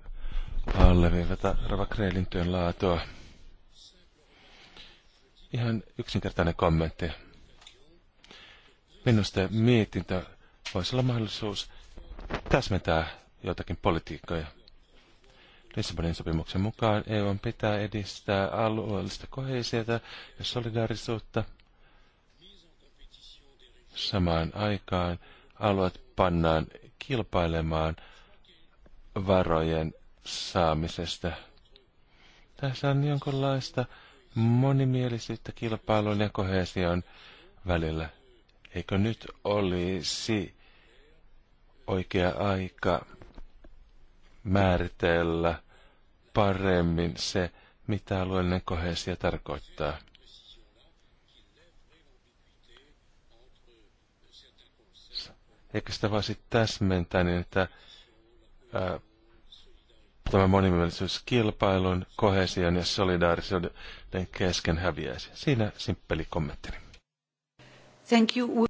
alleviivata Rava Kreilin työn laatua. Ihan yksinkertainen kommentti. Minusta mietintä voisi olla mahdollisuus täsmentää jotakin politiikkoja. Lissabonin sopimuksen mukaan EU pitää edistää alueellista kohesiota ja solidaarisuutta. Samaan aikaan alueet pannaan kilpailemaan varojen saamisesta. Tässä on jonkinlaista monimielisyyttä kilpailun ja kohesion välillä. Eikö nyt olisi oikea aika määritellä paremmin se, mitä alueellinen kohesio tarkoittaa? Eikö sitä voisi täsmentää niin, että ää, tämä monimielisyys kilpailun, kohesion ja solidaarisuuden kesken häviäisi. Siinä simppeli kommenttini. Thank you.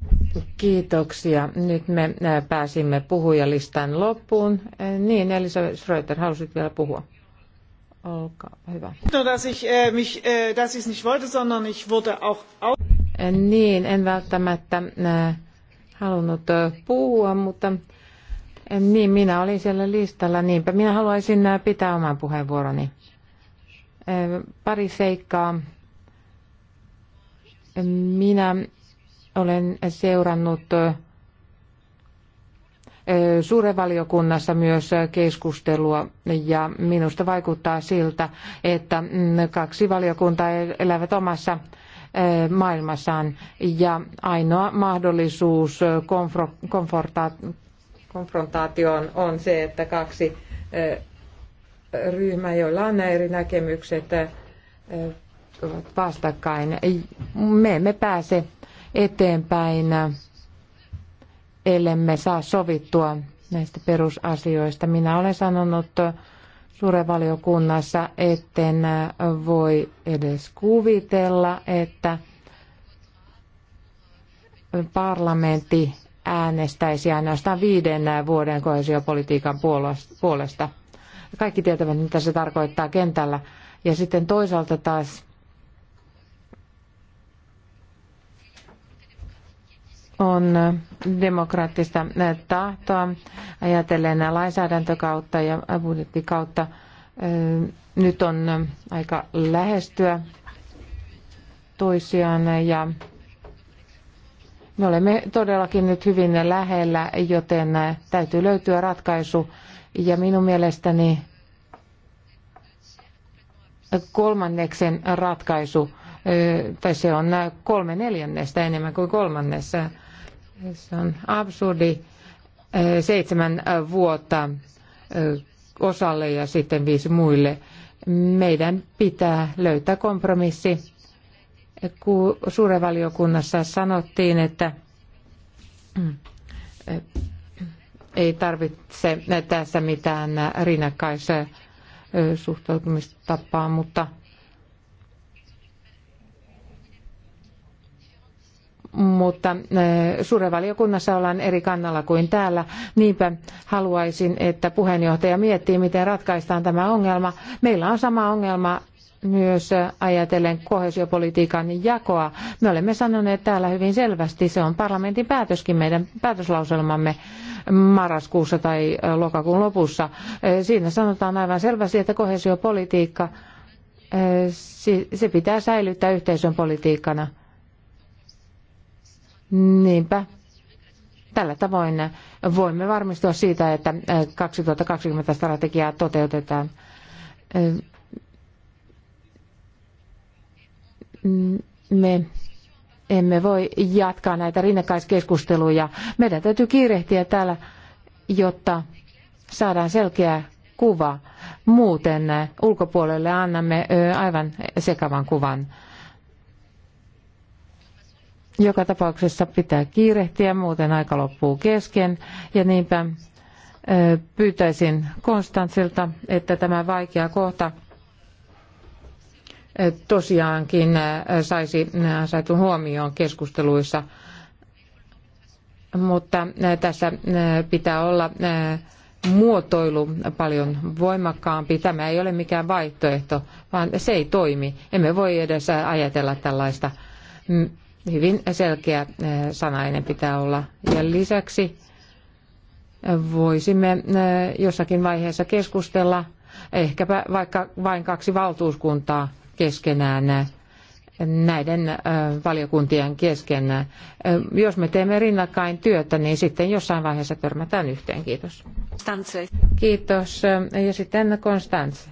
Kiitoksia. Nyt me äh, pääsimme puhujalistan loppuun. Äh, niin, Elisa Schröter, halusit vielä puhua. Olkaa hyvä. No, dass ich, äh, mich, äh, dass ich nicht wollte, sondern ich wurde auch... Äh, niin, en välttämättä äh, halunnut äh, puhua, mutta äh, niin, minä olin siellä listalla. Niinpä minä haluaisin äh, pitää oman puheenvuoroni. Pari seikkaa. Minä olen seurannut suuren valiokunnassa myös keskustelua ja minusta vaikuttaa siltä, että mm, kaksi valiokuntaa elävät omassa maailmassaan ja ainoa mahdollisuus konfrontaatioon on se, että kaksi ryhmä, joilla on eri näkemykset, vastakkain. Me emme pääse eteenpäin, ellemme saa sovittua näistä perusasioista. Minä olen sanonut suurevaliokunnassa, etten voi edes kuvitella, että parlamentti äänestäisi ainoastaan viiden vuoden koesiopolitiikan puolesta. Kaikki tietävät, mitä se tarkoittaa kentällä. Ja sitten toisaalta taas on demokraattista tahtoa ajatellen lainsäädäntökautta ja budjettikautta. Nyt on aika lähestyä toisiaan ja me olemme todellakin nyt hyvin lähellä, joten täytyy löytyä ratkaisu ja minun mielestäni kolmanneksen ratkaisu, tai se on kolme neljännestä enemmän kuin kolmannessa. Se on absurdi seitsemän vuotta osalle ja sitten viisi muille. Meidän pitää löytää kompromissi. Suuren valiokunnassa sanottiin, että ei tarvitse tässä mitään rinnakkaisen suhtautumistapaa, mutta mutta eh, valiokunnassa ollaan eri kannalla kuin täällä. Niinpä haluaisin, että puheenjohtaja miettii, miten ratkaistaan tämä ongelma. Meillä on sama ongelma myös ajatellen kohesiopolitiikan jakoa. Me olemme sanoneet täällä hyvin selvästi, se on parlamentin päätöskin, meidän päätöslauselmamme marraskuussa tai lokakuun lopussa. Siinä sanotaan aivan selvästi, että kohesiopolitiikka se pitää säilyttää yhteisön politiikkana. Niinpä. Tällä tavoin voimme varmistua siitä, että 2020 strategiaa toteutetaan. Me emme voi jatkaa näitä rinnakkaiskeskusteluja. Meidän täytyy kiirehtiä täällä, jotta saadaan selkeä kuva. Muuten ulkopuolelle annamme aivan sekavan kuvan. Joka tapauksessa pitää kiirehtiä, muuten aika loppuu kesken. Ja niinpä pyytäisin Konstantsilta, että tämä vaikea kohta tosiaankin saisi saitun huomioon keskusteluissa. Mutta tässä pitää olla muotoilu paljon voimakkaampi. Tämä ei ole mikään vaihtoehto, vaan se ei toimi. Emme voi edes ajatella tällaista. Hyvin selkeä sanainen pitää olla. Ja lisäksi voisimme jossakin vaiheessa keskustella ehkäpä vaikka vain kaksi valtuuskuntaa keskenään äh, näiden äh, valiokuntien kesken. Äh, jos me teemme rinnakkain työtä, niin sitten jossain vaiheessa törmätään yhteen. Kiitos. Konstanze. Kiitos. Ja sitten Konstanze.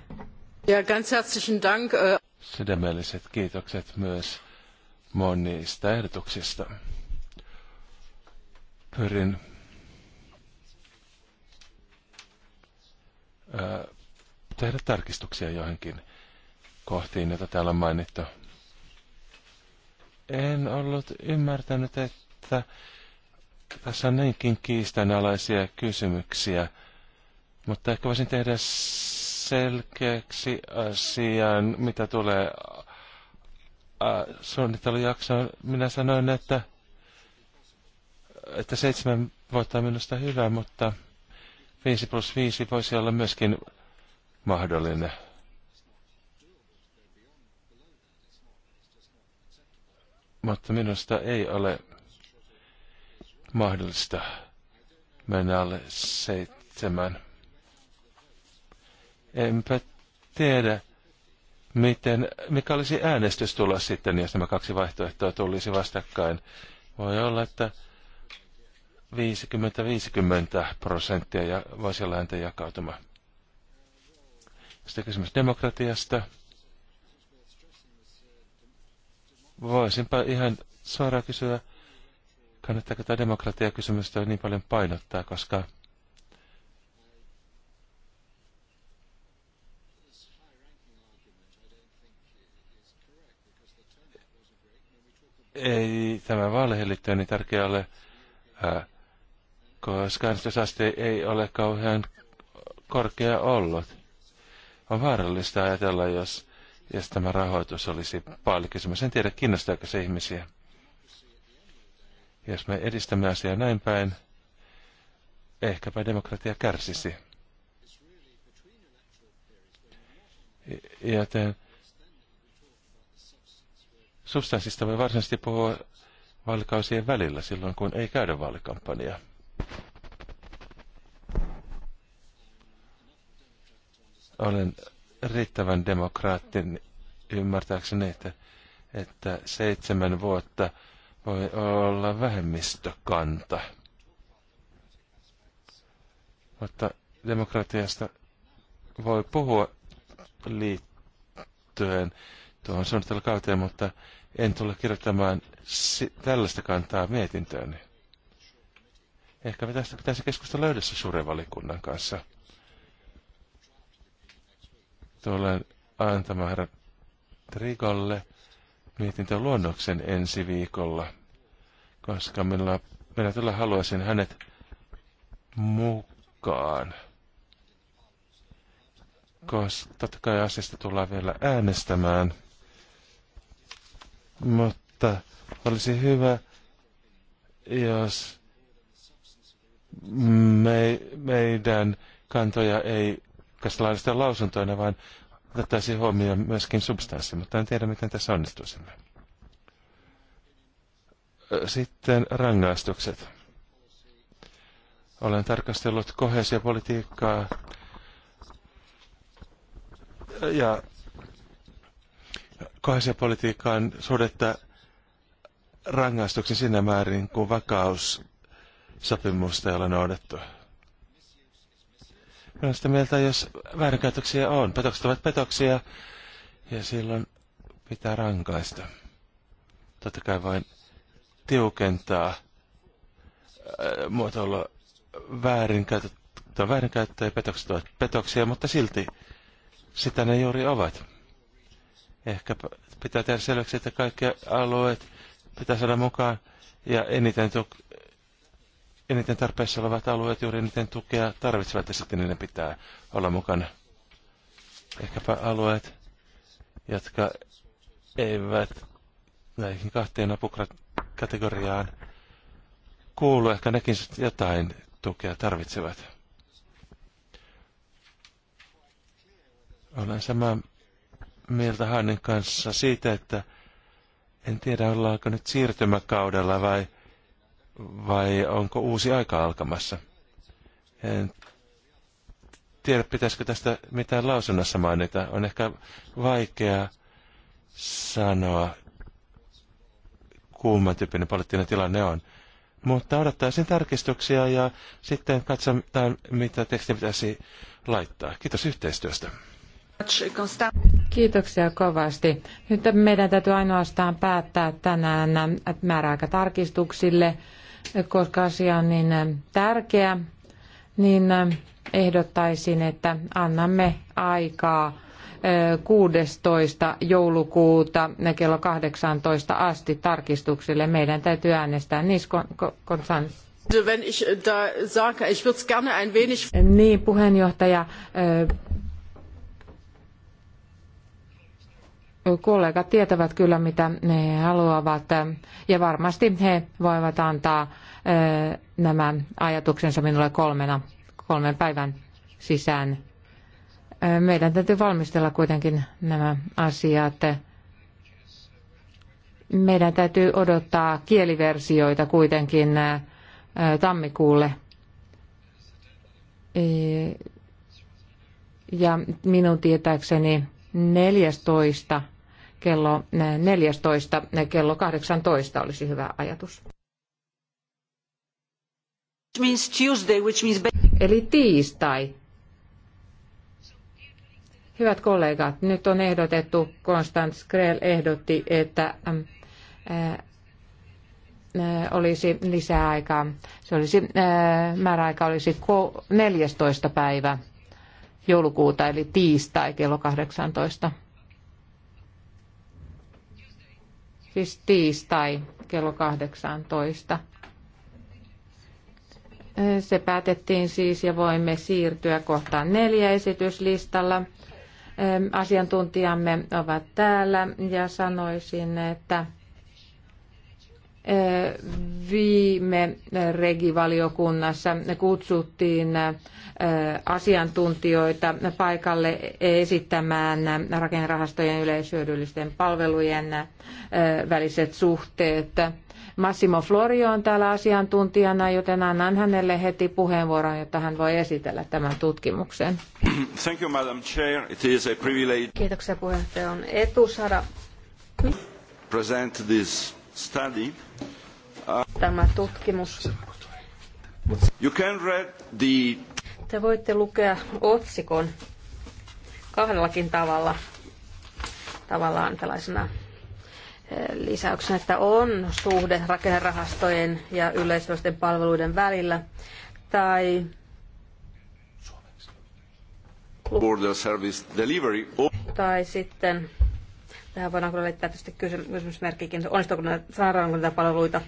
Ja ganz herzlichen Dank. Sydämelliset kiitokset myös monista ehdotuksista. Pyrin tehdä tarkistuksia johonkin kohtiin, joita täällä on mainittu. En ollut ymmärtänyt, että tässä on niinkin kiistanalaisia kysymyksiä, mutta ehkä voisin tehdä selkeäksi asian, mitä tulee suunnittelujaksoon. Minä sanoin, että, että seitsemän vuotta on minusta hyvä, mutta 5 plus 5 voisi olla myöskin mahdollinen. Mutta minusta ei ole mahdollista mennä alle seitsemän. Enpä tiedä, miten, mikä olisi tulla sitten, jos nämä kaksi vaihtoehtoa tulisi vastakkain. Voi olla, että 50-50 prosenttia ja voisi olla jakautumaan. Sitten kysymys demokratiasta. Voisinpa ihan suoraan kysyä, kannattaako tämä demokratiakysymystä niin paljon painottaa, koska ei tämä vaaleihin liittyen niin tärkeä ole, koska äänestysaste ei ole kauhean korkea ollut. On vaarallista ajatella, jos jos tämä rahoitus olisi paljon kysymys. En tiedä, kiinnostaako se ihmisiä. Jos me edistämme asiaa näin päin, ehkäpä demokratia kärsisi. Joten substanssista voi varsinaisesti puhua vaalikausien välillä silloin, kun ei käydä vaalikampanjaa. Olen riittävän demokraattin ymmärtääkseni, että, että seitsemän vuotta voi olla vähemmistökanta. Mutta demokratiasta voi puhua liittyen tuohon suunnittelukauteen, mutta en tule kirjoittamaan tällaista kantaa mietintööni. Ehkä me tästä pitäisi keskustella yhdessä suuren valikunnan kanssa tulen antamaan herra Trigolle mietintöluonnoksen ensi viikolla, koska minulla, minä kyllä haluaisin hänet mukaan. Koska totta kai asiasta tullaan vielä äänestämään. Mutta olisi hyvä, jos me, meidän kantoja ei tarkkaislaadista lausuntoina, vaan otettaisiin huomioon myöskin substanssi, mutta en tiedä, miten tässä onnistuisimme. Sitten rangaistukset. Olen tarkastellut kohesiopolitiikkaa ja kohesiopolitiikkaan suhdetta rangaistuksen sinne määrin, kun vakaussopimusta ei ole noudettu. Olen sitä mieltä, jos väärinkäytöksiä on, petokset ovat petoksia, ja silloin pitää rankaista. Totta kai vain tiukentaa äh, muotoilla väärinkäyttö, väärinkäyttö ja petokset ovat petoksia, mutta silti sitä ne juuri ovat. Ehkä pitää tehdä selväksi, että kaikki alueet pitää saada mukaan ja eniten eniten tarpeessa olevat alueet juuri eniten tukea tarvitsevat ja sitten niiden pitää olla mukana. Ehkäpä alueet, jotka eivät näihin kahteen apukategoriaan kuulu, ehkä nekin jotain tukea tarvitsevat. Olen samaa mieltä Hannin kanssa siitä, että en tiedä ollaanko nyt siirtymäkaudella vai – vai onko uusi aika alkamassa? En tiedä, pitäisikö tästä mitään lausunnassa mainita. On ehkä vaikea sanoa, kumman tyyppinen poliittinen tilanne on. Mutta odottaisin tarkistuksia ja sitten katsotaan, mitä tekstiä pitäisi laittaa. Kiitos yhteistyöstä. Kiitoksia kovasti. Nyt meidän täytyy ainoastaan päättää tänään määräaikatarkistuksille. tarkistuksille koska asia on niin äh, tärkeä, niin äh, ehdottaisin, että annamme aikaa 16. Äh, joulukuuta kello 18 asti tarkistuksille. Meidän täytyy äänestää niissä Niin, puheenjohtaja, kollegat tietävät kyllä, mitä he haluavat, eh, ja varmasti he voivat antaa eh, nämä ajatuksensa minulle kolmena, kolmen päivän sisään. Eh, meidän täytyy valmistella kuitenkin nämä asiat. Meidän täytyy odottaa kieliversioita kuitenkin tammikuulle. Ja minun tietääkseni 14. kello 14. kello 18 olisi hyvä ajatus. Eli tiistai. Hyvät kollegat, nyt on ehdotettu, Konstant Skrell ehdotti, että olisi lisää aikaa. Se olisi, määräaika olisi 14. päivä joulukuuta eli tiistai kello 18. Siis tiistai kello 18. Se päätettiin siis ja voimme siirtyä kohtaan neljä esityslistalla. Asiantuntijamme ovat täällä ja sanoisin, että viime regivaliokunnassa kutsuttiin asiantuntijoita paikalle esittämään rakennerahastojen yleishyödyllisten palvelujen väliset suhteet. Massimo Florio on täällä asiantuntijana, joten annan hänelle heti puheenvuoron, jotta hän voi esitellä tämän tutkimuksen. Thank you, Madam Chair. It is a privilege. Kiitoksia puheenjohtaja. On etu saada present this Tämä tutkimus. You can read the... Te voitte lukea otsikon kahdellakin tavalla. Tavallaan tällaisena eh, lisäyksenä, että on suhde rakennerahastojen ja yleisöllisten palveluiden välillä tai Border service delivery. tai sitten Tähän voidaan kyllä liittää tietysti kysymysmerkkikin, onnistuuko näitä, saadaanko palveluita.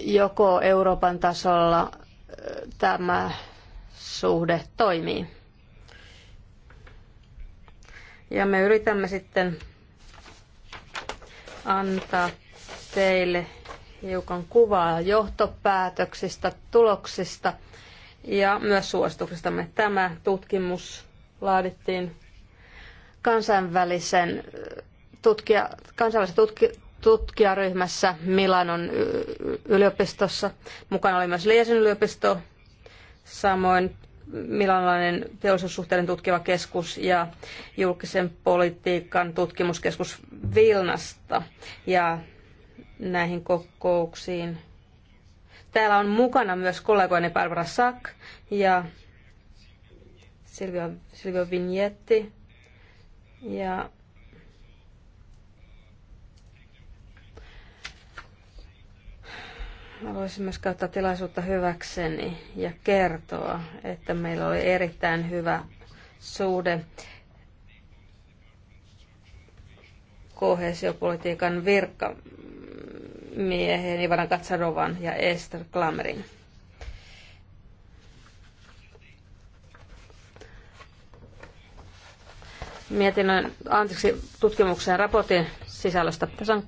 Joko Euroopan tasolla tämä suhde toimii. Ja me yritämme sitten antaa teille hiukan kuvaa johtopäätöksistä, tuloksista ja myös suosituksistamme. Tämä tutkimus laadittiin kansainvälisen tutkija, kansainvälisessä tutki, tutkijaryhmässä Milanon yliopistossa. Mukana oli myös Liesin yliopisto, samoin Milanlainen teollisuussuhteiden tutkiva keskus ja julkisen politiikan tutkimuskeskus Vilnasta. Ja näihin kokouksiin. Täällä on mukana myös kollegoini Barbara Sack ja Silvio, Silvio Vignetti ja haluaisin myös käyttää tilaisuutta hyväkseni ja kertoa, että meillä oli erittäin hyvä suhde kohesiopolitiikan virkamiehen Ivana Katsarovan ja Esther Klamerin. mietinnön, anteeksi, tutkimuksen ja raportin sisällöstä. Tässä on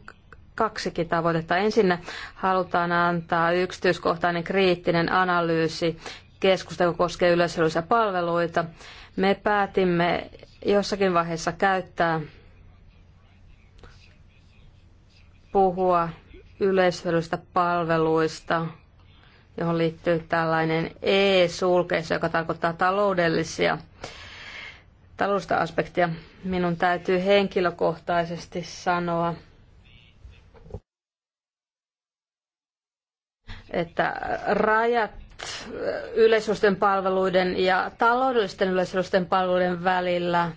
kaksikin tavoitetta. Ensinnä halutaan antaa yksityiskohtainen kriittinen analyysi keskustelu koskee yleisöllisiä palveluita. Me päätimme jossakin vaiheessa käyttää puhua yleisöllisistä palveluista, johon liittyy tällainen e-sulkeissa, joka tarkoittaa taloudellisia taloudellista aspektia. Minun täytyy henkilökohtaisesti sanoa, että rajat yleisöllisten palveluiden ja taloudellisten yleisöllisten palveluiden välillä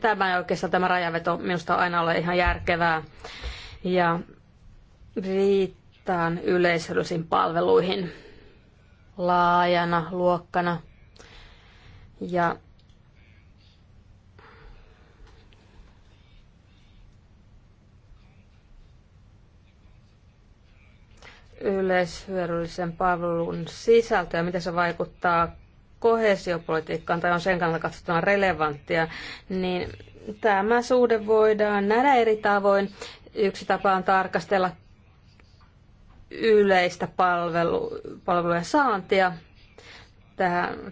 tämä ei oikeastaan tämä rajaveto minusta aina ole ihan järkevää. Ja viittaan yleisöllisiin palveluihin laajana luokkana – ja yleishyödyllisen palvelun sisältö ja miten se vaikuttaa kohesiopolitiikkaan tai on sen kannalta katsottuna relevanttia, niin tämä suhde voidaan nähdä eri tavoin. Yksi tapa on tarkastella yleistä palvelu, palvelujen saantia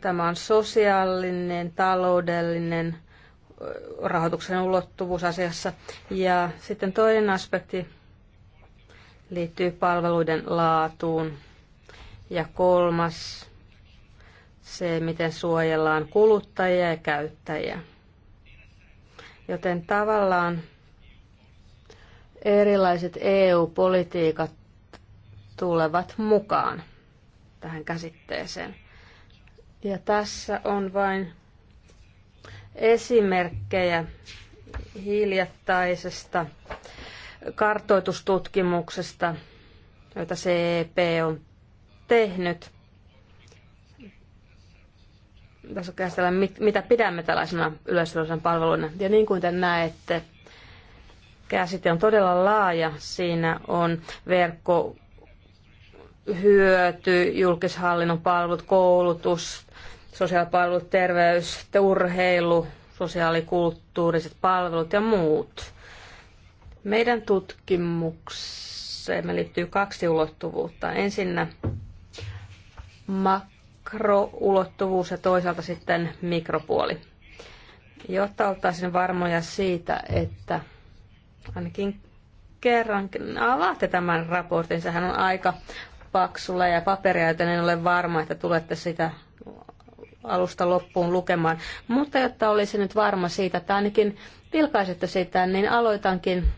Tämä on sosiaalinen, taloudellinen rahoituksen ulottuvuus asiassa. Ja sitten toinen aspekti liittyy palveluiden laatuun. Ja kolmas se, miten suojellaan kuluttajia ja käyttäjiä. Joten tavallaan erilaiset EU-politiikat tulevat mukaan tähän käsitteeseen. Ja tässä on vain esimerkkejä hiljattaisesta kartoitustutkimuksesta, joita CEP on tehnyt. Tässä käsitellään, mitä pidämme tällaisena yleisöllisen palveluna. Ja niin kuin te näette, käsite on todella laaja. Siinä on verkko, hyöty, julkishallinnon palvelut, koulutus, sosiaalipalvelut, terveys, urheilu, sosiaalikulttuuriset palvelut ja muut. Meidän tutkimukseemme liittyy kaksi ulottuvuutta. Ensinnä makroulottuvuus ja toisaalta sitten mikropuoli. Jotta oltaisiin varmoja siitä, että ainakin kerran avaatte tämän raportin, sehän on aika paksulla ja paperia, joten en ole varma, että tulette sitä alusta loppuun lukemaan. Mutta jotta olisi nyt varma siitä, että ainakin vilkaisitte sitä, niin aloitankin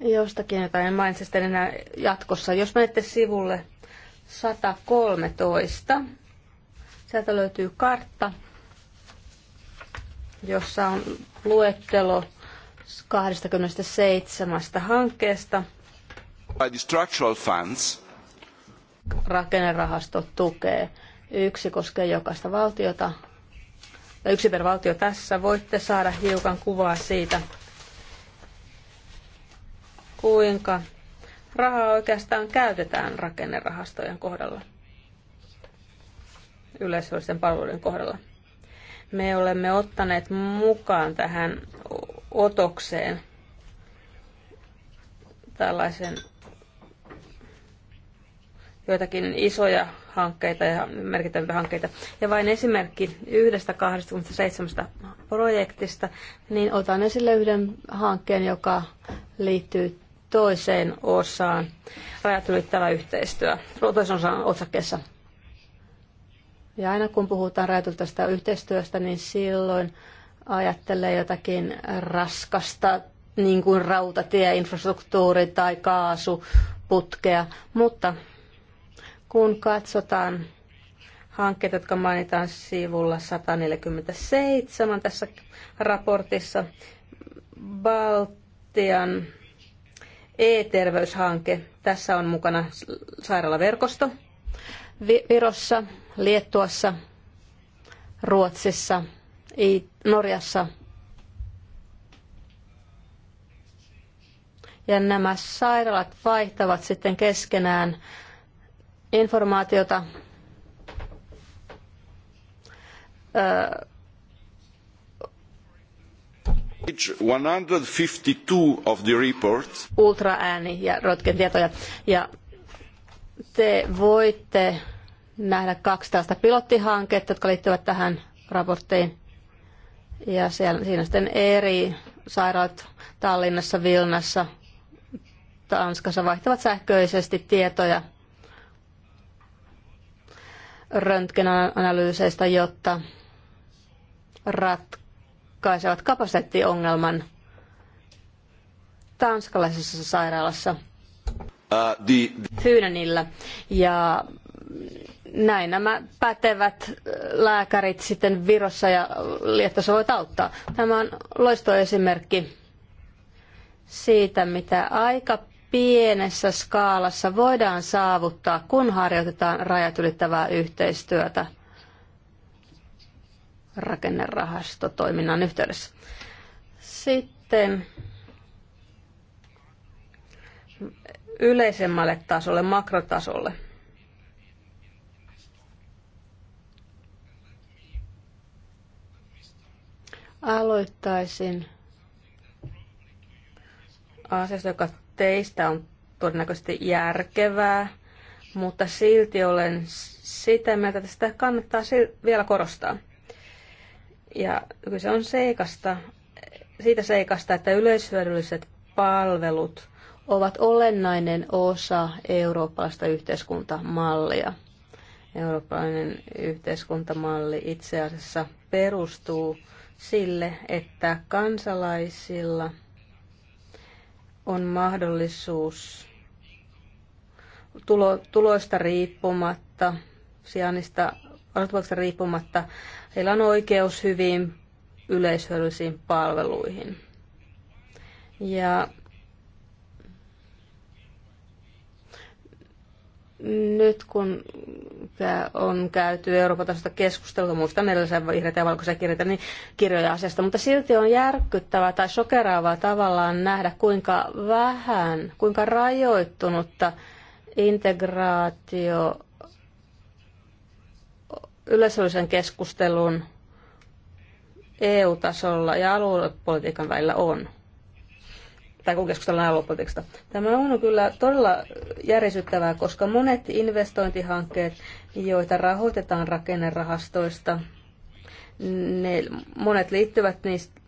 jostakin, jota en mainitse sitten enää jatkossa. Jos menette sivulle 113, sieltä löytyy kartta, jossa on luettelo 27 hankkeesta. By the structural funds, rakennerahasto tukee. Yksi koskee jokaista valtiota, ja yksi per valtio tässä. Voitte saada hiukan kuvaa siitä, kuinka rahaa oikeastaan käytetään rakennerahastojen kohdalla, yleisöllisten palveluiden kohdalla. Me olemme ottaneet mukaan tähän otokseen tällaisen joitakin isoja hankkeita ja merkittäviä hankkeita. Ja vain esimerkki yhdestä 27 projektista, niin otan esille yhden hankkeen, joka liittyy toiseen osaan rajat ylittävä yhteistyö, toisen osan otsakkeessa. Ja aina kun puhutaan rajatulta yhteistyöstä, niin silloin ajattelee jotakin raskasta, niin kuin rautatieinfrastruktuuri tai kaasuputkea, mutta kun katsotaan hankkeita, jotka mainitaan sivulla 147 tässä raportissa, Baltian e-terveyshanke. Tässä on mukana sairaalaverkosto Virossa, Liettuassa, Ruotsissa, Norjassa. Ja nämä sairaalat vaihtavat sitten keskenään informaatiota 152 of the Ultraääni ja röntgen tietoja. Ja te voitte nähdä tällaista pilottihanketta, jotka liittyvät tähän raporttiin. Ja siellä, siinä sitten eri sairaalat Tallinnassa, Vilnassa, Tanskassa vaihtavat sähköisesti tietoja röntgenanalyyseista, jotta ratkaisevat kapasiteettiongelman tanskalaisessa sairaalassa äh, Fyynenillä. Ja näin nämä pätevät lääkärit sitten Virossa ja Liettossa voivat auttaa. Tämä on loistoesimerkki siitä, mitä aika pienessä skaalassa voidaan saavuttaa, kun harjoitetaan rajat ylittävää yhteistyötä rakennerahastotoiminnan yhteydessä. Sitten yleisemmälle tasolle, makrotasolle. Aloittaisin asiasta, joka teistä on todennäköisesti järkevää, mutta silti olen sitä mieltä, että sitä kannattaa vielä korostaa. Ja se on seikasta, siitä seikasta, että yleishyödylliset palvelut ovat olennainen osa eurooppalaista yhteiskuntamallia. Eurooppalainen yhteiskuntamalli itse asiassa perustuu sille, että kansalaisilla – on mahdollisuus tulo, tuloista riippumatta, sijainnista asutuksesta riippumatta, heillä on oikeus hyvin yleishyödyllisiin palveluihin. Ja Nyt kun on käyty Euroopan tasosta keskustelua, muista edellisen vihreitä ja valkoisia kirjoja, niin kirjoja asiasta, mutta silti on järkyttävää tai shokeraavaa tavallaan nähdä, kuinka vähän, kuinka rajoittunutta integraatio yleisöllisen keskustelun EU-tasolla ja aluepolitiikan välillä on tai kun keskustellaan aluepolitiikasta. Tämä on kyllä todella järisyttävää, koska monet investointihankkeet, joita rahoitetaan rakennerahastoista, ne, monet liittyvät niistä,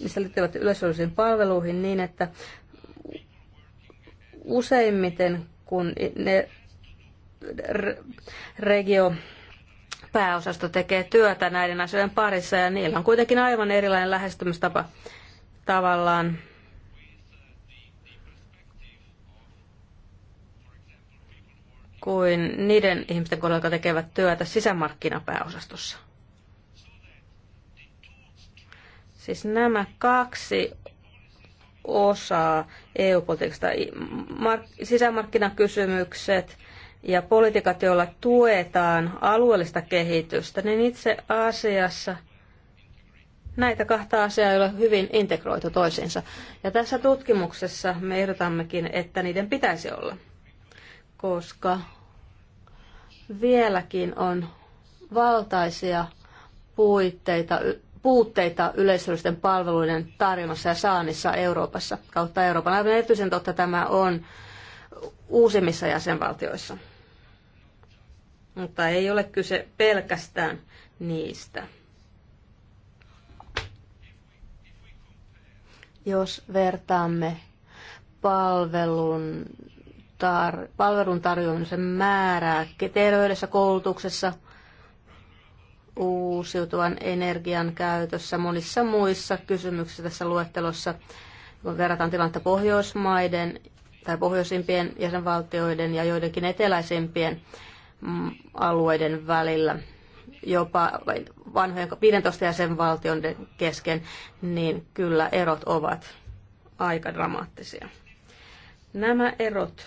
niistä liittyvät yleisöllisiin palveluihin niin, että useimmiten kun ne regio pääosasto tekee työtä näiden asioiden parissa ja niillä on kuitenkin aivan erilainen lähestymistapa tavallaan kuin niiden ihmisten kohdalla, jotka tekevät työtä sisämarkkinapääosastossa. Siis nämä kaksi osaa EU-politiikasta, sisämarkkinakysymykset ja politiikat, joilla tuetaan alueellista kehitystä, niin itse asiassa näitä kahta asiaa ei ole hyvin integroitu toisiinsa. Ja tässä tutkimuksessa me ehdotammekin, että niiden pitäisi olla koska vieläkin on valtaisia puitteita, puutteita yleisöllisten palveluiden tarjonnassa ja saannissa Euroopassa kautta Euroopan. Aivan erityisen totta tämä on uusimmissa jäsenvaltioissa. Mutta ei ole kyse pelkästään niistä. Jos vertaamme palvelun tar- palvelun tarjoamisen määrää terveydessä, koulutuksessa, uusiutuvan energian käytössä, monissa muissa kysymyksissä tässä luettelossa, kun verrataan tilannetta Pohjoismaiden tai pohjoisimpien jäsenvaltioiden ja joidenkin eteläisimpien mm, alueiden välillä jopa vanhojen 15 jäsenvaltion kesken, niin kyllä erot ovat aika dramaattisia. Nämä erot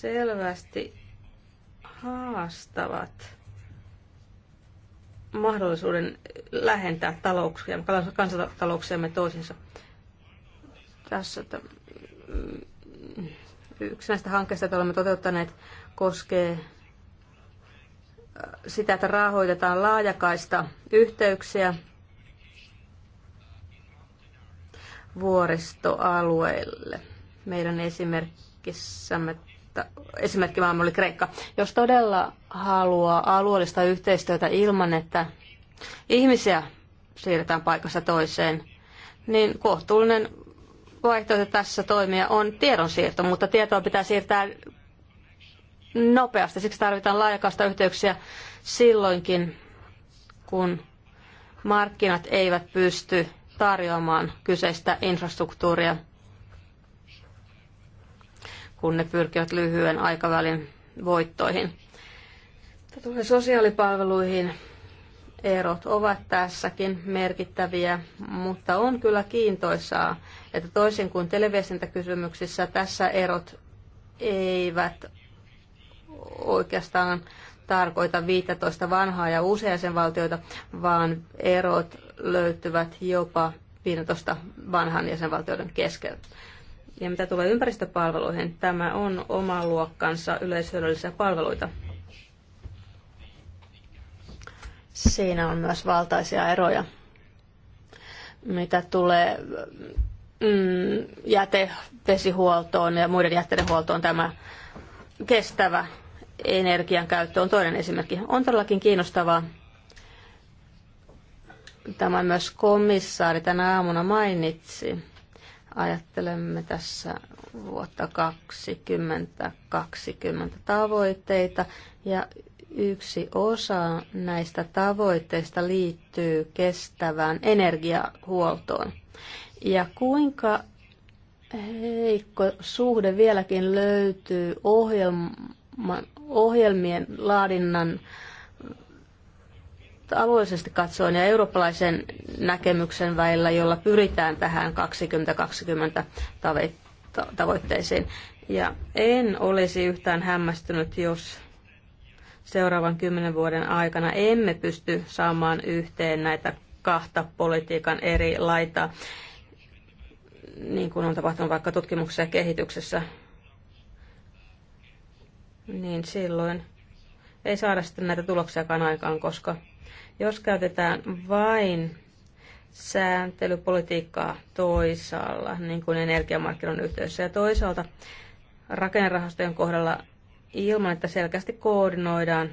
selvästi haastavat mahdollisuuden lähentää talouksia, kansantalouksiamme toisiinsa. Tässä että mm, yksi näistä hankkeista, joita olemme toteuttaneet, koskee äh, sitä, että rahoitetaan laajakaista yhteyksiä vuoristoalueille. Meidän esimerkissämme esimerkki maailma oli Kreikka. Jos todella haluaa alueellista yhteistyötä ilman, että ihmisiä siirretään paikasta toiseen, niin kohtuullinen vaihtoehto tässä toimia on tiedonsiirto, mutta tietoa pitää siirtää nopeasti. Siksi tarvitaan laajakasta yhteyksiä silloinkin, kun markkinat eivät pysty tarjoamaan kyseistä infrastruktuuria kun ne pyrkivät lyhyen aikavälin voittoihin. Tulee sosiaalipalveluihin. Erot ovat tässäkin merkittäviä, mutta on kyllä kiintoisaa, että toisin kuin televiestintäkysymyksissä tässä erot eivät oikeastaan tarkoita 15 vanhaa ja uusia jäsenvaltioita, vaan erot löytyvät jopa 15 vanhan jäsenvaltioiden keskeltä. Ja mitä tulee ympäristöpalveluihin, tämä on oma luokkansa yleishyödyllisiä palveluita. Siinä on myös valtaisia eroja. Mitä tulee mm, jätevesihuoltoon ja muiden jätteiden huoltoon, tämä kestävä energian käyttö on toinen esimerkki. On todellakin kiinnostavaa. Tämä myös komissaari tänä aamuna mainitsi Ajattelemme tässä vuotta 2020 tavoitteita ja yksi osa näistä tavoitteista liittyy kestävään energiahuoltoon. Ja kuinka heikko suhde vieläkin löytyy ohjelman, ohjelmien laadinnan alueellisesti katsoen ja eurooppalaisen näkemyksen välillä, jolla pyritään tähän 2020 tavoitteisiin. Ja en olisi yhtään hämmästynyt, jos seuraavan kymmenen vuoden aikana emme pysty saamaan yhteen näitä kahta politiikan eri laitaa, niin kuin on tapahtunut vaikka tutkimuksessa ja kehityksessä, niin silloin ei saada sitten näitä tuloksiakaan aikaan, koska jos käytetään vain sääntelypolitiikkaa toisaalla, niin kuin energiamarkkinoiden yhteydessä, ja toisaalta rakennerahastojen kohdalla ilman, että selkeästi koordinoidaan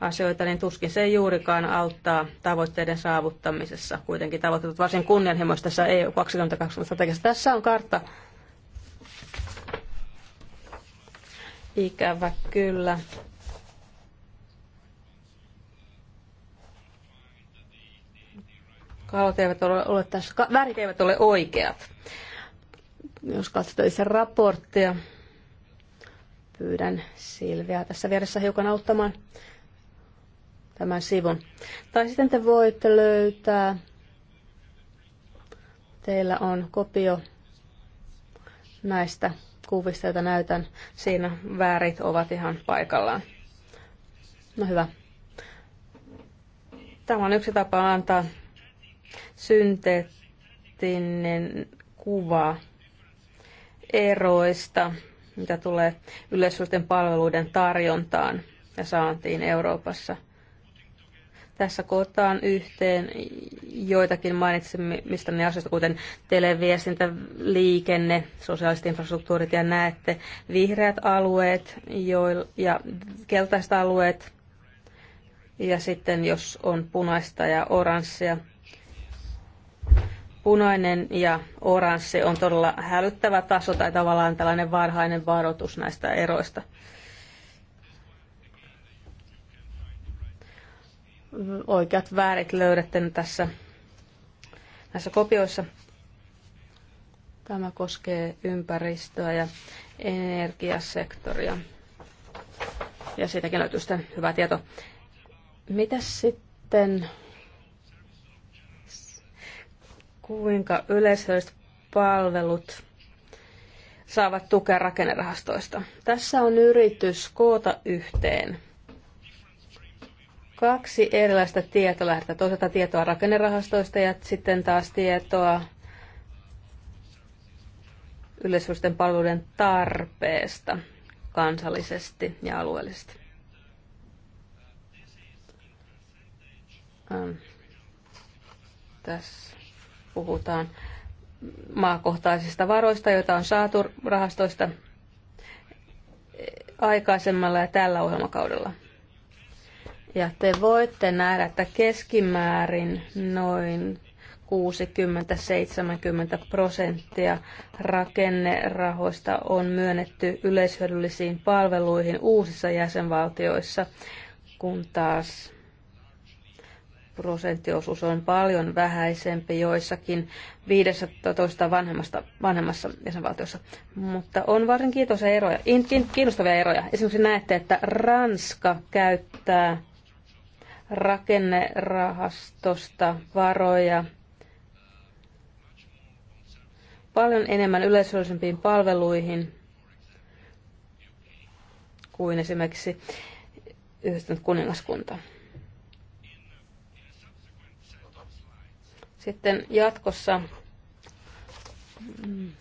asioita, niin tuskin se ei juurikaan auttaa tavoitteiden saavuttamisessa. Kuitenkin tavoitteet ovat varsin kunnianhimoista tässä EU 2020 strategiassa. Tässä on kartta. Ikävä kyllä. kalvot eivät ole, ole tässä, värit eivät ole oikeat. Jos katsotaan itse raporttia, pyydän Silviä tässä vieressä hiukan auttamaan tämän sivun. Tai sitten te voitte löytää, teillä on kopio näistä kuvista, joita näytän. Siinä väärit ovat ihan paikallaan. No hyvä. Tämä on yksi tapa antaa synteettinen kuva eroista, mitä tulee yleisöllisten palveluiden tarjontaan ja saantiin Euroopassa. Tässä kootaan yhteen joitakin mainitsemista ne asioista, kuten televiestintä, liikenne, sosiaaliset infrastruktuurit ja näette vihreät alueet ja keltaiset alueet. Ja sitten jos on punaista ja oranssia, Punainen ja oranssi on todella hälyttävä taso tai tavallaan tällainen varhainen varoitus näistä eroista. Oikeat väärit löydätte tässä näissä kopioissa. Tämä koskee ympäristöä ja energiasektoria. Ja siitäkin löytyy sitten hyvä tieto. Mitä sitten kuinka yleisölliset palvelut saavat tukea rakennerahastoista. Tässä on yritys koota yhteen kaksi erilaista tietolähdettä. Toisaalta tietoa rakennerahastoista ja sitten taas tietoa yleisöllisten palveluiden tarpeesta kansallisesti ja alueellisesti. Ähm. Tässä puhutaan maakohtaisista varoista, joita on saatu rahastoista aikaisemmalla ja tällä ohjelmakaudella. Ja te voitte nähdä, että keskimäärin noin 60-70 prosenttia rakennerahoista on myönnetty yleishyödyllisiin palveluihin uusissa jäsenvaltioissa, kun taas prosenttiosuus on paljon vähäisempi joissakin 15 vanhemmasta, vanhemmassa jäsenvaltiossa. Mutta on varsin kiitoisia eroja, kiinnostavia eroja. Esimerkiksi näette, että Ranska käyttää rakennerahastosta varoja paljon enemmän yleisöllisempiin palveluihin kuin esimerkiksi yhdistynyt kuningaskunta. Sitten jatkossa mm,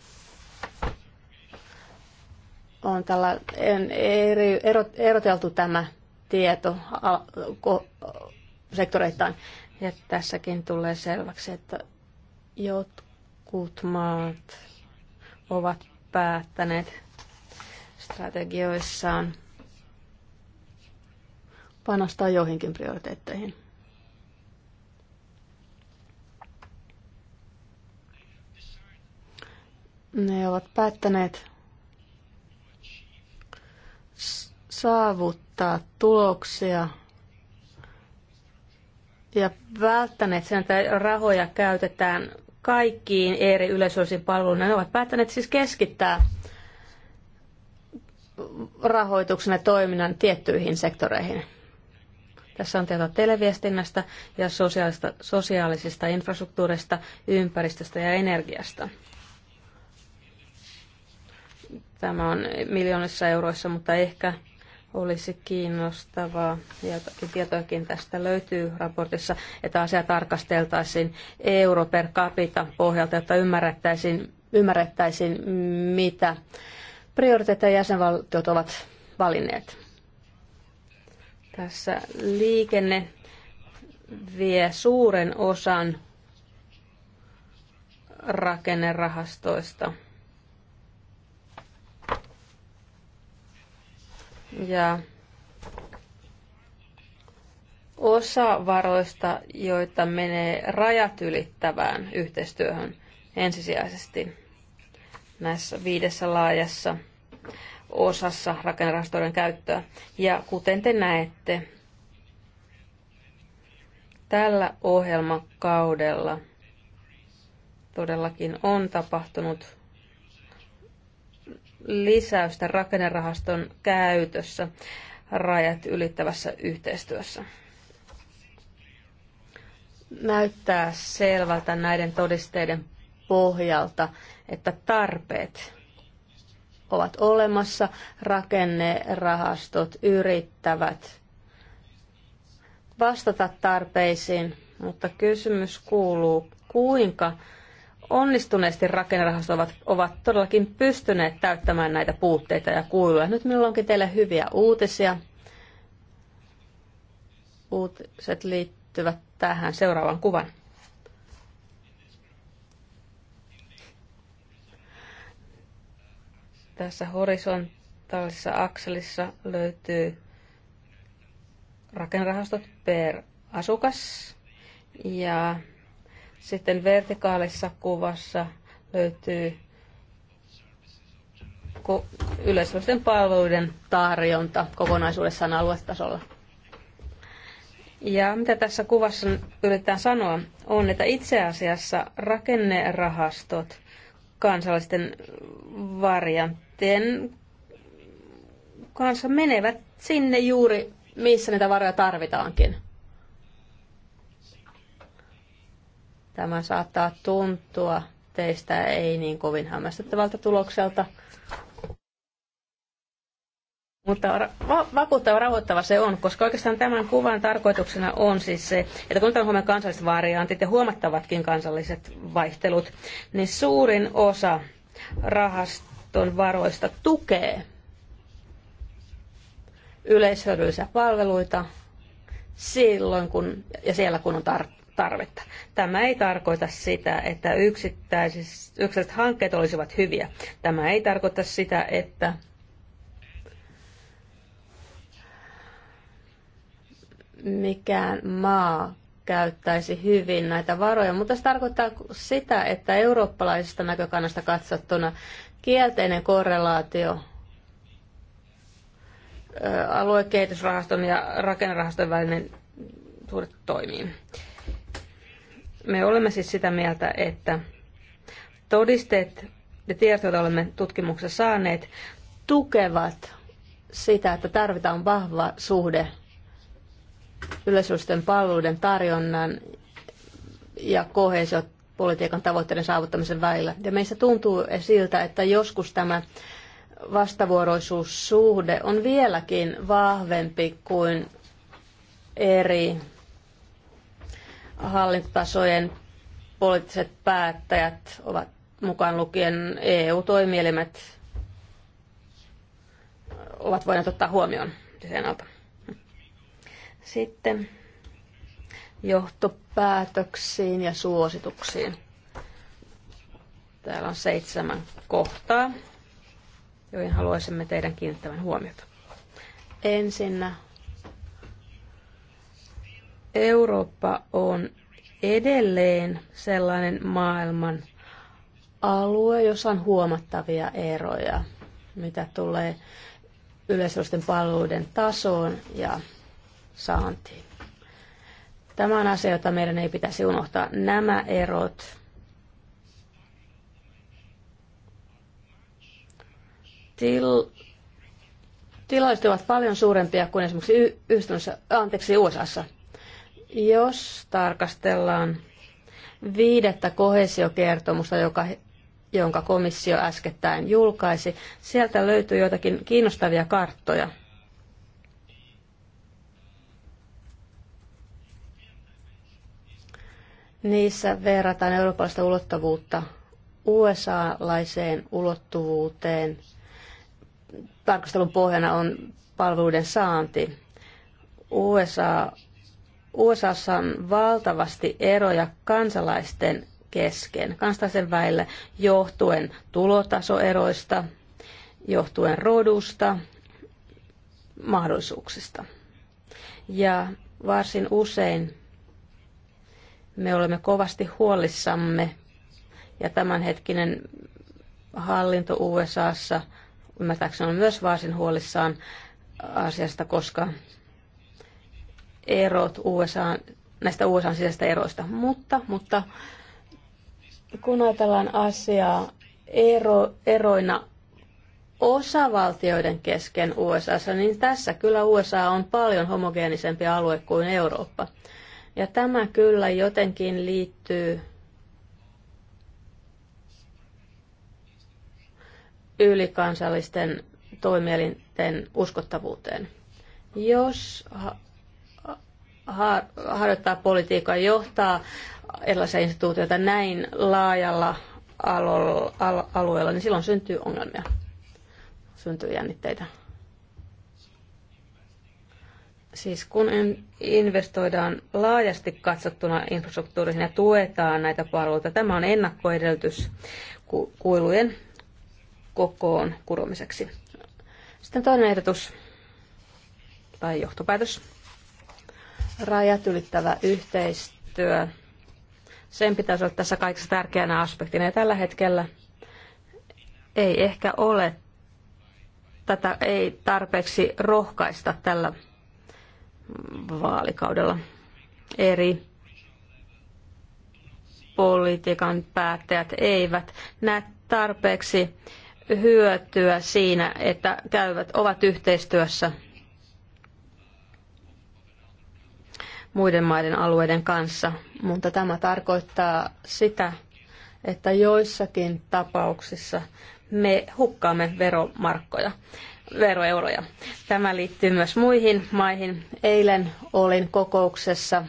on tällä, en eri, eroteltu tämä tieto sektoreittain. Ja tässäkin tulee selväksi, että jotkut maat ovat päättäneet strategioissaan panostaa joihinkin prioriteetteihin. Ne ovat päättäneet saavuttaa tuloksia ja välttäneet sen, että rahoja käytetään kaikkiin eri yleisöllisiin palveluihin. Ne ovat päättäneet siis keskittää rahoituksen ja toiminnan tiettyihin sektoreihin. Tässä on tietoa televiestinnästä ja sosiaalista, sosiaalisesta infrastruktuurista, ympäristöstä ja energiasta. Tämä on miljoonissa euroissa, mutta ehkä olisi kiinnostavaa, ja jotakin tietoakin tästä löytyy raportissa, että asia tarkasteltaisiin euro per capita pohjalta, jotta ymmärrettäisiin, ymmärrettäisiin mitä prioriteetteja jäsenvaltiot ovat valinneet. Tässä liikenne vie suuren osan rakennerahastoista. Ja osa varoista, joita menee rajat ylittävään yhteistyöhön ensisijaisesti näissä viidessä laajassa osassa rakennerahastojen käyttöä. Ja kuten te näette, tällä ohjelmakaudella todellakin on tapahtunut lisäystä rakennerahaston käytössä rajat ylittävässä yhteistyössä. Näyttää selvältä näiden todisteiden pohjalta, että tarpeet ovat olemassa. Rakennerahastot yrittävät vastata tarpeisiin, mutta kysymys kuuluu, kuinka onnistuneesti rakennerahastot ovat, ovat todellakin pystyneet täyttämään näitä puutteita ja kuiluja. Nyt minulla onkin teille hyviä uutisia. Uutiset liittyvät tähän seuraavan kuvan. Tässä horisontaalisessa akselissa löytyy rakennerahastot per asukas ja sitten vertikaalissa kuvassa löytyy yleisöllisten palveluiden tarjonta kokonaisuudessaan aluetasolla. Ja mitä tässä kuvassa yritetään sanoa, on, että itse asiassa rakennerahastot kansallisten varianttien kanssa menevät sinne juuri, missä niitä varoja tarvitaankin. Tämä saattaa tuntua teistä ei niin kovin hämmästyttävältä tulokselta. Mutta vakuuttava rauhoittava se on, koska oikeastaan tämän kuvan tarkoituksena on siis se, että kun otetaan huomioon kansalliset variantit ja huomattavatkin kansalliset vaihtelut, niin suurin osa rahaston varoista tukee yleishyödyllisiä palveluita silloin, kun, ja siellä kun on tarpeen tarvetta. Tämä ei tarkoita sitä, että yksittäiset hankkeet olisivat hyviä. Tämä ei tarkoita sitä, että mikään maa käyttäisi hyvin näitä varoja, mutta se tarkoittaa sitä, että eurooppalaisesta näkökannasta katsottuna kielteinen korrelaatio aluekehitysrahaston ja rakennerahaston välinen suhde toimii. Me olemme siis sitä mieltä, että todisteet ja tiedot, joita olemme tutkimuksessa saaneet, tukevat sitä, että tarvitaan vahva suhde yleisöllisten palveluiden tarjonnan ja politiikan tavoitteiden saavuttamisen välillä. Ja meistä tuntuu siltä, että joskus tämä vastavuoroisuussuhde on vieläkin vahvempi kuin eri hallintotasojen poliittiset päättäjät ovat mukaan lukien EU-toimielimet ovat voineet ottaa huomioon sen Sitten johtopäätöksiin ja suosituksiin. Täällä on seitsemän kohtaa, joihin haluaisimme teidän kiinnittävän huomiota. Ensinnä Eurooppa on edelleen sellainen maailman alue, jossa on huomattavia eroja, mitä tulee yleisöllisten palveluiden tasoon ja saantiin. Tämä on asia, jota meidän ei pitäisi unohtaa. Nämä erot til, tilaiset ovat paljon suurempia kuin esimerkiksi y- anteeksi, USAssa. Jos tarkastellaan viidettä kohesiokertomusta, joka, jonka komissio äskettäin julkaisi, sieltä löytyy joitakin kiinnostavia karttoja. Niissä verrataan eurooppalaista ulottuvuutta USA-laiseen ulottuvuuteen. Tarkastelun pohjana on palveluiden saanti. USA USAssa on valtavasti eroja kansalaisten kesken, kansalaisen väille johtuen tulotasoeroista, johtuen rodusta, mahdollisuuksista. Ja varsin usein me olemme kovasti huolissamme ja tämänhetkinen hallinto USAssa ymmärtääkseni on myös varsin huolissaan asiasta, koska erot USA, näistä USA sisäistä eroista. Mutta, mutta kun ajatellaan asiaa ero, eroina osavaltioiden kesken USA, niin tässä kyllä USA on paljon homogeenisempi alue kuin Eurooppa. Ja tämä kyllä jotenkin liittyy ylikansallisten toimielinten uskottavuuteen. Jos harjoittaa politiikkaa, johtaa erilaisia instituutioita näin laajalla alueella, niin silloin syntyy ongelmia, syntyy jännitteitä. Siis kun investoidaan laajasti katsottuna infrastruktuuriin ja tuetaan näitä palveluita, tämä on ennakkoedellytys kuilujen kokoon kuromiseksi. Sitten toinen ehdotus tai johtopäätös Rajat ylittävä yhteistyö. Sen pitäisi olla tässä kaikessa tärkeänä aspektina. Ja tällä hetkellä ei ehkä ole tätä ei tarpeeksi rohkaista tällä vaalikaudella. Eri politiikan päättäjät eivät näe tarpeeksi hyötyä siinä, että käyvät ovat yhteistyössä muiden maiden alueiden kanssa, mutta tämä tarkoittaa sitä, että joissakin tapauksissa me hukkaamme veromarkkoja, veroeuroja. Tämä liittyy myös muihin maihin. Eilen olin kokouksessa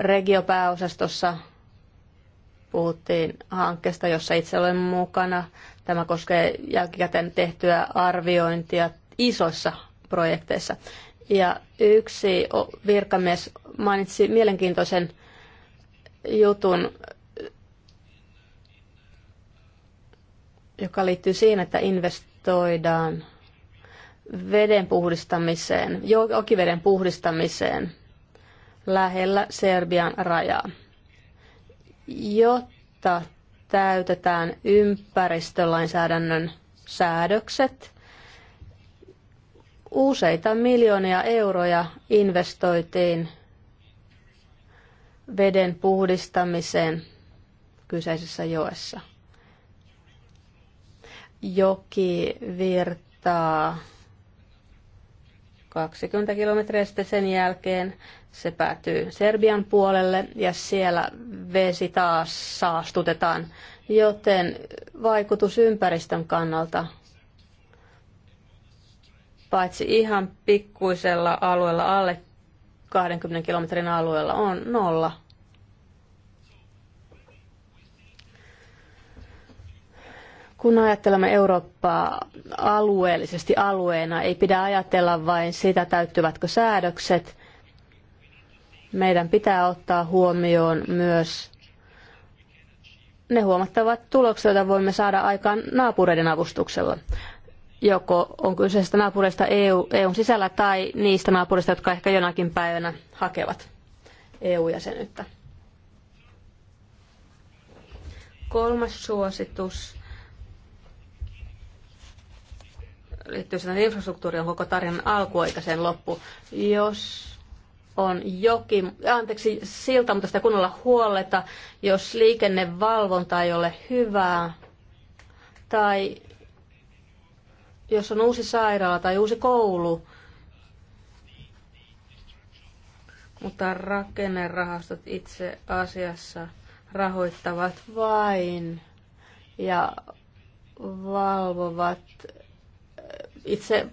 regiopääosastossa puhuttiin hankkeesta, jossa itse olen mukana. Tämä koskee jälkikäteen tehtyä arviointia isoissa projekteissa. Ja yksi virkamies mainitsi mielenkiintoisen jutun, joka liittyy siihen, että investoidaan veden puhdistamiseen, jokiveden puhdistamiseen lähellä Serbian rajaa, jotta täytetään ympäristölainsäädännön säädökset – useita miljoonia euroja investoitiin veden puhdistamiseen kyseisessä joessa. Joki virtaa 20 kilometriä sitten sen jälkeen. Se päätyy Serbian puolelle ja siellä vesi taas saastutetaan, joten vaikutus ympäristön kannalta paitsi ihan pikkuisella alueella, alle 20 kilometrin alueella, on nolla. Kun ajattelemme Eurooppaa alueellisesti alueena, ei pidä ajatella vain sitä, täyttyvätkö säädökset. Meidän pitää ottaa huomioon myös ne huomattavat tulokset, joita voimme saada aikaan naapureiden avustuksella joko on kyseessä naapureista EU, EUn sisällä tai niistä naapureista, jotka ehkä jonakin päivänä hakevat EU-jäsenyyttä. Kolmas suositus liittyy sen infrastruktuuriin koko tarinan alku eikä sen loppu. Jos on joki, anteeksi silta, mutta sitä kunnolla huoleta, jos liikennevalvonta ei ole hyvää tai jos on uusi sairaala tai uusi koulu, mutta rakennerahastot itse asiassa rahoittavat vain ja valvovat eh, itse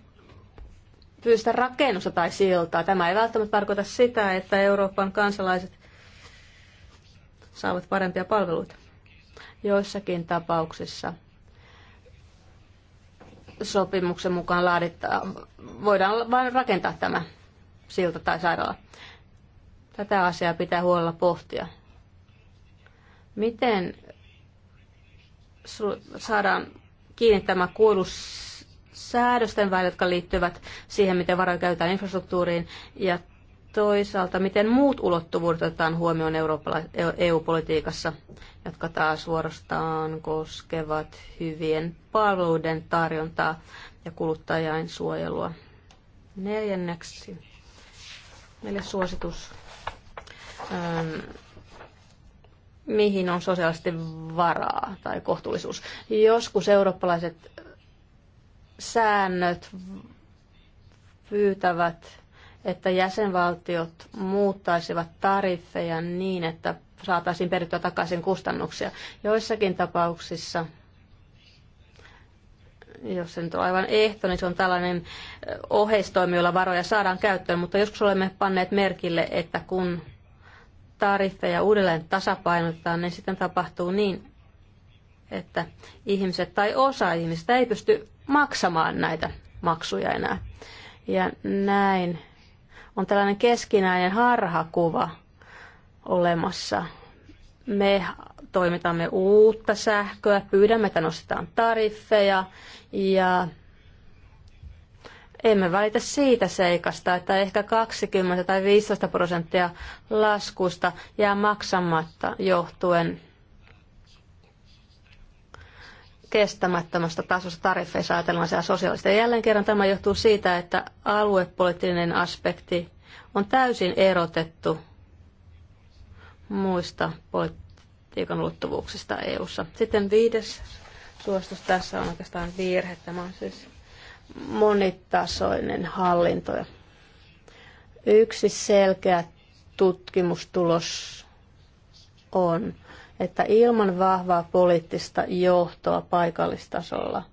pyystä rakennusta tai siltaa. Tämä ei välttämättä tarkoita sitä, että Euroopan kansalaiset saavat parempia palveluita. Joissakin tapauksissa sopimuksen mukaan laadittaa, voidaan vain rakentaa tämä silta tai sairaala. Tätä asiaa pitää huolella pohtia. Miten saadaan kiinni tämä kuilu säädösten välillä, jotka liittyvät siihen, miten varoja käytetään infrastruktuuriin ja toisaalta, miten muut ulottuvuudet otetaan huomioon EU-politiikassa, jotka taas vuorostaan koskevat hyvien palveluiden tarjontaa ja kuluttajain suojelua. Neljänneksi meille suositus, ähm, mihin on sosiaalisesti varaa tai kohtuullisuus. Joskus eurooppalaiset säännöt pyytävät että jäsenvaltiot muuttaisivat tariffeja niin, että saataisiin perittyä takaisin kustannuksia. Joissakin tapauksissa, jos se nyt on aivan ehto, niin se on tällainen oheistoimi, jolla varoja saadaan käyttöön, mutta joskus olemme panneet merkille, että kun tariffeja uudelleen tasapainotetaan, niin sitten tapahtuu niin, että ihmiset tai osa ihmistä ei pysty maksamaan näitä maksuja enää. Ja näin on tällainen keskinäinen harhakuva olemassa. Me toimitamme uutta sähköä, pyydämme, että nostetaan tariffeja ja emme välitä siitä seikasta, että ehkä 20 tai 15 prosenttia laskusta jää maksamatta johtuen kestämättömästä tasosta tariffeissa ajatellaan siellä sosiaalista. Ja jälleen kerran tämä johtuu siitä, että aluepoliittinen aspekti on täysin erotettu muista politiikan ulottuvuuksista EU-ssa. Sitten viides suostus tässä on oikeastaan virhe. Tämä on siis monitasoinen hallinto. Yksi selkeä tutkimustulos on, että ilman vahvaa poliittista johtoa paikallistasolla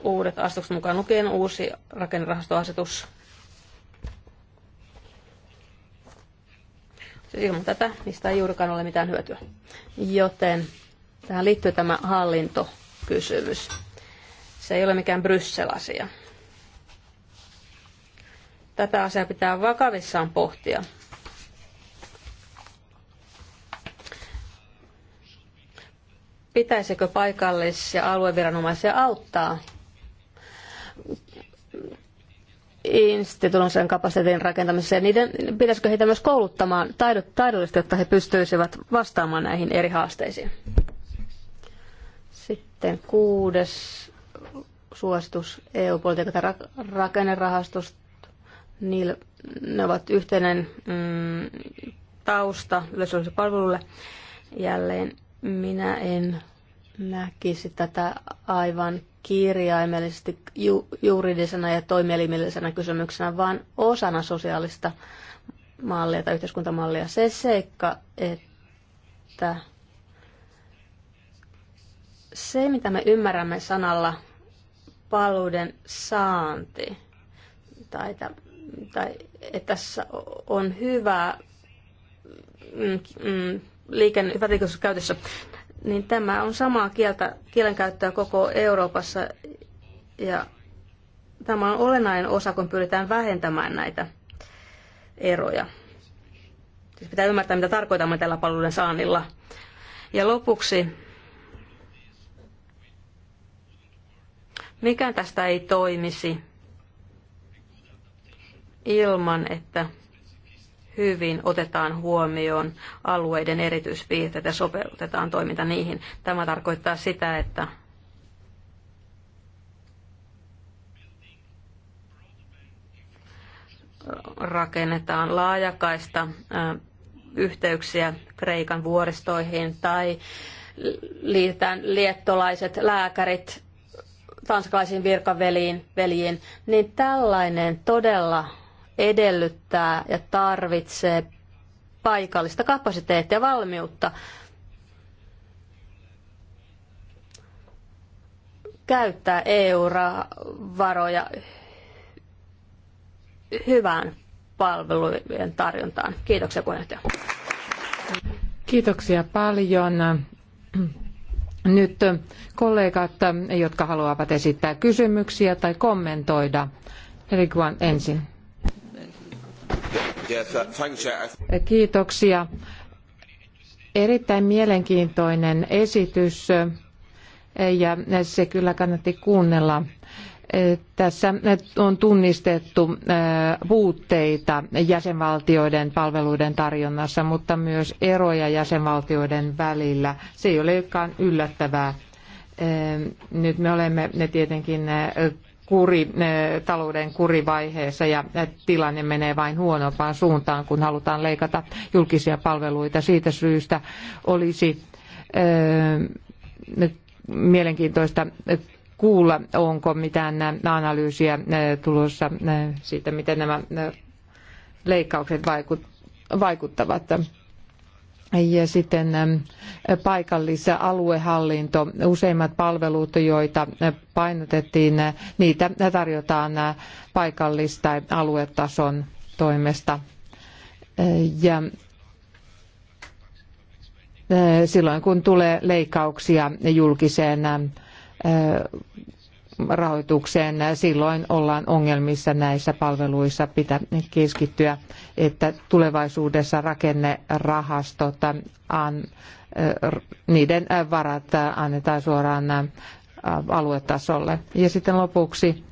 uudet asetukset mukaan lukien uusi rakennerahastoasetus. Siis ilman tätä mistä ei juurikaan ole mitään hyötyä. Joten tähän liittyy tämä hallintokysymys. Se ei ole mikään Bryssel-asia. Tätä asiaa pitää vakavissaan pohtia pitäisikö paikallis- ja alueviranomaisia auttaa instituutioiden kapasiteetin rakentamisessa ja niiden, pitäisikö heitä myös kouluttamaan taidot, taidollisesti, jotta he pystyisivät vastaamaan näihin eri haasteisiin. Sitten kuudes suositus EU-politiikan rakennerahastus. Niillä, ne ovat yhteinen mm, tausta yleisölliselle palvelulle. Jälleen minä en näkisi tätä aivan kirjaimellisesti ju- juridisena ja toimielimellisenä kysymyksenä, vaan osana sosiaalista mallia tai yhteiskuntamallia. Se seikka, että se, mitä me ymmärrämme sanalla paluuden saanti, tai, tai että tässä on hyvä mm, mm, liikenne, käytössä, niin tämä on samaa kieltä, kielenkäyttöä koko Euroopassa ja tämä on olennainen osa, kun pyritään vähentämään näitä eroja. Siis pitää ymmärtää, mitä tarkoitamme tällä palveluiden saannilla. Ja lopuksi, mikään tästä ei toimisi ilman, että hyvin otetaan huomioon alueiden erityispiirteet ja sopeutetaan toiminta niihin. Tämä tarkoittaa sitä, että rakennetaan laajakaista yhteyksiä Kreikan vuoristoihin tai liitetään liettolaiset lääkärit tanskalaisiin virkaveliin, veljiin, niin tällainen todella edellyttää ja tarvitsee paikallista kapasiteettia valmiutta käyttää EU-varoja hyvään palvelujen tarjontaan. Kiitoksia puheenjohtaja. Kiitoksia paljon. Nyt kollegat, jotka haluavat esittää kysymyksiä tai kommentoida. Erikvan ensin. Kiitoksia. Erittäin mielenkiintoinen esitys ja se kyllä kannatti kuunnella. Tässä on tunnistettu puutteita jäsenvaltioiden palveluiden tarjonnassa, mutta myös eroja jäsenvaltioiden välillä. Se ei olekaan yllättävää. Nyt me olemme ne tietenkin kuri, eh, talouden kurivaiheessa ja eh, tilanne menee vain huonompaan suuntaan, kun halutaan leikata julkisia palveluita. Siitä syystä olisi eh, mielenkiintoista kuulla, onko mitään analyysiä tulossa siitä, miten nämä leikkaukset vaikuttavat ja sitten ähm, paikallis- ja aluehallinto, useimmat palvelut, joita äh, painotettiin, äh, niitä tarjotaan äh, paikallis- tai aluetason toimesta. Ja silloin kun tulee leikkauksia julkiseen rahoitukseen. Silloin ollaan ongelmissa näissä palveluissa. Pitää keskittyä, että tulevaisuudessa rakennerahastot, äh, äh, niiden varat annetaan suoraan äh, aluetasolle. Ja sitten lopuksi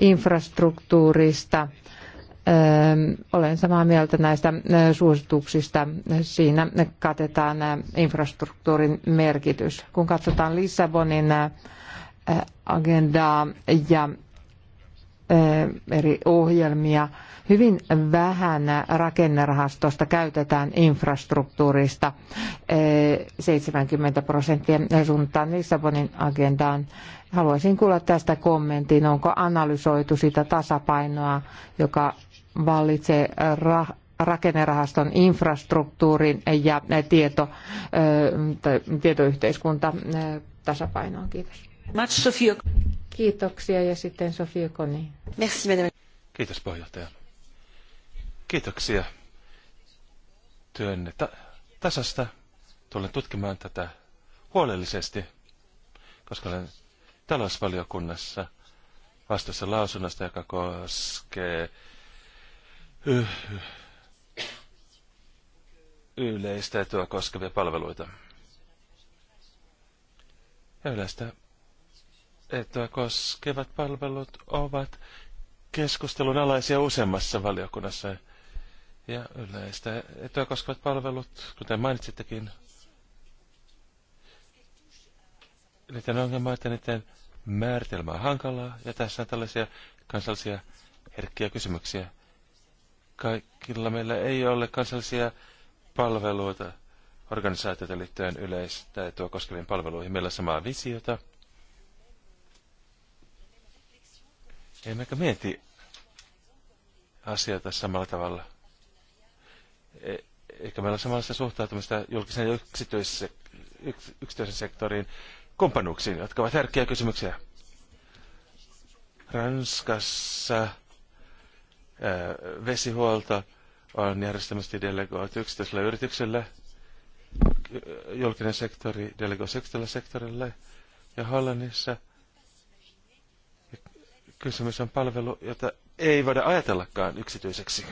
infrastruktuurista. Olen samaa mieltä näistä suosituksista. Siinä katetaan infrastruktuurin merkitys. Kun katsotaan Lissabonin agendaa ja eri ohjelmia. Hyvin vähän rakennerahastosta käytetään infrastruktuurista. 70 prosenttia suunnataan Lissabonin agendaan. Haluaisin kuulla tästä kommentin. Onko analysoitu sitä tasapainoa, joka vallitsee ra- rakennerahaston infrastruktuurin ja tieto, tietoyhteiskunta tasapainoon? Kiitos. Kiitoksia ja sitten Sofia Koni. Merci, madame. Kiitos puheenjohtaja. Kiitoksia työnne ta- tasasta. Tulen tutkimaan tätä huolellisesti, koska olen talousvaliokunnassa vastassa lausunnosta, joka koskee y- yleistä etua koskevia palveluita. Ja yleistä että koskevat palvelut ovat keskustelun alaisia useammassa valiokunnassa. Ja yleistä etua koskevat palvelut, kuten mainitsittekin, niiden ongelma, että niiden määritelmä on hankalaa, ja tässä on tällaisia kansallisia herkkiä kysymyksiä. Kaikilla meillä ei ole kansallisia palveluita organisaatioita liittyen yleistä etua koskeviin palveluihin. Meillä on samaa visiota, Emmekä mieti asioita samalla tavalla. E- eikä meillä ole samanlaista suhtautumista julkisen ja yksityisen, yksityisen sektorin kumppanuuksiin, jotka ovat tärkeitä kysymyksiä. Ranskassa ää, vesihuolto on järjestämästi delegoitu yksityiselle yritykselle, julkinen sektori delegoi yksityiselle sektorille ja Hollannissa – Kysymys on palvelu, jota ei voida ajatellakaan yksityiseksi.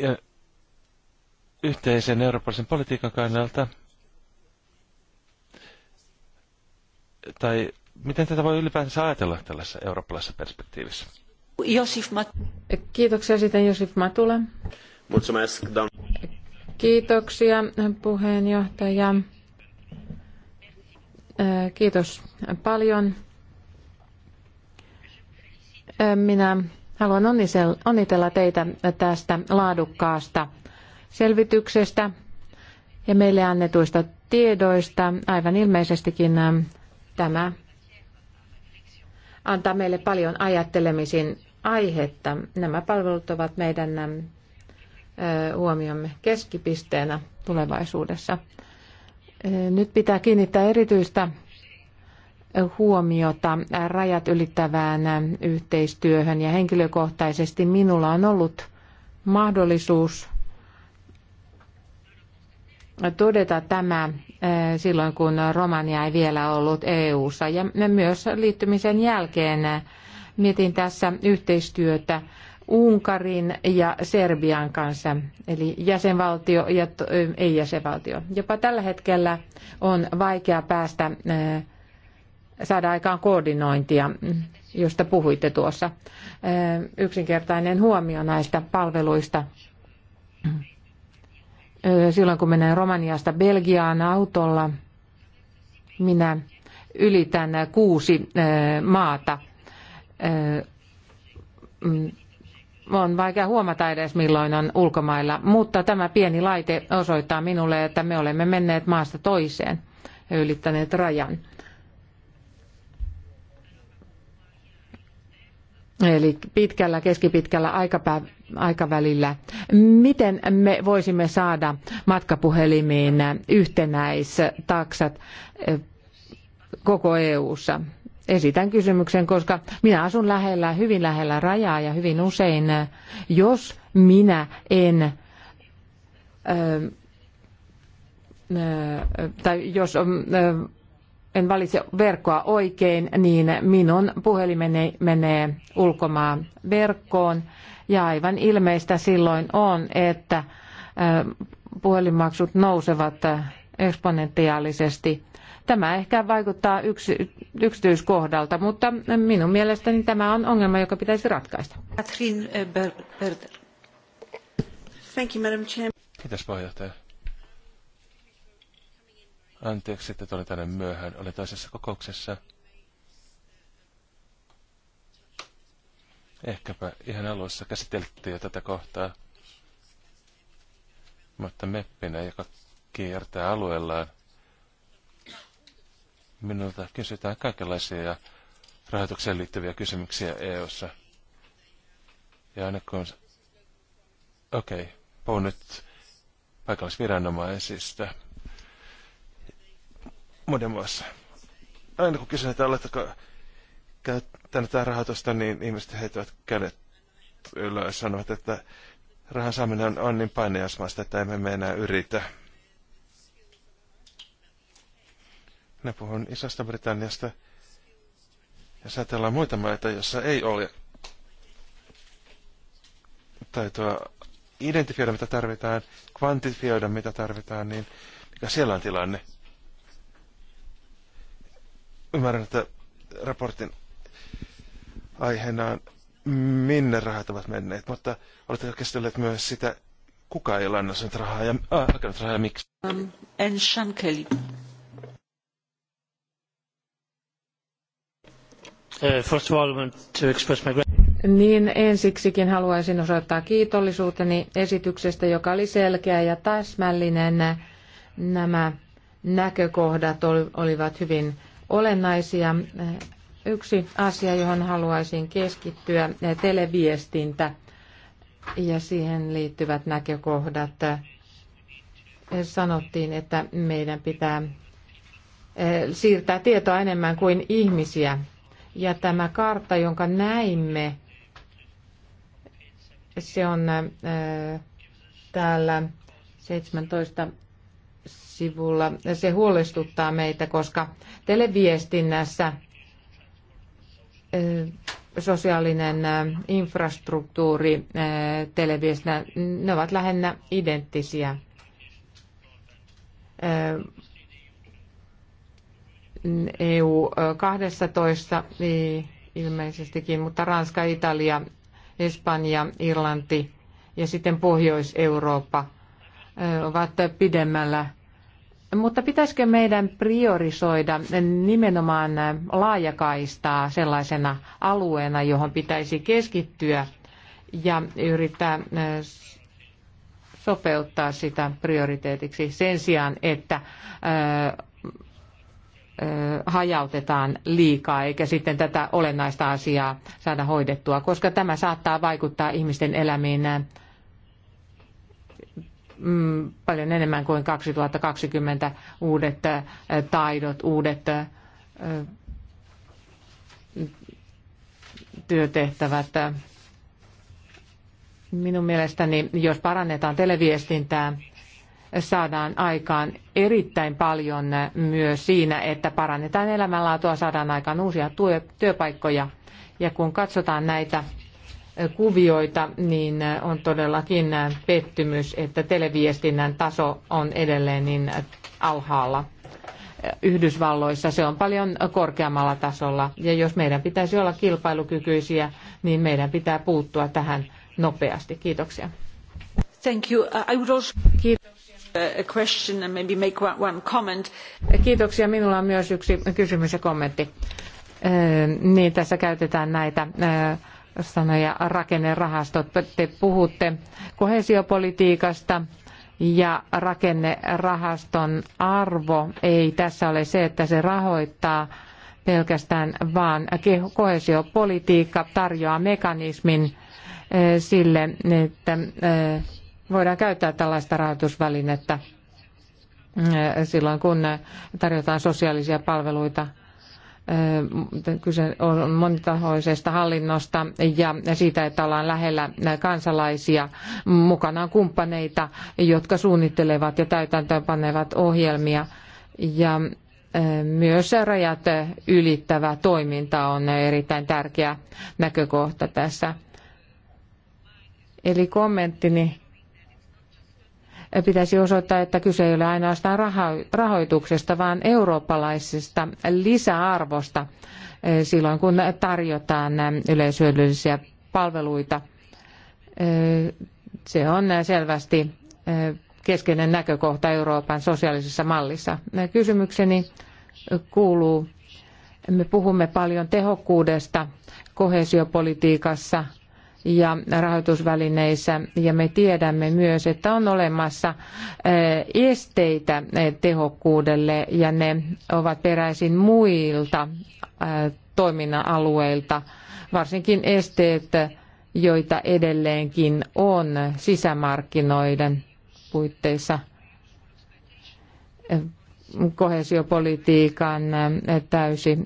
Ja yhteisen eurooppalaisen politiikan kannalta, tai miten tätä voi ylipäänsä ajatella tällaisessa eurooppalaisessa perspektiivissä? Josif Mat- Kiitoksia sitten Josif Matula. Mulțumesc, Kiitoksia puheenjohtaja. Äh, kiitos paljon. Äh, minä haluan onnitella teitä tästä laadukkaasta selvityksestä ja meille annetuista tiedoista. Aivan ilmeisestikin äh, tämä antaa meille paljon ajattelemisin aihetta. Nämä palvelut ovat meidän ähm, huomiomme keskipisteenä tulevaisuudessa. Nyt pitää kiinnittää erityistä huomiota rajat ylittävään yhteistyöhön ja henkilökohtaisesti minulla on ollut mahdollisuus todeta tämä silloin, kun Romania ei vielä ollut EU-ssa ja myös liittymisen jälkeen mietin tässä yhteistyötä Unkarin ja Serbian kanssa, eli jäsenvaltio ja ei-jäsenvaltio. Jopa tällä hetkellä on vaikea päästä saada aikaan koordinointia, josta puhuitte tuossa. Yksinkertainen huomio näistä palveluista. Silloin kun menen Romaniasta Belgiaan autolla, minä ylitän kuusi maata on vaikea huomata edes milloin on ulkomailla, mutta tämä pieni laite osoittaa minulle, että me olemme menneet maasta toiseen ja ylittäneet rajan. Eli pitkällä, keskipitkällä aikavälillä, miten me voisimme saada matkapuhelimiin yhtenäistaksat koko EU:ssa? esitän kysymyksen, koska minä asun lähellä, hyvin lähellä rajaa ja hyvin usein, jos minä en tai jos en valitse verkkoa oikein, niin minun puhelimeni menee ulkomaan verkkoon. Ja aivan ilmeistä silloin on, että puhelinmaksut nousevat eksponentiaalisesti. Tämä ehkä vaikuttaa yksi, yksityiskohdalta, mutta minun mielestäni tämä on ongelma, joka pitäisi ratkaista. Katrin eh, Thank you, Madam Chair. Kiitos puheenjohtaja. Anteeksi, että tulin tänne myöhään. Olin toisessa kokouksessa. Ehkäpä ihan alussa käsiteltiin jo tätä kohtaa. Mutta meppinä, joka kiertää alueellaan, Minulta kysytään kaikenlaisia rahoitukseen liittyviä kysymyksiä EU-ssa. Ja aina kun... Okei, okay, puhun nyt paikallisviranomaisista muiden muassa. Aina kun kysyn, että aletteko käyttää tätä rahoitusta, niin ihmiset heittävät kädet ylös ja sanovat, että rahan saaminen on niin painajasmaista, että emme me enää yritä. Minä puhun isästä Britanniasta. Ja ajatellaan muita maita, joissa ei ole taitoa identifioida, mitä tarvitaan, kvantifioida, mitä tarvitaan, niin mikä siellä on tilanne. Ymmärrän, että raportin aiheena on, minne rahat ovat menneet, mutta oletteko käsitelleet myös sitä, kuka ei ole antanut rahaa ja, äh, rahaa ja miksi? Um, en Sean Uh, niin ensiksikin haluaisin osoittaa kiitollisuuteni esityksestä, joka oli selkeä ja täsmällinen. Nämä näkökohdat olivat hyvin olennaisia. Yksi asia, johon haluaisin keskittyä, televiestintä ja siihen liittyvät näkökohdat. Sanottiin, että meidän pitää eh, siirtää tietoa enemmän kuin ihmisiä ja tämä kartta, jonka näimme, se on äh, täällä 17 sivulla. Se huolestuttaa meitä, koska televiestinnässä äh, sosiaalinen äh, infrastruktuuri televiestinnä, ne ovat lähinnä identtisiä. EU 12 e, ilmeisestikin, mutta Ranska, Italia, Espanja, Irlanti ja sitten Pohjois-Eurooppa ovat pidemmällä. Mutta pitäisikö meidän priorisoida nimenomaan laajakaistaa sellaisena alueena, johon pitäisi keskittyä ja yrittää sopeuttaa sitä prioriteetiksi sen sijaan, että hajautetaan liikaa, eikä sitten tätä olennaista asiaa saada hoidettua, koska tämä saattaa vaikuttaa ihmisten elämiin mm, paljon enemmän kuin 2020 uudet taidot, uudet työtehtävät. Minun mielestäni, jos parannetaan televiestintää, saadaan aikaan erittäin paljon myös siinä, että parannetaan elämänlaatua, saadaan aikaan uusia työpaikkoja. Ja kun katsotaan näitä kuvioita, niin on todellakin pettymys, että televiestinnän taso on edelleen niin alhaalla. Yhdysvalloissa se on paljon korkeammalla tasolla, ja jos meidän pitäisi olla kilpailukykyisiä, niin meidän pitää puuttua tähän nopeasti. Kiitoksia. Thank you. I would also... Kiitos. Kiitoksia. Minulla on myös yksi kysymys ja kommentti. Äh, niin, tässä käytetään näitä äh, sanoja rakennerahastot. Te puhutte koheesiopolitiikasta ja rakennerahaston arvo ei tässä ole se, että se rahoittaa pelkästään, vaan koheesiopolitiikka tarjoaa mekanismin äh, sille, että voidaan käyttää tällaista rahoitusvälinettä eh, silloin, kun tarjotaan sosiaalisia palveluita. Eh, kyse on monitahoisesta hallinnosta ja siitä, että ollaan lähellä kansalaisia. mukanaan kumppaneita, jotka suunnittelevat ja täytäntöönpanevat ohjelmia. Ja eh, myös rajat ylittävä toiminta on erittäin tärkeä näkökohta tässä. Eli kommenttini pitäisi osoittaa, että kyse ei ole ainoastaan rahoituksesta, vaan eurooppalaisesta lisäarvosta eh, silloin, kun tarjotaan eh, yleishyödyllisiä palveluita. Eh, se on selvästi keskeinen näkökohta Euroopan sosiaalisessa mallissa. Kysymykseni kuuluu, me puhumme paljon tehokkuudesta koheesiopolitiikassa ja rahoitusvälineissä. Ja me tiedämme myös, että on olemassa eh, esteitä eh, tehokkuudelle ja ne ovat peräisin muilta eh, toiminnan alueilta, varsinkin esteet, joita edelleenkin on sisämarkkinoiden puitteissa kohesiopolitiikan täysi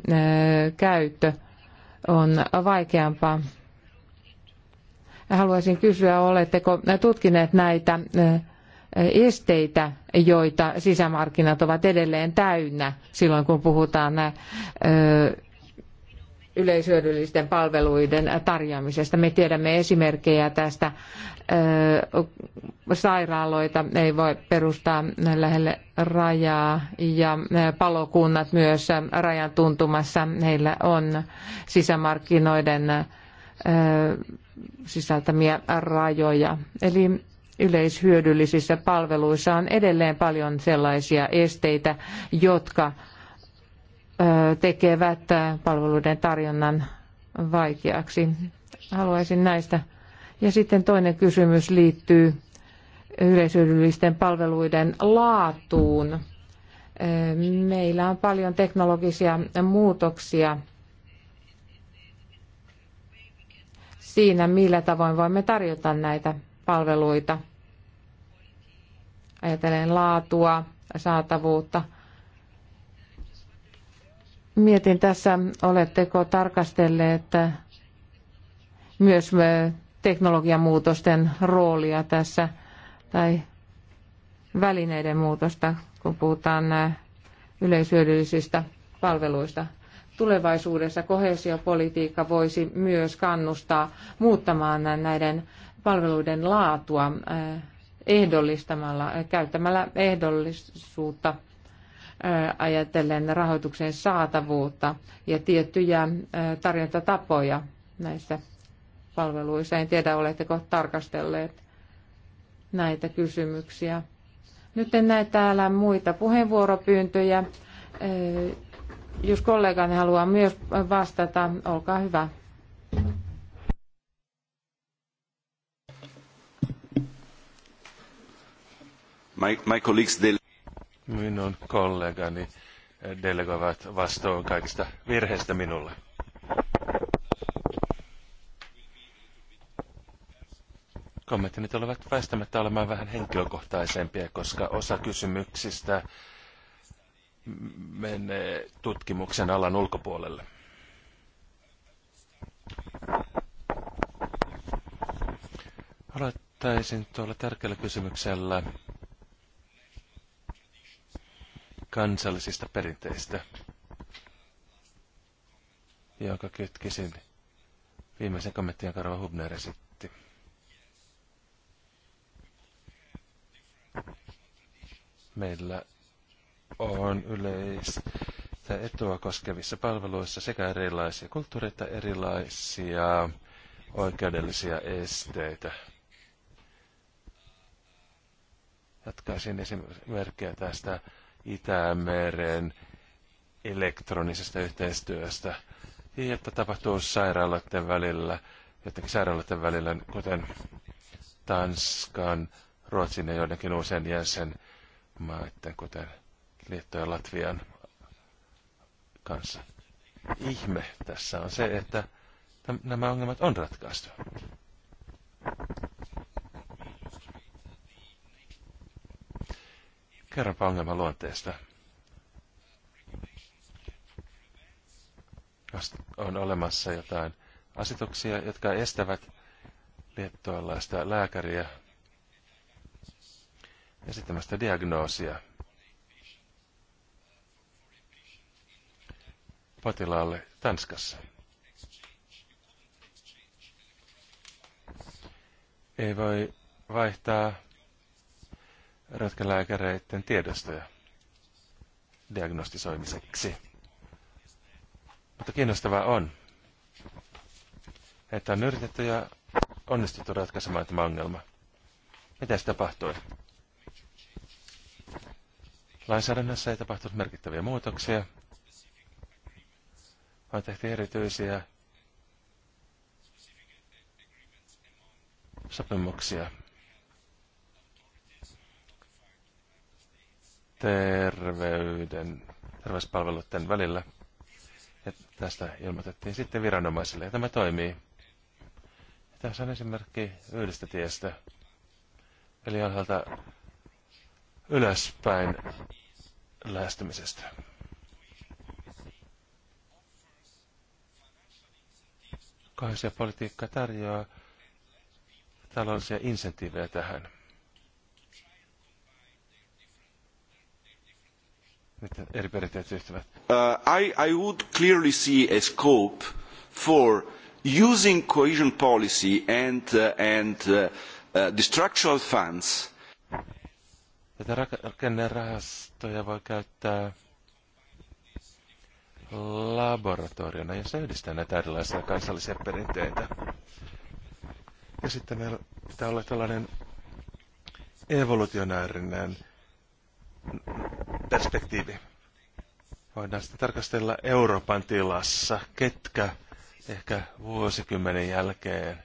käyttö on vaikeampaa Haluaisin kysyä, oletteko tutkineet näitä eh, esteitä, joita sisämarkkinat ovat edelleen täynnä silloin, kun puhutaan eh, yleishyödyllisten palveluiden tarjoamisesta. Me tiedämme esimerkkejä tästä. Eh, sairaaloita ei voi perustaa lähelle rajaa ja palokunnat myös rajan tuntumassa. Heillä on sisämarkkinoiden sisältämiä rajoja. Eli yleishyödyllisissä palveluissa on edelleen paljon sellaisia esteitä, jotka tekevät palveluiden tarjonnan vaikeaksi. Haluaisin näistä. Ja sitten toinen kysymys liittyy yleisyydellisten palveluiden laatuun. Meillä on paljon teknologisia muutoksia siinä, millä tavoin voimme tarjota näitä palveluita. Ajatellen laatua, saatavuutta. Mietin tässä, oletteko tarkastelleet myös teknologiamuutosten roolia tässä tai välineiden muutosta, kun puhutaan yleishyödyllisistä palveluista tulevaisuudessa kohesiopolitiikka voisi myös kannustaa muuttamaan näiden palveluiden laatua eh, ehdollistamalla, eh, käyttämällä ehdollisuutta eh, ajatellen rahoituksen saatavuutta ja tiettyjä tarjontatapoja näissä palveluissa. En tiedä, oletteko tarkastelleet näitä kysymyksiä. Nyt en näe täällä muita puheenvuoropyyntöjä. Jos kollegani haluaa myös vastata, olkaa hyvä. My, my colleagues del- Minun kollegani delegoivat vastuun kaikista virheistä minulle. Kommenttini tulevat väistämättä olemaan vähän henkilökohtaisempia, koska osa kysymyksistä menee tutkimuksen alan ulkopuolelle. Aloittaisin tuolla tärkeällä kysymyksellä kansallisista perinteistä, jonka kytkisin viimeisen kommenttien Karva Hubner esitti. Meillä on yleistä etua koskevissa palveluissa sekä erilaisia kulttuureita, erilaisia oikeudellisia esteitä. Jatkaisin esimerkkejä tästä Itämeren elektronisesta yhteistyöstä, jotta niin, tapahtuu sairaaloiden välillä, jotenkin sairaaloiden välillä, kuten Tanskan, Ruotsin ja joidenkin uusien jäsenmaiden, kuten liittyen Latvian kanssa. Ihme tässä on se, että nämä ongelmat on ratkaistu. Kerronpa ongelman luonteesta. On olemassa jotain asetuksia, jotka estävät liettualaista lääkäriä esittämästä diagnoosia potilaalle Tanskassa. Ei voi vaihtaa rötkälääkäreiden tiedostoja diagnostisoimiseksi. Mutta kiinnostavaa on, että on yritetty ja onnistuttu ratkaisemaan tämä ongelma. Mitä se tapahtui? Lainsäädännössä ei tapahtunut merkittäviä muutoksia vaan tehtiin erityisiä sopimuksia. terveyden, terveyspalveluiden välillä. Ja tästä ilmoitettiin sitten viranomaisille, ja tämä toimii. Ja tässä on esimerkki yhdestä tiestä. Eli alhaalta ylöspäin lähestymisestä. politiikka tarjoaa taloudellisia insentiivejä tähän. Miten eri perinteet yhtyvät? Uh, I, I would clearly see a scope for using cohesion policy and, uh, and uh, uh, the structural funds. Tätä rakennerahastoja voi käyttää laboratoriona, jossa yhdistää näitä erilaisia kansallisia perinteitä. Ja sitten meillä pitää olla tällainen evolutionäärinen perspektiivi. Voidaan sitten tarkastella Euroopan tilassa, ketkä ehkä vuosikymmenen jälkeen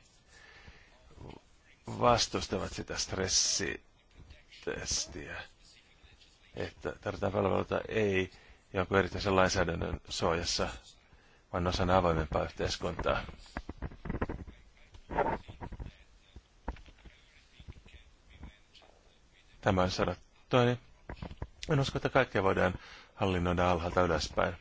vastustavat sitä stressitestiä. Että tarvitaan palveluita ei jonkun erityisen lainsäädännön suojassa, vaan osana avoimempaa yhteiskuntaa. Tämä on sadattoinen. En usko, että kaikkea voidaan hallinnoida alhaalta ylöspäin.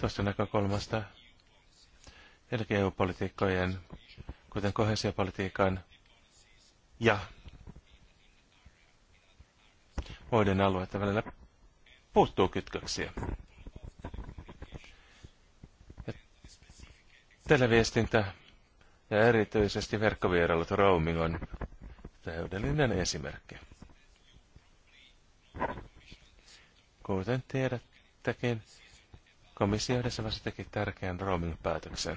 Tuosta näkökulmasta jälkeen EU-politiikkojen kuten kohesiopolitiikan ja muiden alueiden välillä puuttuu kytköksiä. Ja televiestintä ja erityisesti verkkovierailut roaming on täydellinen esimerkki. Kuten tiedättekin, komissio edessä teki tärkeän roaming-päätöksen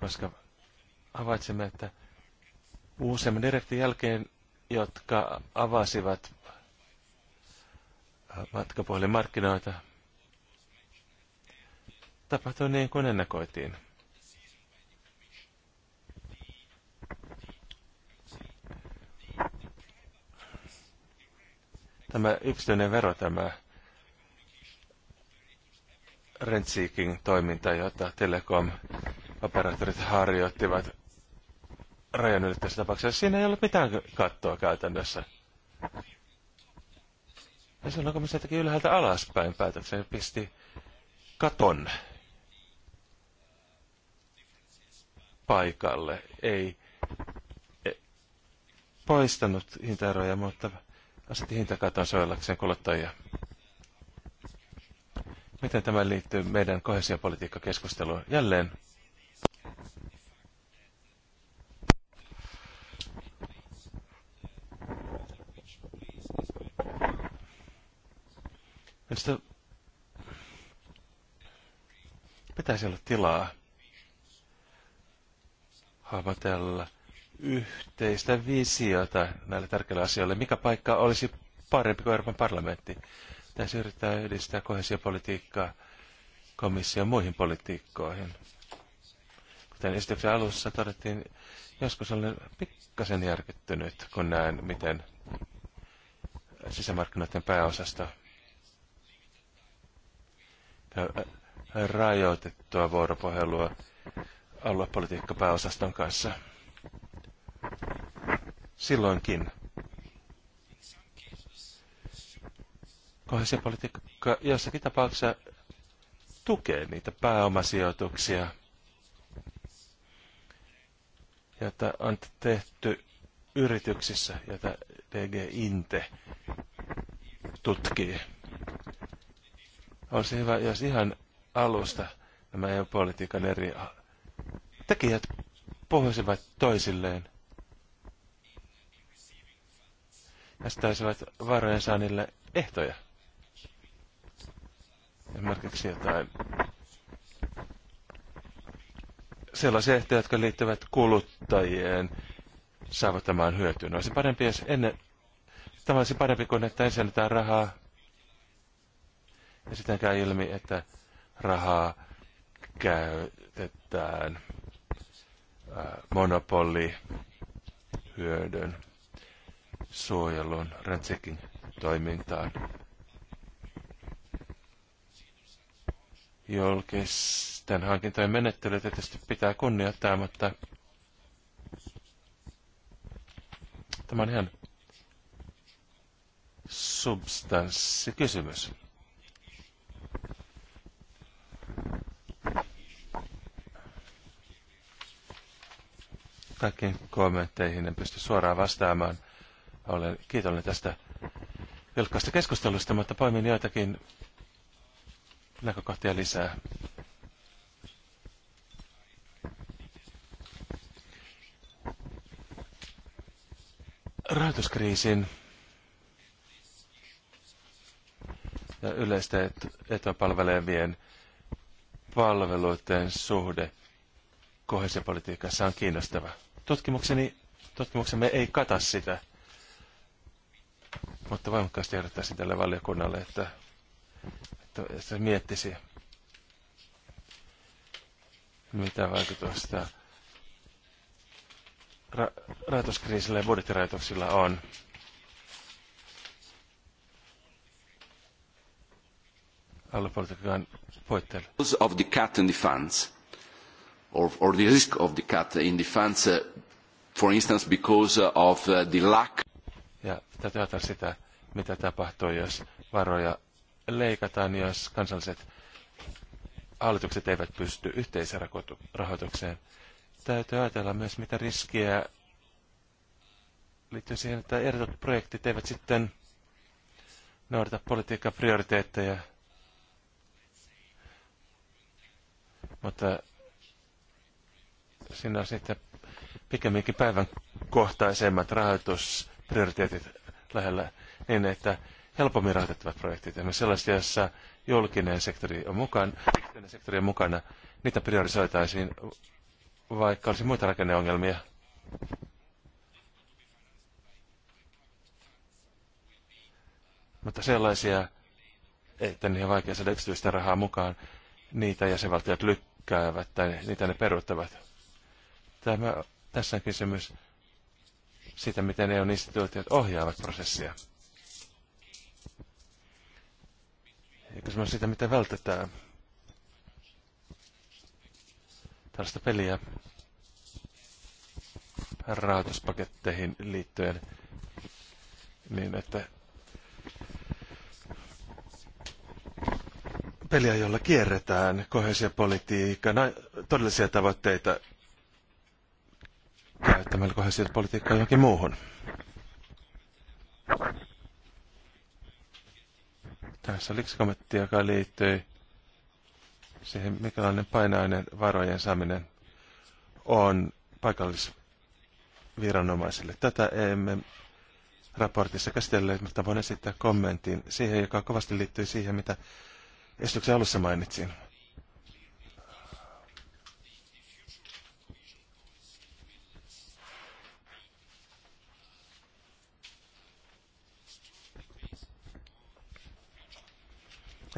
koska havaitsimme, että useamman direktin jälkeen, jotka avasivat äh, markkinoita tapahtui niin kuin ennakoitiin. Tämä yksityinen vero, tämä rent toiminta jota telekom operaattorit harjoittivat rajan ylittäessä tapauksessa. Siinä ei ollut mitään kattoa käytännössä. Ja silloin kun se teki ylhäältä alaspäin päätöksen, pisti katon paikalle. Ei, e, poistanut hintaeroja, mutta asetti hintakaton soillakseen kuluttajia. Miten tämä liittyy meidän kohesiopolitiikkakeskusteluun? Jälleen Minusta pitäisi olla tilaa havatella yhteistä visiota näille tärkeille asioille. Mikä paikka olisi parempi kuin Euroopan parlamentti? Pitäisi yrittää yhdistää kohesiopolitiikkaa komission muihin politiikkoihin. Kuten esityksen alussa todettiin, joskus olen pikkasen järkyttynyt, kun näen, miten sisämarkkinoiden pääosasta rajoitettua vuoropuhelua aluepolitiikkapääosaston kanssa. Silloinkin kohesiopolitiikka jossakin tapauksessa tukee niitä pääomasijoituksia, joita on tehty yrityksissä, joita DG Inte tutkii. Olisi hyvä, jos ihan alusta nämä EU-politiikan eri tekijät puhuisivat toisilleen. ja sitten varojen saannille ehtoja. Esimerkiksi jotain sellaisia ehtoja, jotka liittyvät kuluttajien saavuttamaan hyötyyn. Olisi parempi, jos ennen, tämä olisi parempi kuin, että ensin rahaa ja sitten käy ilmi, että rahaa käytetään hyödyn suojelun, Rentsikin toimintaan. Julkisten hankintojen menettely tietysti pitää kunnioittaa, mutta tämä on ihan substanssikysymys. kaikkiin kommentteihin en pysty suoraan vastaamaan. Olen kiitollinen tästä vilkkaasta keskustelusta, mutta poimin joitakin näkökohtia lisää. Rahoituskriisin ja yleisten etäpalvelevien palveluiden suhde kohesiopolitiikassa on kiinnostava. Tutkimukseni, tutkimuksemme ei kata sitä, mutta voimakkaasti ehdottaisin tälle valiokunnalle, että, että se miettisi, mitä vaikutusta ra- rahoituskriisillä ja budjettirajoituksilla on. aluepolitiikan puitteilla. Of the cat in the funds, or, or the risk of the cat in the funds uh, for instance because uh, of uh, the lack. Ja sitä, mitä tapahtuu, jos varoja leikataan, jos kansalliset hallitukset eivät pysty yhteisrahoitukseen. Täytyy ajatella myös, mitä riskiä liittyy siihen, että ehdotut projektit eivät sitten noudata politiikan prioriteetteja. Mutta siinä on sitten pikemminkin päivän kohtaisemmat rahoitusprioriteetit lähellä niin, että helpommin rahoitettavat projektit, esimerkiksi sellaisia, joissa julkinen sektori on mukana, julkinen sektori on mukana, niitä priorisoitaisiin, vaikka olisi muita rakenneongelmia. Mutta sellaisia, että niihin on vaikea saada yksityistä rahaa mukaan, niitä jäsenvaltiot lykkäävät tai niitä ne peruuttavat. Tämä tässä on kysymys siitä, miten EUn instituutiot ohjaavat prosessia. Ja kysymys siitä, miten vältetään tällaista peliä rahoituspaketteihin liittyen niin, että peliä, jolla kierretään kohesiopolitiikan todellisia tavoitteita käyttämällä sieltä politiikkaa johonkin muuhun. Tässä oli yksi kommentti, joka liittyi siihen, mikälainen painainen varojen saaminen on paikallisviranomaisille. Tätä emme raportissa käsitelleet, mutta voin esittää kommentin siihen, joka kovasti liittyy siihen, mitä esityksen alussa mainitsin.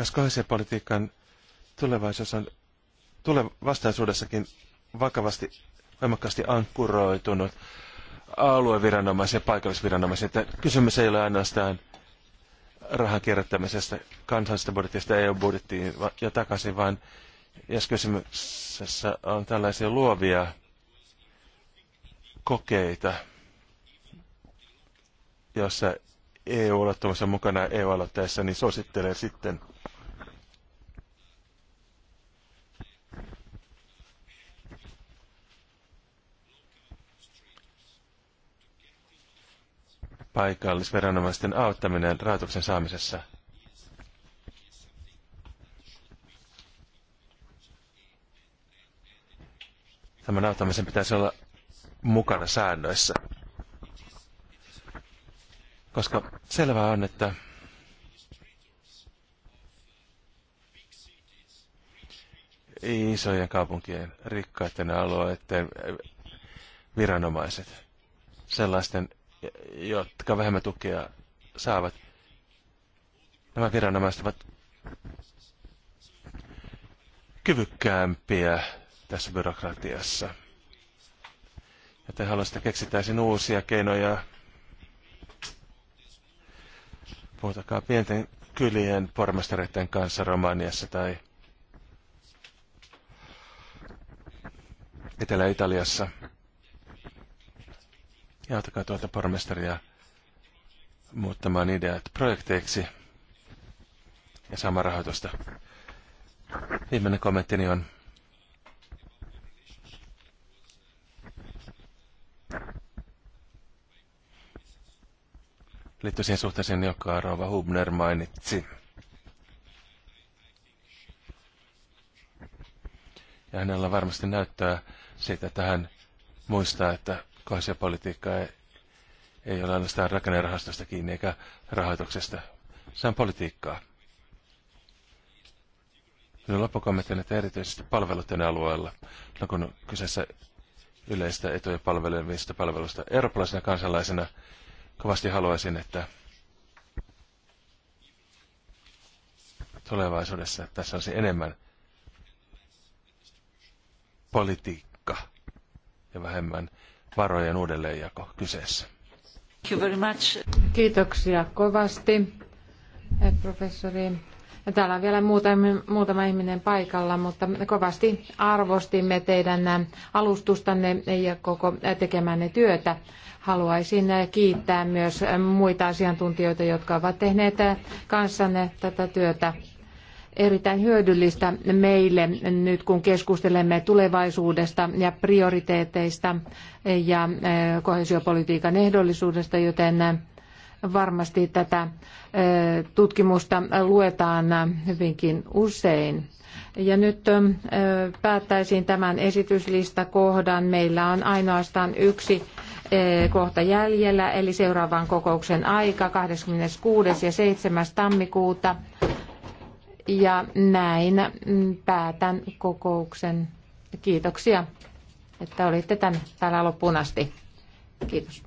Jos kohesiopolitiikan tulevaisuus on tule vastaisuudessakin vakavasti, voimakkaasti ankkuroitunut alueviranomaisen ja paikallisviranomaisen, että kysymys ei ole ainoastaan rahan kierrättämisestä kansallisesta budjetista EU-budjettiin ja takaisin, vaan jos kysymyksessä on tällaisia luovia kokeita, jossa EU-ulottumassa mukana EU-aloitteessa, niin suosittelen sitten paikallisviranomaisten auttaminen rahoituksen saamisessa. Tämän auttamisen pitäisi olla mukana säännöissä. Koska selvää on, että isojen kaupunkien rikkaiden alueiden viranomaiset, sellaisten jotka vähemmän tukea saavat. Nämä viranomaiset ovat kyvykkäämpiä tässä byrokratiassa. Ja te haluaisitte keksitäisin uusia keinoja. Puhutakaa pienten kylien pormestareiden kanssa Romaniassa tai Etelä-Italiassa ja auttakaa tuolta pormestaria muuttamaan ideat projekteiksi ja saamaan rahoitusta. Viimeinen kommenttini on, liittyy siihen suhteeseen, joka Rova Hubner mainitsi. Ja hänellä on varmasti näyttää siitä, että hän muistaa, että politiikkaa ei, ei ole ainoastaan rakennerahastosta kiinni eikä rahoituksesta. Se on politiikkaa. Minun loppukommenttini, että erityisesti palveluiden alueella, no kun kyseessä yleistä etuja palvelevista palveluista eurooppalaisena kansalaisena, kovasti haluaisin, että tulevaisuudessa tässä olisi enemmän politiikka ja vähemmän varojen uudelleenjako kyseessä. Kiitoksia kovasti, eh, professori. Täällä on vielä muutama, muutama ihminen paikalla, mutta kovasti arvostimme teidän eh, alustustanne ja koko eh, tekemänne työtä. Haluaisin kiittää myös muita asiantuntijoita, jotka ovat tehneet kanssanne tätä työtä erittäin hyödyllistä meille nyt, kun keskustelemme tulevaisuudesta ja prioriteeteista ja eh, kohesiopolitiikan ehdollisuudesta, joten eh, varmasti tätä eh, tutkimusta luetaan hyvinkin usein. Ja nyt päättäisin tämän esityslistakohdan. Meillä on ainoastaan yksi kohta jäljellä, eli seuraavan kokouksen aika 26. ja 7. tammikuuta ja näin mm, päätän kokouksen. Kiitoksia, että olitte tämän täällä loppuun asti. Kiitos.